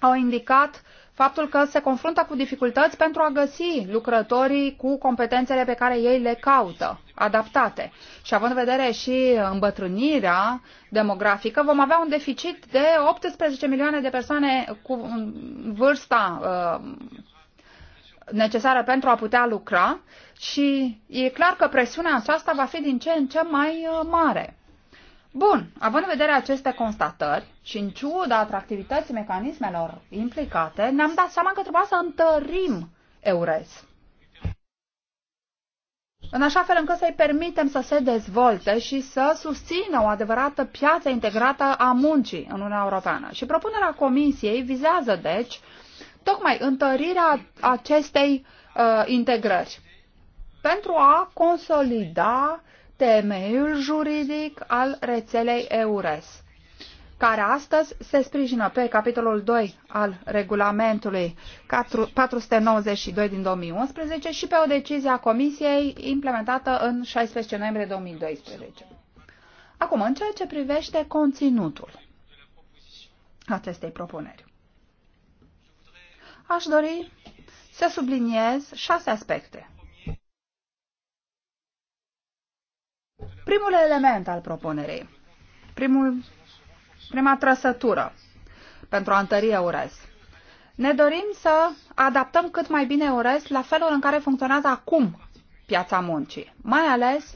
Speaker 4: au indicat faptul că se confruntă cu dificultăți pentru a găsi lucrătorii cu competențele pe care ei le caută, adaptate. Și având în vedere și îmbătrânirea demografică, vom avea un deficit de 18 milioane de persoane cu vârsta uh, necesară pentru a putea lucra și e clar că presiunea aceasta va fi din ce în ce mai uh, mare. Bun, având în vedere aceste constatări și în ciuda atractivității mecanismelor implicate, ne-am dat seama că trebuia să întărim EURES. În așa fel încât să-i permitem să se dezvolte și să susțină o adevărată piață integrată a muncii în Uniunea Europeană. Și propunerea Comisiei vizează, deci, tocmai întărirea acestei uh, integrări pentru a consolida uh, temeiul juridic al rețelei EURES, care astăzi se sprijină pe capitolul 2 al regulamentului 492 din 2011 și pe o decizie a Comisiei implementată în 16 noiembrie 2012. Acum, în ceea ce privește conținutul acestei propuneri, aș dori să subliniez șase aspecte Primul element al propunerii, primul, prima trăsătură pentru a întări EURES. Ne dorim să adaptăm cât mai bine EURES la felul în care funcționează acum piața muncii, mai ales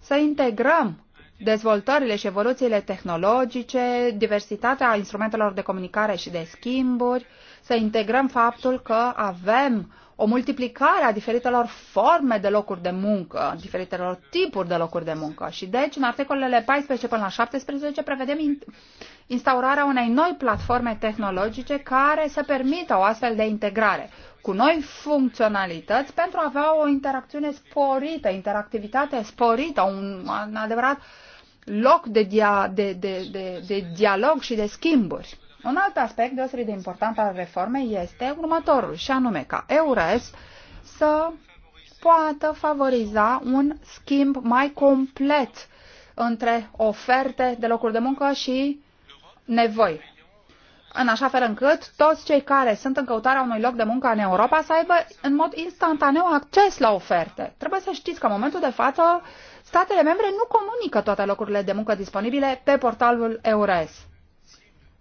Speaker 4: să integrăm dezvoltările și evoluțiile tehnologice, diversitatea instrumentelor de comunicare și de schimburi, să integrăm faptul că avem o multiplicare a diferitelor forme de locuri de muncă, diferitelor tipuri de locuri de muncă. Și deci, în articolele 14 până la 17, prevedem instaurarea unei noi platforme tehnologice care să permită o astfel de integrare cu noi funcționalități pentru a avea o interacțiune sporită, interactivitate sporită, un, un adevărat loc de, dia, de, de, de, de dialog și de schimburi. Un alt aspect deosebit de important al reformei este următorul, și anume ca EURES să poată favoriza un schimb mai complet între oferte de locuri de muncă și nevoi. În așa fel încât toți cei care sunt în căutarea unui loc de muncă în Europa să aibă în mod instantaneu acces la oferte. Trebuie să știți că în momentul de față statele membre nu comunică toate locurile de muncă disponibile pe portalul EURES.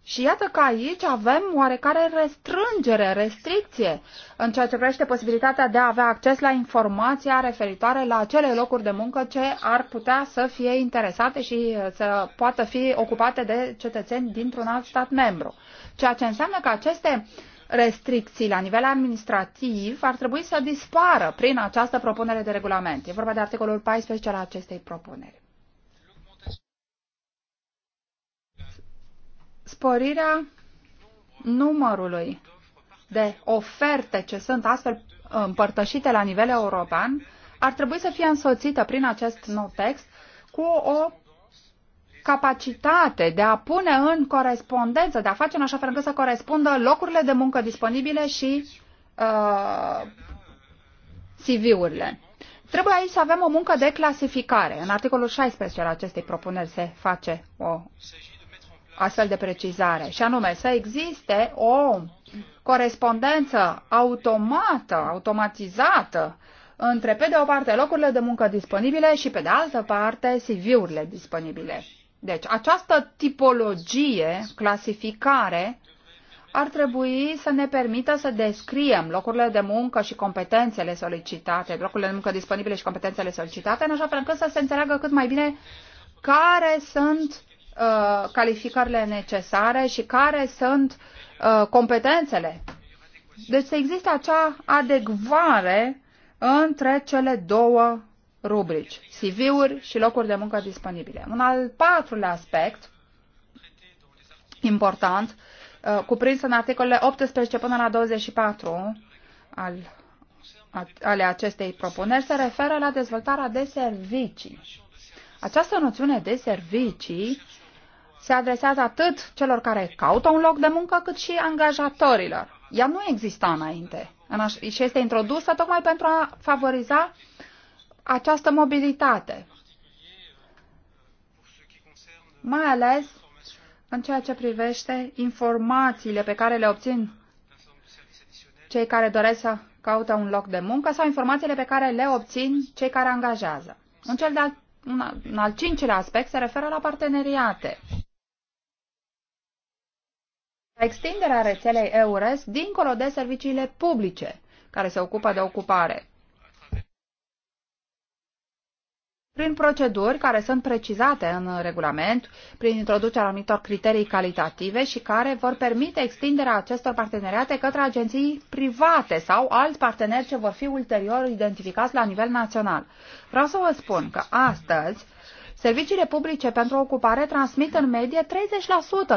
Speaker 4: Și iată că aici avem oarecare restrângere, restricție în ceea ce privește posibilitatea de a avea acces la informația referitoare la acele locuri de muncă ce ar putea să fie interesate și uh, să poată fi ocupate de cetățeni dintr-un alt stat membru. Ceea ce înseamnă că aceste restricții la nivel administrativ ar trebui să dispară prin această propunere de regulament. E vorba de articolul 14 al acestei propuneri. sporirea numărului de oferte ce sunt astfel împărtășite la nivel european ar trebui să fie însoțită prin acest nou text cu o capacitate de a pune în corespondență, de a face în așa fel încât să corespundă locurile de muncă disponibile și uh, CV-urile. Trebuie aici să avem o muncă de clasificare. În articolul 16 al acestei propuneri se face o astfel de precizare, și anume să existe o corespondență automată, automatizată între, pe de o parte, locurile de muncă disponibile și, pe de altă parte, CV-urile disponibile. Deci, această tipologie, clasificare, ar trebui să ne permită să descriem locurile de muncă și competențele solicitate, locurile de muncă disponibile și competențele solicitate, în așa fel încât să se înțeleagă cât mai bine care sunt Uh, calificările necesare și care sunt uh, competențele. Deci să există acea adecvare între cele două rubrici, CV-uri și locuri de muncă disponibile. Un al patrulea aspect important, uh, cuprins în articolele 18 până la 24 al, ale acestei propuneri, se referă la dezvoltarea de servicii. Această noțiune de servicii se adresează atât celor care caută un loc de muncă, cât și angajatorilor. Ea nu exista înainte și este introdusă tocmai pentru a favoriza această mobilitate, mai ales în ceea ce privește informațiile pe care le obțin cei care doresc să caută un loc de muncă sau informațiile pe care le obțin cei care angajează. În cel de-al, al cincilea aspect se referă la parteneriate extinderea rețelei EURES dincolo de serviciile publice care se ocupă de ocupare. Prin proceduri care sunt precizate în regulament, prin introducerea anumitor criterii calitative și care vor permite extinderea acestor parteneriate către agenții private sau alți parteneri ce vor fi ulterior identificați la nivel național. Vreau să vă spun că astăzi Serviciile publice pentru ocupare transmit în medie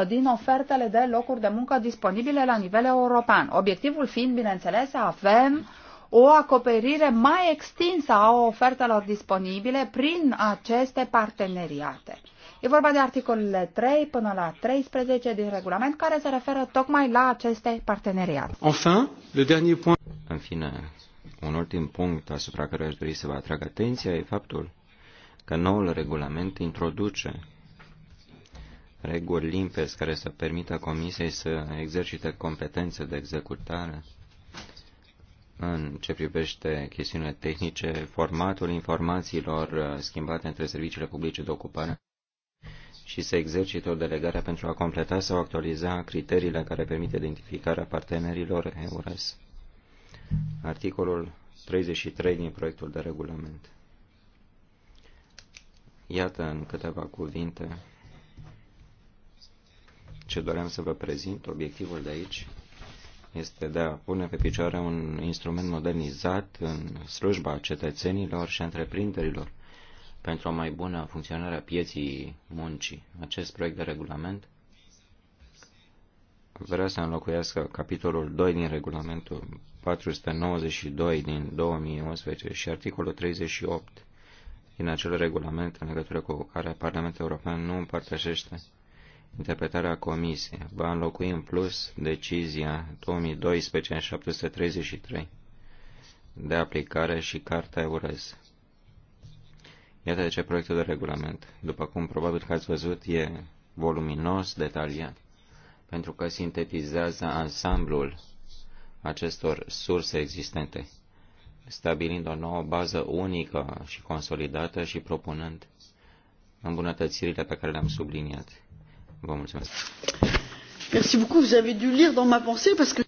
Speaker 4: 30% din ofertele de locuri de muncă disponibile la nivel european. Obiectivul fiind, bineînțeles, să avem o acoperire mai extinsă a ofertelor disponibile prin aceste parteneriate. E vorba de articolele 3 până la 13 din regulament care se referă tocmai la aceste parteneriate.
Speaker 1: Enfin, le dernier
Speaker 2: point. În fine, un ultim punct asupra care aș dori să vă atrag atenția e faptul că noul regulament introduce reguli limpezi care să permită Comisiei să exercite competențe de executare în ce privește chestiunile tehnice, formatul informațiilor uh, schimbate între serviciile publice de ocupare și să exercite o delegare pentru a completa sau actualiza criteriile care permit identificarea partenerilor EURES. Articolul 33 din proiectul de regulament. Iată în câteva cuvinte ce doream să vă prezint. Obiectivul de aici este de a pune pe picioare un instrument modernizat în slujba cetățenilor și întreprinderilor pentru o mai bună funcționare a pieții muncii. Acest proiect de regulament vrea să înlocuiască capitolul 2 din regulamentul 492 din 2011 și articolul 38 din acel regulament în legătură cu care Parlamentul European nu împărtășește interpretarea Comisiei, va înlocui în plus decizia 2012-733 de aplicare și Carta EURES. Iată de ce proiectul de regulament, după cum probabil că ați văzut, e voluminos, detaliat, pentru că sintetizează ansamblul acestor surse existente stabilind o nouă bază unică și consolidată și propunând îmbunătățirile pe care le-am subliniat. Vă mulțumesc.
Speaker 1: Merci beaucoup, vous avez dû lire dans ma pensée parce que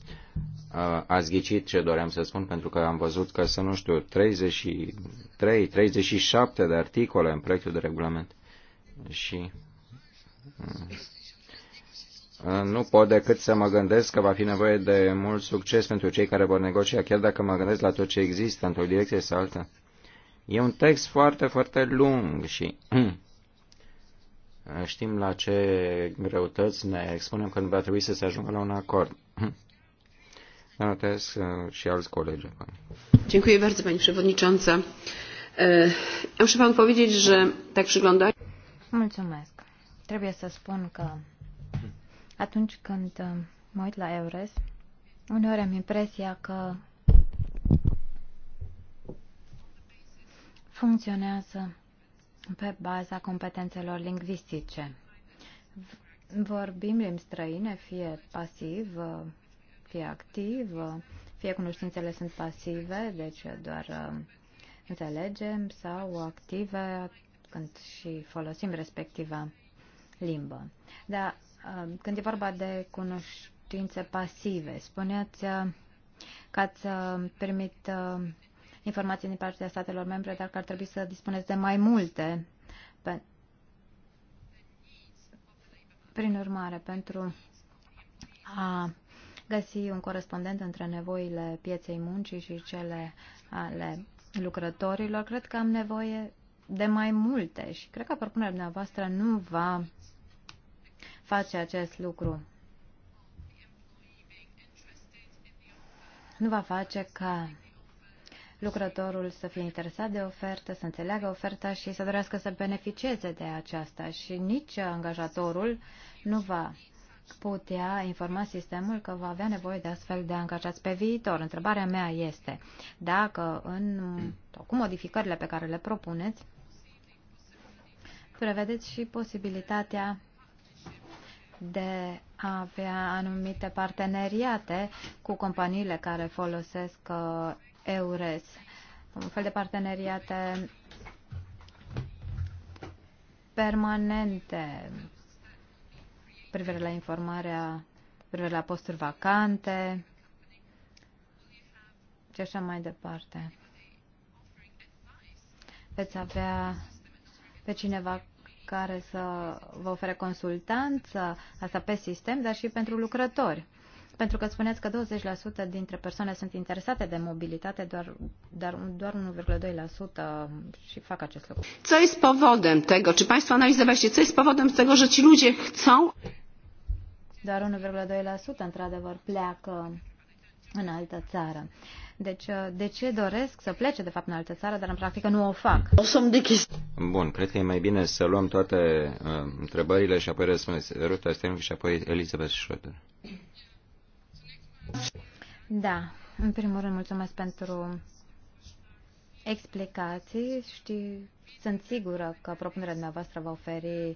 Speaker 2: ați ghicit ce doream să spun, pentru că am văzut că sunt, nu știu, 33, 37 de articole în proiectul de regulament. Și mm, nu pot decât să mă gândesc că va fi nevoie de mult succes pentru cei care vor negocia, chiar dacă mă gândesc la tot ce există într-o direcție sau alta. E un text foarte, foarte lung și știm la ce greutăți ne expunem când va trebui să se ajungă la un acord. Notez uh, și alți colegi.
Speaker 4: Dziękuję bardzo Pani Przewodnicząca. Muszę Pan powiedzieć, że tak przyglądając...
Speaker 3: Mulțumesc. Trebuie să spun că atunci când uh, mă uit la EURES, uneori am impresia că funcționează pe baza competențelor lingvistice. Vorbim limbi străine, fie pasiv, uh, fie activ, uh, fie cunoștințele sunt pasive, deci doar înțelegem, sau active, când și folosim respectiva limbă. Dar Um, când e vorba de cunoștințe pasive, spuneați uh, că ați uh, primit uh, informații din partea statelor membre, dar că ar trebui să dispuneți de mai multe. Prin urmare, pentru a găsi un corespondent între nevoile pieței muncii și cele ale lucrătorilor, cred că am nevoie de mai multe și cred că propunerea dumneavoastră nu va face acest lucru. Nu va face ca lucrătorul să fie interesat de ofertă, să înțeleagă oferta și să dorească să beneficieze de aceasta și nici angajatorul nu va putea informa sistemul că va avea nevoie de astfel de angajați pe viitor. Întrebarea mea este dacă în, cu modificările pe care le propuneți, prevedeți și posibilitatea de a avea anumite parteneriate cu companiile care folosesc uh, EURES, un fel de parteneriate permanente privire la informarea, privire la posturi vacante și așa mai departe. Veți avea pe cineva care să vă ofere consultanță, asta pe sistem, dar și pentru lucrători. Pentru că spuneți că 20% dintre persoane sunt interesate de mobilitate, doar, dar doar 1,2% și fac acest lucru.
Speaker 4: Ce este powodem tego? Czy Państwo analizowaliście, co jest powodem tego, że ci ludzie chcą?
Speaker 3: Doar 1,2% într-adevăr pleacă în altă țară. Uh, deci, uh, de ce doresc să plece, de fapt, în altă țară, dar în practică nu o fac? O să-mi dechis.
Speaker 2: Bun, cred că e mai bine să luăm toate uh, întrebările și apoi răspuns. Ruta Stenvi și apoi Elizabeth Schroeder.
Speaker 3: Da, în primul rând mulțumesc pentru explicații. Știi, sunt sigură că propunerea dumneavoastră va oferi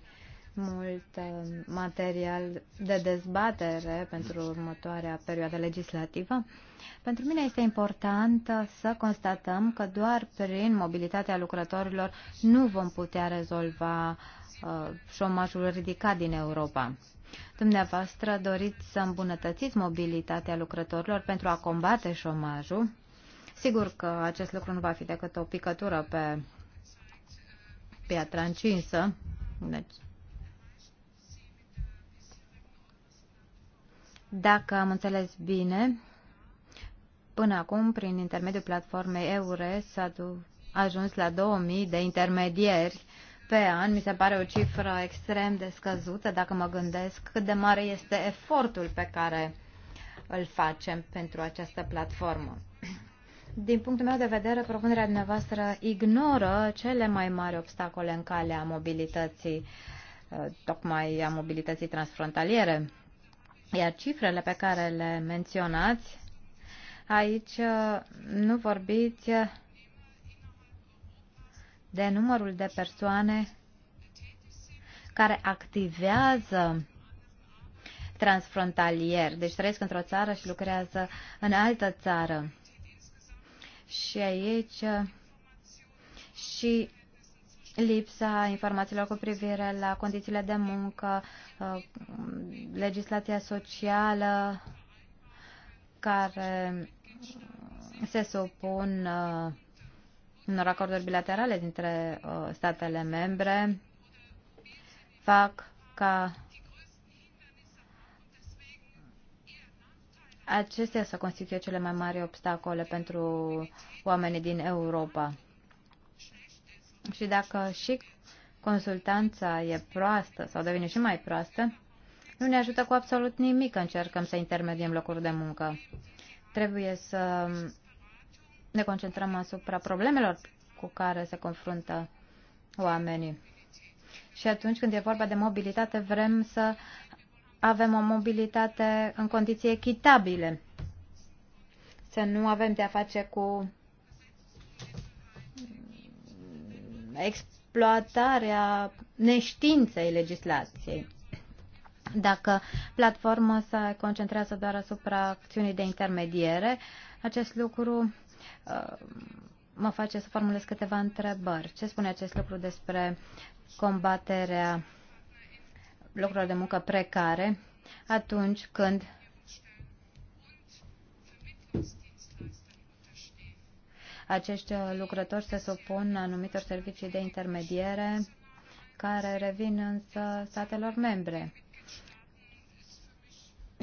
Speaker 3: mult uh, material de dezbatere pentru următoarea perioadă legislativă. Pentru mine este important să constatăm că doar prin mobilitatea lucrătorilor nu vom putea rezolva uh, șomajul ridicat din Europa. Dumneavoastră doriți să îmbunătățiți mobilitatea lucrătorilor pentru a combate șomajul. Sigur că acest lucru nu va fi decât o picătură pe piatra încinsă, deci Dacă am înțeles bine, până acum, prin intermediul platformei eure s-a ajuns la 2000 de intermediari pe an. Mi se pare o cifră extrem de scăzută dacă mă gândesc cât de mare este efortul pe care îl facem pentru această platformă. Din punctul meu de vedere, propunerea dumneavoastră ignoră cele mai mari obstacole în calea mobilității, tocmai a mobilității transfrontaliere. Iar cifrele pe care le menționați, aici uh, nu vorbiți uh, de numărul de persoane care activează transfrontalier, deci trăiesc într-o țară și lucrează în altă țară. Și aici uh, și lipsa informațiilor cu privire la condițiile de muncă, uh, legislația socială care se supun uh, unor acorduri bilaterale dintre uh, statele membre, fac ca acestea să constituie cele mai mari obstacole pentru oamenii din Europa. Și dacă și consultanța e proastă sau devine și mai proastă, nu ne ajută cu absolut nimic că încercăm să intermediem locuri de muncă. Trebuie să ne concentrăm asupra problemelor cu care se confruntă oamenii. Și atunci când e vorba de mobilitate, vrem să avem o mobilitate în condiții echitabile. Să nu avem de a face cu exploatarea neștiinței legislației. Dacă platforma se concentrează doar asupra acțiunii de intermediere, acest lucru uh, mă face să formulez câteva întrebări. Ce spune acest lucru despre combaterea lucrurilor de muncă precare atunci când acești lucrători se supun anumitor servicii de intermediere care revin însă statelor membre.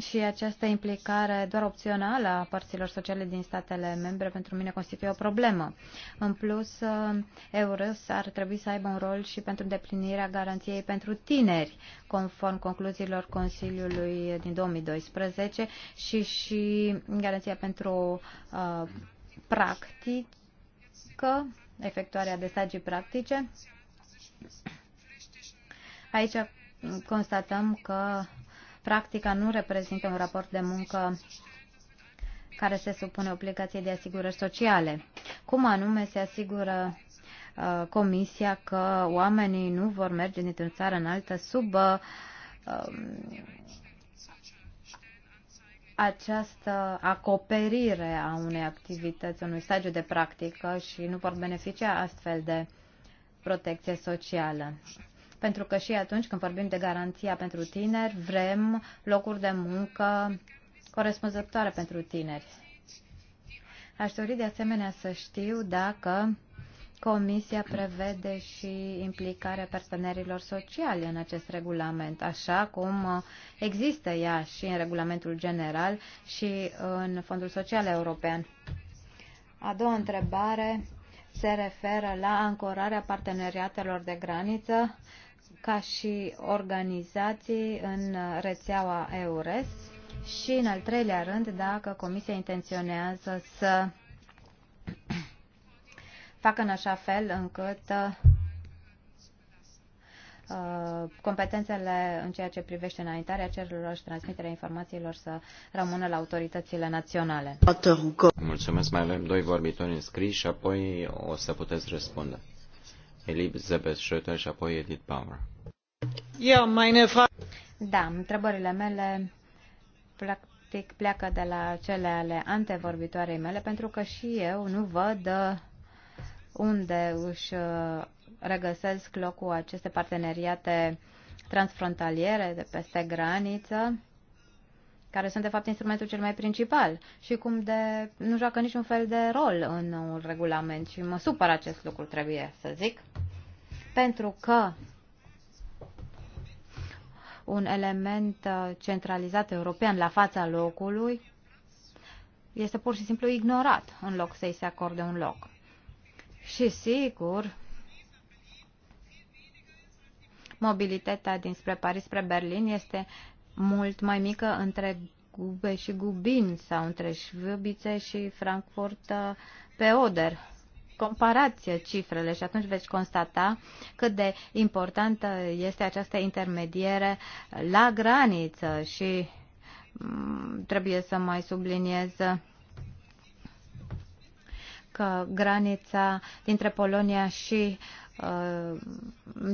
Speaker 3: Și această implicare doar opțională a părților sociale din statele membre pentru mine constituie o problemă. În plus, EURUS ar trebui să aibă un rol și pentru îndeplinirea garanției pentru tineri, conform concluziilor Consiliului din 2012 și și garanția pentru uh, practici practică, efectuarea de stagii practice. Aici constatăm că practica nu reprezintă un raport de muncă care se supune obligației de asigurări sociale. Cum anume se asigură uh, comisia că oamenii nu vor merge dintr-o țară în altă sub uh, um, această acoperire a unei activități, unui stagiu de practică și nu vor beneficia astfel de protecție socială. Pentru că și atunci când vorbim de garanția pentru tineri, vrem locuri de muncă corespunzătoare pentru tineri. Aș dori de asemenea să știu dacă Comisia prevede și implicarea partenerilor sociali în acest regulament, așa cum uh, există ea și în regulamentul general și în Fondul Social European. A doua întrebare se referă la ancorarea parteneriatelor de graniță ca și organizații în rețeaua EURES și, în al treilea rând, dacă Comisia intenționează să fac în așa fel încât uh, competențele în ceea ce privește înaintarea cererilor și transmiterea informațiilor să rămână la autoritățile naționale.
Speaker 2: Mulțumesc, mai avem doi vorbitori înscriși și apoi o să puteți răspunde. Zebes Schroeter și apoi Edith Bauer.
Speaker 3: Da, întrebările mele practic pleacă de la cele ale antevorbitoarei mele pentru că și eu nu văd uh, unde își uh, regăsesc locul aceste parteneriate transfrontaliere de peste graniță, care sunt de fapt instrumentul cel mai principal și cum de nu joacă niciun fel de rol în un regulament și mă supăr acest lucru, trebuie să zic, pentru că un element uh, centralizat european la fața locului este pur și simplu ignorat în loc să-i se acorde un loc. Și sigur, mobilitatea dinspre Paris spre Berlin este mult mai mică între Gube și Gubin sau între Șvâbițe și Frankfurt uh, pe Oder. Comparați cifrele și atunci veți constata cât de importantă este această intermediere la graniță și mm, trebuie să mai subliniez granița dintre Polonia și uh,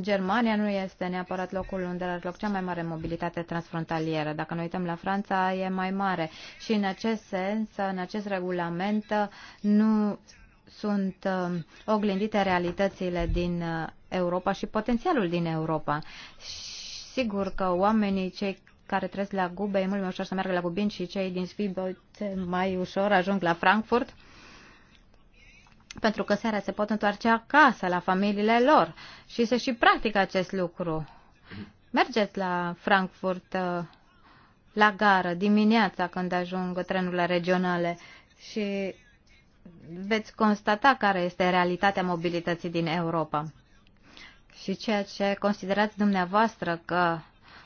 Speaker 3: Germania nu este neapărat locul unde are loc cea mai mare mobilitate transfrontalieră. Dacă ne uităm la Franța, e mai mare. Și în acest sens, în acest regulament, nu sunt uh, oglindite realitățile din uh, Europa și potențialul din Europa. Și sigur că oamenii cei care trăiesc la Gube, e mult mai ușor să meargă la Gubin și cei din Sviboit mai ușor ajung la Frankfurt pentru că seara se pot întoarce acasă, la familiile lor și se și practică acest lucru. Mergeți la Frankfurt, uh, la gară, dimineața când ajung trenurile regionale și veți constata care este realitatea mobilității din Europa. Și ceea ce considerați dumneavoastră că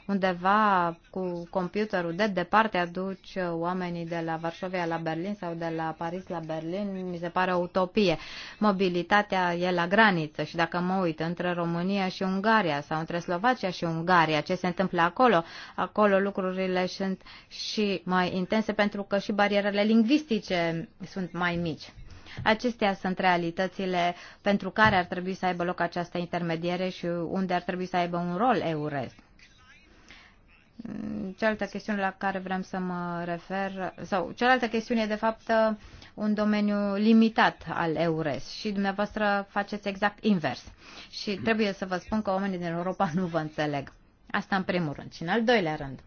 Speaker 3: undeva cu computerul de departe aduci oamenii de la Varsovia la Berlin sau de la Paris la Berlin, mi se pare o utopie. Mobilitatea e la graniță și dacă mă uit între România și Ungaria sau între Slovacia și Ungaria, ce se întâmplă acolo, acolo lucrurile sunt și mai intense pentru că și barierele lingvistice sunt mai mici. Acestea sunt realitățile pentru care ar trebui să aibă loc această intermediere și unde ar trebui să aibă un rol EURES. Mm, cealaltă chestiune la care vreau să mă refer, sau cealaltă chestiune e de fapt uh, un domeniu limitat al EURES și dumneavoastră faceți exact invers. Și trebuie să vă spun că oamenii din Europa nu vă înțeleg. Asta în primul rând. Și în al doilea rând,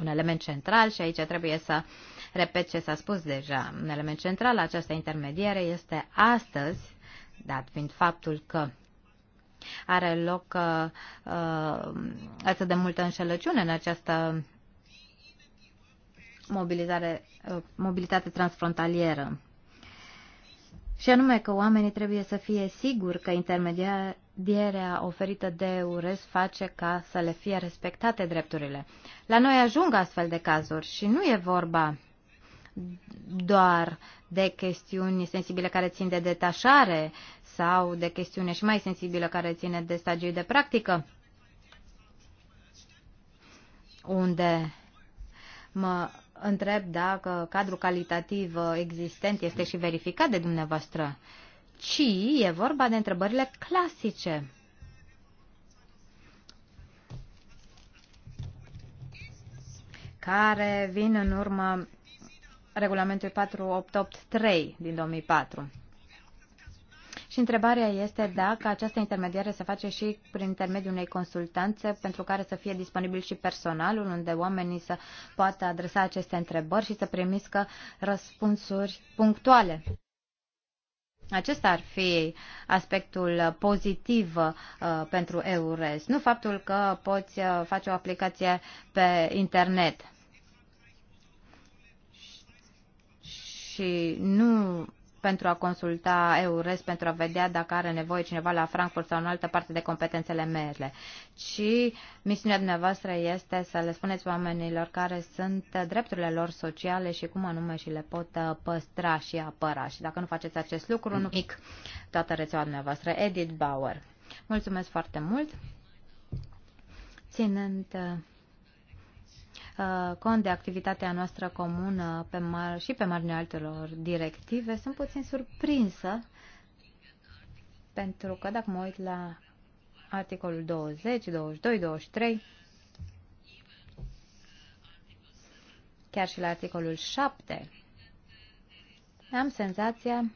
Speaker 3: un element central și aici trebuie să repet ce s-a spus deja. Un element central la această intermediere este astăzi, dat fiind faptul că are loc uh, uh, atât de multă înșelăciune în această mobilizare, uh, mobilitate transfrontalieră. Și anume că oamenii trebuie să fie siguri că intermedierea oferită de URES face ca să le fie respectate drepturile. La noi ajung astfel de cazuri și nu e vorba doar de chestiuni sensibile care țin de detașare sau de chestiune și mai sensibilă care ține de stagiul de practică, unde mă întreb dacă cadrul calitativ existent este și verificat de dumneavoastră, ci e vorba de întrebările clasice. care vin în urma regulamentul 4883 din 2004. Și întrebarea este dacă această intermediare se face și prin intermediul unei consultanțe pentru care să fie disponibil și personalul unde oamenii să poată adresa aceste întrebări și să primească răspunsuri punctuale. Acesta ar fi aspectul pozitiv uh, pentru EURES, nu faptul că poți uh, face o aplicație pe internet. și nu pentru a consulta EURES pentru a vedea dacă are nevoie cineva la Frankfurt sau în altă parte de competențele mele, Și misiunea dumneavoastră este să le spuneți oamenilor care sunt drepturile lor sociale și cum anume și le pot uh, păstra și apăra. Și dacă nu faceți acest lucru, nu mic toată rețeaua dumneavoastră. Edith Bauer. Mulțumesc foarte mult. Ținând uh, Uh, cont de activitatea noastră comună pe mar- și pe marginea altelor directive, sunt puțin surprinsă pentru că dacă mă uit la articolul 20, 22, 23, chiar și la articolul 7, am senzația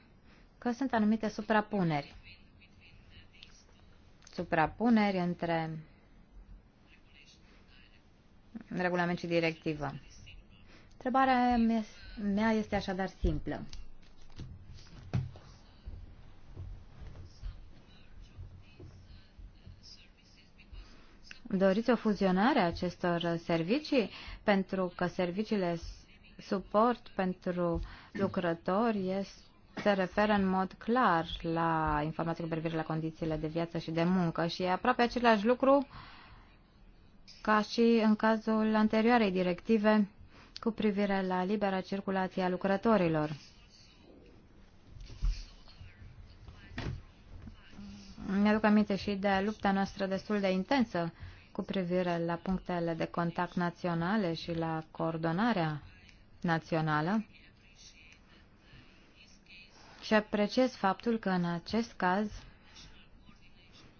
Speaker 3: că sunt anumite suprapuneri. Suprapuneri între regulament și directivă. Întrebarea mea este așadar simplă. Doriți o fuzionare a acestor servicii? Pentru că serviciile suport pentru lucrători este, se referă în mod clar la informații cu privire la condițiile de viață și de muncă și e aproape același lucru uh, ca și în cazul anterioarei directive cu privire la libera circulație a lucrătorilor. Mi-aduc aminte și de lupta noastră destul de intensă cu privire la punctele de contact naționale și la coordonarea națională. Și apreciez faptul că în acest caz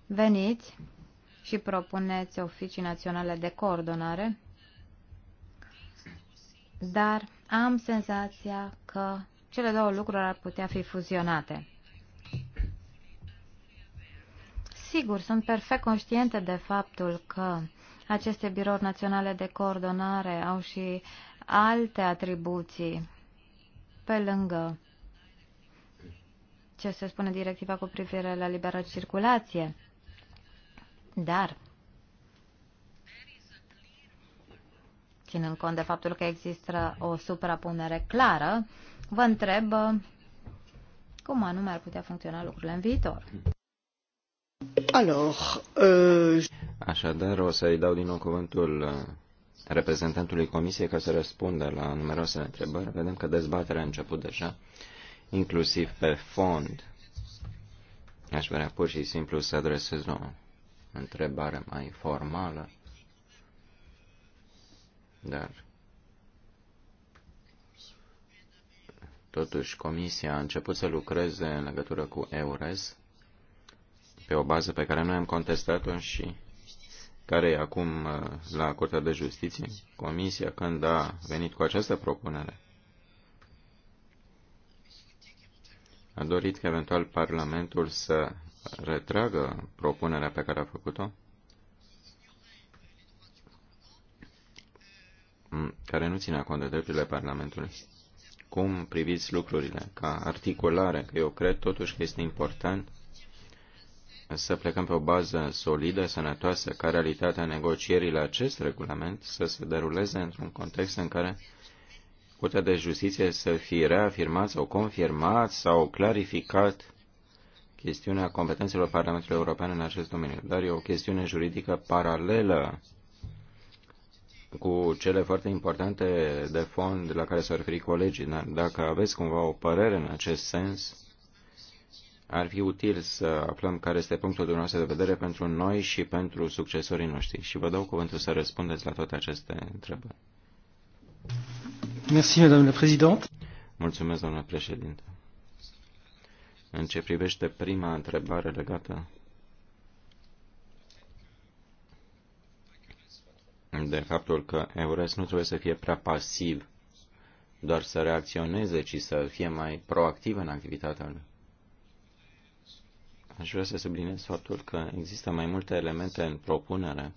Speaker 3: veniți și propuneți oficii naționale de coordonare, dar am senzația că cele două lucruri ar putea fi fuzionate. Sigur, sunt perfect conștientă de faptul că aceste birouri naționale de coordonare au și alte atribuții pe lângă ce se spune directiva cu privire la liberă circulație. Dar, ținând cont de faptul că există o suprapunere clară, vă întreb uh, cum anume ar putea funcționa lucrurile în viitor.
Speaker 1: Alors, euh,
Speaker 2: Așadar, o să-i dau din nou cuvântul uh, reprezentantului Comisiei ca să răspundă la numeroase întrebări. Vedem că dezbaterea a început deja, inclusiv pe fond. Aș vrea pur și simplu să adresez o întrebare mai formală, dar totuși Comisia a început să lucreze în legătură cu EURES pe o bază pe care noi am contestat-o și care e acum uh, la Curtea de Justiție. Comisia, când a venit cu această propunere, a dorit că eventual Parlamentul să retragă propunerea pe care a făcut-o? Mm, care nu ține cont de drepturile Parlamentului. Cum priviți lucrurile ca articulare? Că eu cred totuși că este important să plecăm pe o bază solidă, sănătoasă, ca realitatea negocierii la acest regulament să se deruleze într-un context în care Curtea de Justiție să fi reafirmat sau confirmat sau clarificat chestiunea competențelor Parlamentului European în acest domeniu, dar e o chestiune juridică paralelă cu cele foarte importante de fond la care s-au referit colegii. Dar dacă aveți cumva o părere în acest sens, ar fi util să aflăm care este punctul dumneavoastră de vedere pentru noi și pentru succesorii noștri. Și vă dau cuvântul să răspundeți la toate aceste întrebări.
Speaker 1: Merci, Madame la
Speaker 2: Mulțumesc, doamnă președinte. În ce privește prima întrebare legată de faptul că EURES nu trebuie să fie prea pasiv, doar să reacționeze, ci să fie mai proactiv în activitatea lui. Aș vrea să subliniez faptul că există mai multe elemente în propunere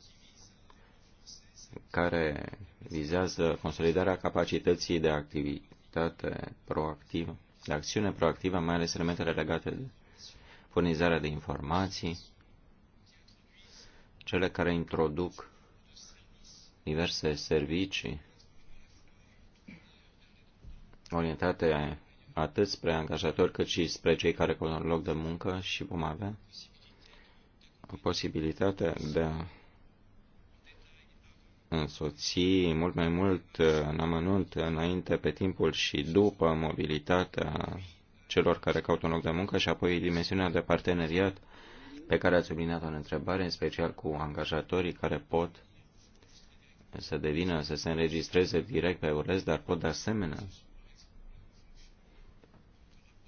Speaker 2: care vizează consolidarea capacității de activitate proactivă de acțiune proactivă, mai ales elementele legate de furnizarea de informații, cele care introduc diverse servicii orientate atât spre angajatori cât și spre cei care au loc de muncă și vom avea posibilitatea de a însoți mult mai mult uh, în amănunt înainte, pe timpul și după mobilitatea celor care caută un loc de muncă și apoi dimensiunea de parteneriat pe care ați subliniat-o în întrebare, în special cu angajatorii care pot să devină, să se înregistreze direct pe URES, dar pot de asemenea,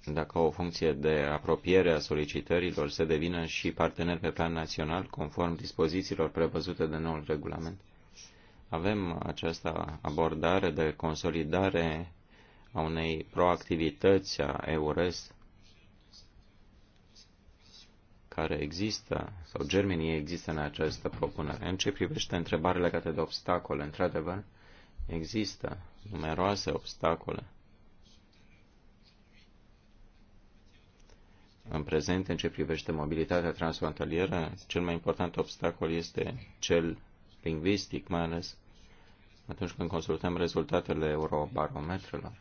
Speaker 2: dacă o funcție de apropiere a solicitărilor, să devină și partener pe plan național, conform dispozițiilor prevăzute de noul regulament. Avem această abordare de consolidare a unei proactivități a EURES care există, sau germenii există în această propunere. În ce privește întrebarea legată de obstacole, într-adevăr, există numeroase obstacole. În prezent, în ce privește mobilitatea transfrontalieră, cel mai important obstacol este cel lingvistic, mai ales atunci când consultăm rezultatele eurobarometrelor.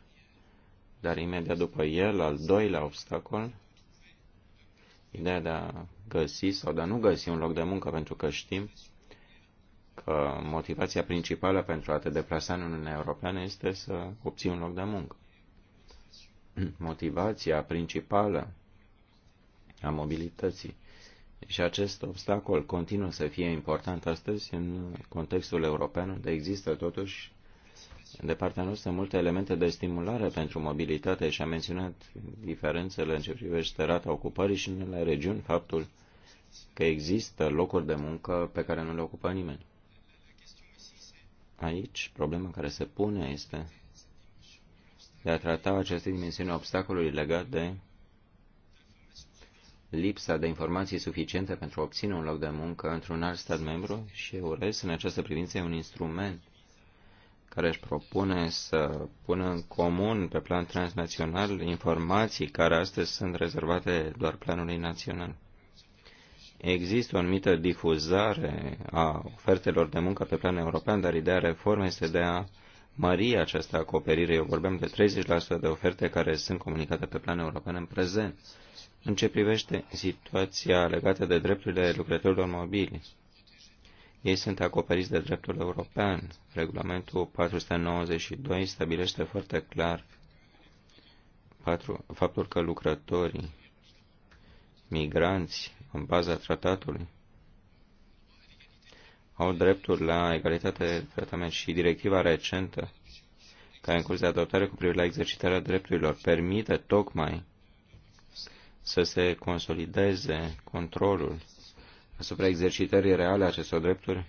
Speaker 2: Dar imediat după el, al doilea obstacol, ideea de a găsi sau de a nu găsi un loc de muncă, pentru că știm că motivația principală pentru a te deplasa în Uniunea Europeană este să obții un loc de muncă. Motivația principală a mobilității și acest obstacol continuă să fie important astăzi în contextul european, unde există totuși de partea noastră multe elemente de stimulare pentru mobilitate și a menționat diferențele în ce privește rata ocupării și în unele regiuni faptul că există locuri de muncă pe care nu le ocupă nimeni. Aici, problema care se pune este de a trata aceste dimensiuni obstacolului legat de lipsa de informații suficiente pentru a obține un loc de muncă într-un alt stat membru și EURES în această privință e un instrument care își propune să pună în comun pe plan transnațional informații care astăzi sunt rezervate doar planului național. Există o anumită difuzare a ofertelor de muncă pe plan european, dar ideea reformei este de a mări această acoperire. Eu vorbeam de 30% de oferte care sunt comunicate pe plan european în prezent. În ce privește situația legată de drepturile lucrătorilor mobili, ei sunt acoperiți de dreptul european. Regulamentul 492 stabilește foarte clar faptul că lucrătorii migranți în baza tratatului au drepturi la egalitate de tratament și directiva recentă, care în curs de adoptare cu privire la exercitarea drepturilor, permite tocmai să se consolideze controlul asupra exercitării reale a acestor drepturi,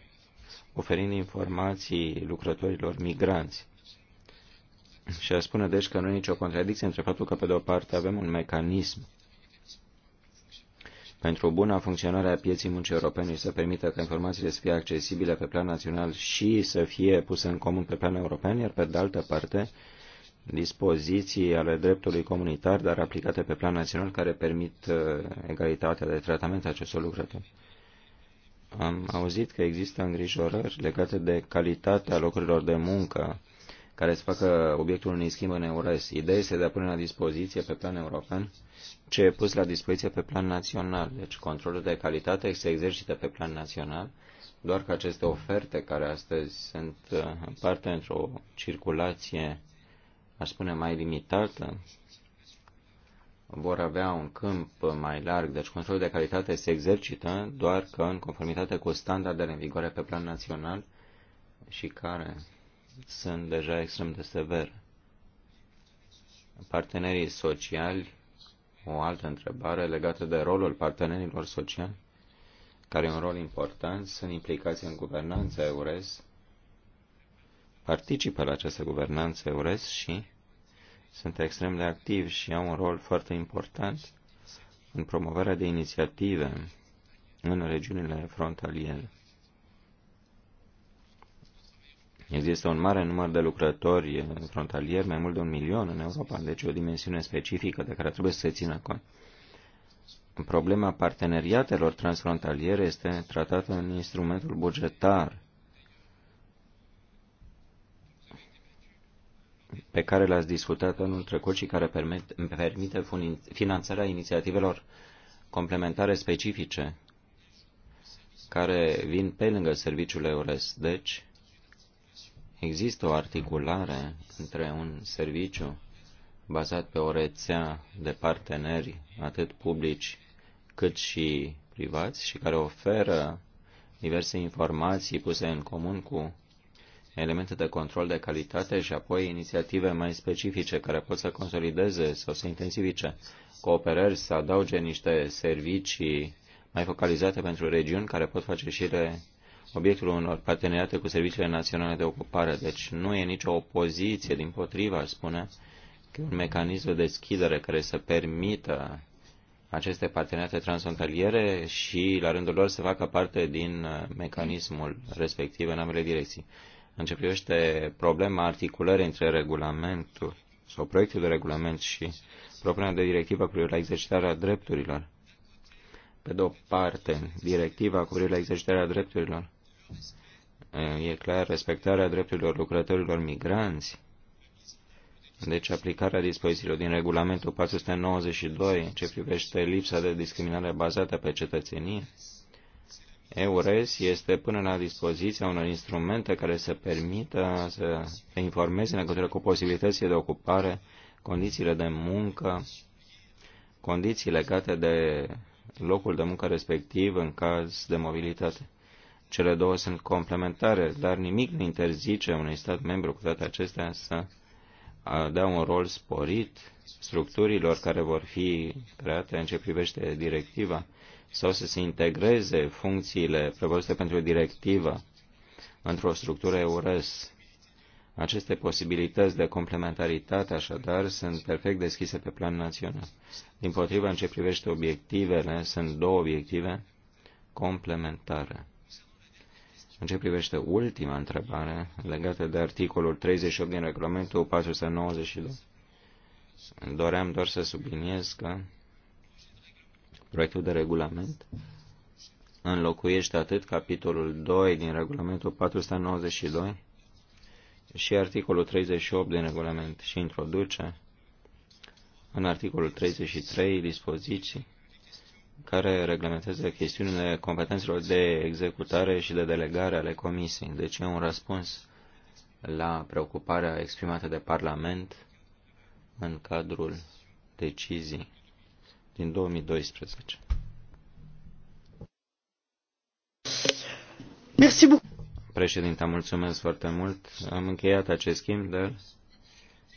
Speaker 2: oferind informații lucrătorilor migranți. Și a spune deci că nu e nicio contradicție între faptul că, pe de o parte, avem un mecanism pentru buna funcționare a pieții muncii europene și să permită ca informațiile să fie accesibile pe plan național și să fie puse în comun pe plan european, iar pe de altă parte, dispoziții ale dreptului comunitar, dar aplicate pe plan național, care permit uh, egalitatea de tratament a acestor lucrători. Am auzit că există îngrijorări legate de calitatea locurilor de muncă care să facă obiectul unui schimb în EURES. Ideea este de a pune la dispoziție pe plan european ce e pus la dispoziție pe plan național. Deci controlul de calitate se exercită pe plan național, doar că aceste oferte care astăzi sunt uh, în parte într-o circulație a spune, mai limitată, vor avea un câmp mai larg, deci controlul de calitate se exercită doar că în conformitate cu standardele în vigoare pe plan național și care sunt deja extrem de severe. Partenerii sociali, o altă întrebare legată de rolul partenerilor sociali, care e un rol important, sunt implicați în guvernanța EURES, participă la această guvernanță EURES și sunt extrem de activi și au un rol foarte important în promovarea de inițiative în regiunile frontaliere. Există un mare număr de lucrători frontalieri, mai mult de un milion în Europa, deci o dimensiune specifică de care trebuie să se țină cont. Problema parteneriatelor transfrontaliere este tratată în instrumentul bugetar pe care le-ați discutat anul trecut și care permit, permite finanțarea inițiativelor complementare specifice care vin pe lângă serviciul EURES. Deci, există o articulare între un serviciu bazat pe o rețea de parteneri atât publici cât și privați și care oferă diverse informații puse în comun cu elemente de control de calitate și apoi inițiative mai specifice care pot să consolideze sau să intensifice cooperări, să adauge niște servicii mai focalizate pentru regiuni care pot face și ele obiectul unor parteneriate cu serviciile naționale de ocupare. Deci nu e nicio opoziție, din potriva, aș spune, că un mecanism de deschidere care să permită aceste parteneriate transfrontaliere și, la rândul lor, să facă parte din uh, mecanismul respectiv în ambele direcții în ce privește problema articulării între regulamentul sau proiectul de regulament și propunerea de directivă cu privire la exercitarea drepturilor. Pe de o parte, directiva cu privire la exercitarea drepturilor e clar respectarea drepturilor lucrătorilor migranți, deci aplicarea dispozițiilor din regulamentul 492 în ce privește lipsa de discriminare bazată pe cetățenie, EURES este până la dispoziția unor instrumente care să permită să te informeze în legătură cu posibilitățile de ocupare, condițiile de muncă, condiții legate de locul de muncă respectiv în caz de mobilitate. Cele două sunt complementare, dar nimic nu interzice unui stat membru cu toate acestea să dea un rol sporit structurilor care vor fi create în ce privește directiva sau să se integreze funcțiile prevăzute pentru o directivă într-o structură EURES. Aceste posibilități de complementaritate, așadar, sunt perfect deschise pe plan național. Din potrivă, în ce privește obiectivele, sunt două obiective complementare. În ce privește ultima întrebare, legată de articolul 38 din regulamentul 492, doream doar să subliniez că proiectul de regulament înlocuiește atât capitolul 2 din regulamentul 492 și articolul 38 din regulament și introduce în articolul 33 dispoziții care reglementează chestiunile competențelor de executare și de delegare ale comisiei. Deci e un răspuns la preocuparea exprimată de Parlament în cadrul decizii din 2012. Merci beaucoup. Președinte, mulțumesc foarte mult. Am încheiat acest schimb, dar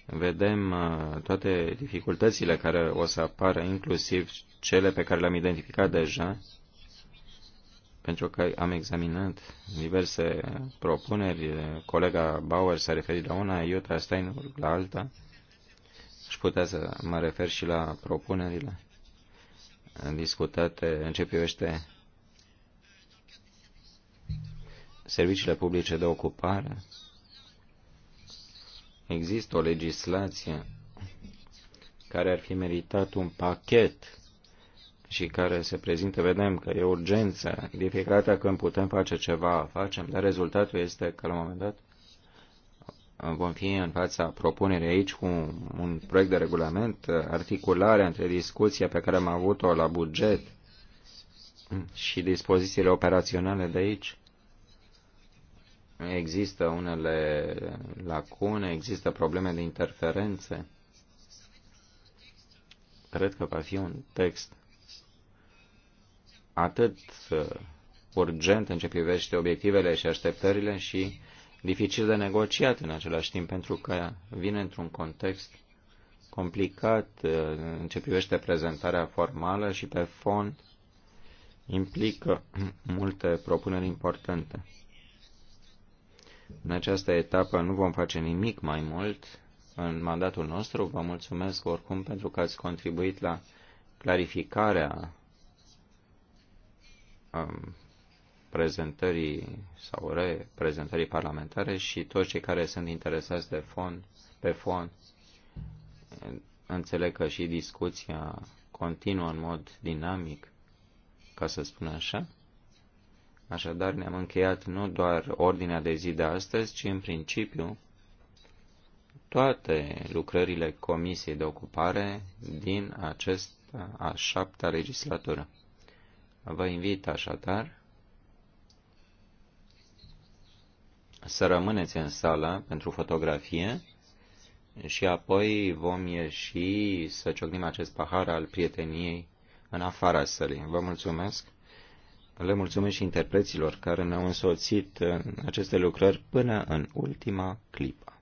Speaker 2: vedem uh, toate dificultățile care o să apară, inclusiv cele pe care le-am identificat deja, pentru că am examinat diverse propuneri. Colega Bauer s-a referit la una, Iuta Steinberg la alta. Și putea să mă refer și la propunerile discutate în ce privește serviciile publice de ocupare. Există o legislație care ar fi meritat un pachet și care se prezintă, vedem că e urgență. De fiecare dată când putem face ceva, facem, dar rezultatul este că la un moment dat vom fi în fața propunerii aici cu un proiect de regulament, uh, articularea între discuția pe care am avut-o la buget și dispozițiile operaționale de aici. Există unele lacune, există probleme de interferențe. Cred că va fi un text atât uh, urgent în ce privește obiectivele și așteptările și uh, dificil de negociat în același timp, pentru că vine într-un context complicat uh, în ce privește prezentarea formală și pe fond implică multe propuneri importante. În această etapă nu vom face nimic mai mult în mandatul nostru. Vă mulțumesc oricum pentru că ați contribuit la clarificarea um, prezentării sau reprezentării parlamentare și toți cei care sunt interesați de fond, pe fond înțeleg că și discuția continuă în mod dinamic, ca să spun așa. Așadar, ne-am încheiat nu doar ordinea de zi de astăzi, ci în principiu toate lucrările Comisiei de Ocupare din acest a șaptea legislatură. Vă invit așadar să rămâneți în sală pentru fotografie și apoi vom ieși să ciocnim acest pahar al prieteniei în afara sălii. Vă mulțumesc! Le mulțumesc și interpreților care ne-au însoțit în aceste lucrări până în ultima
Speaker 1: clipă.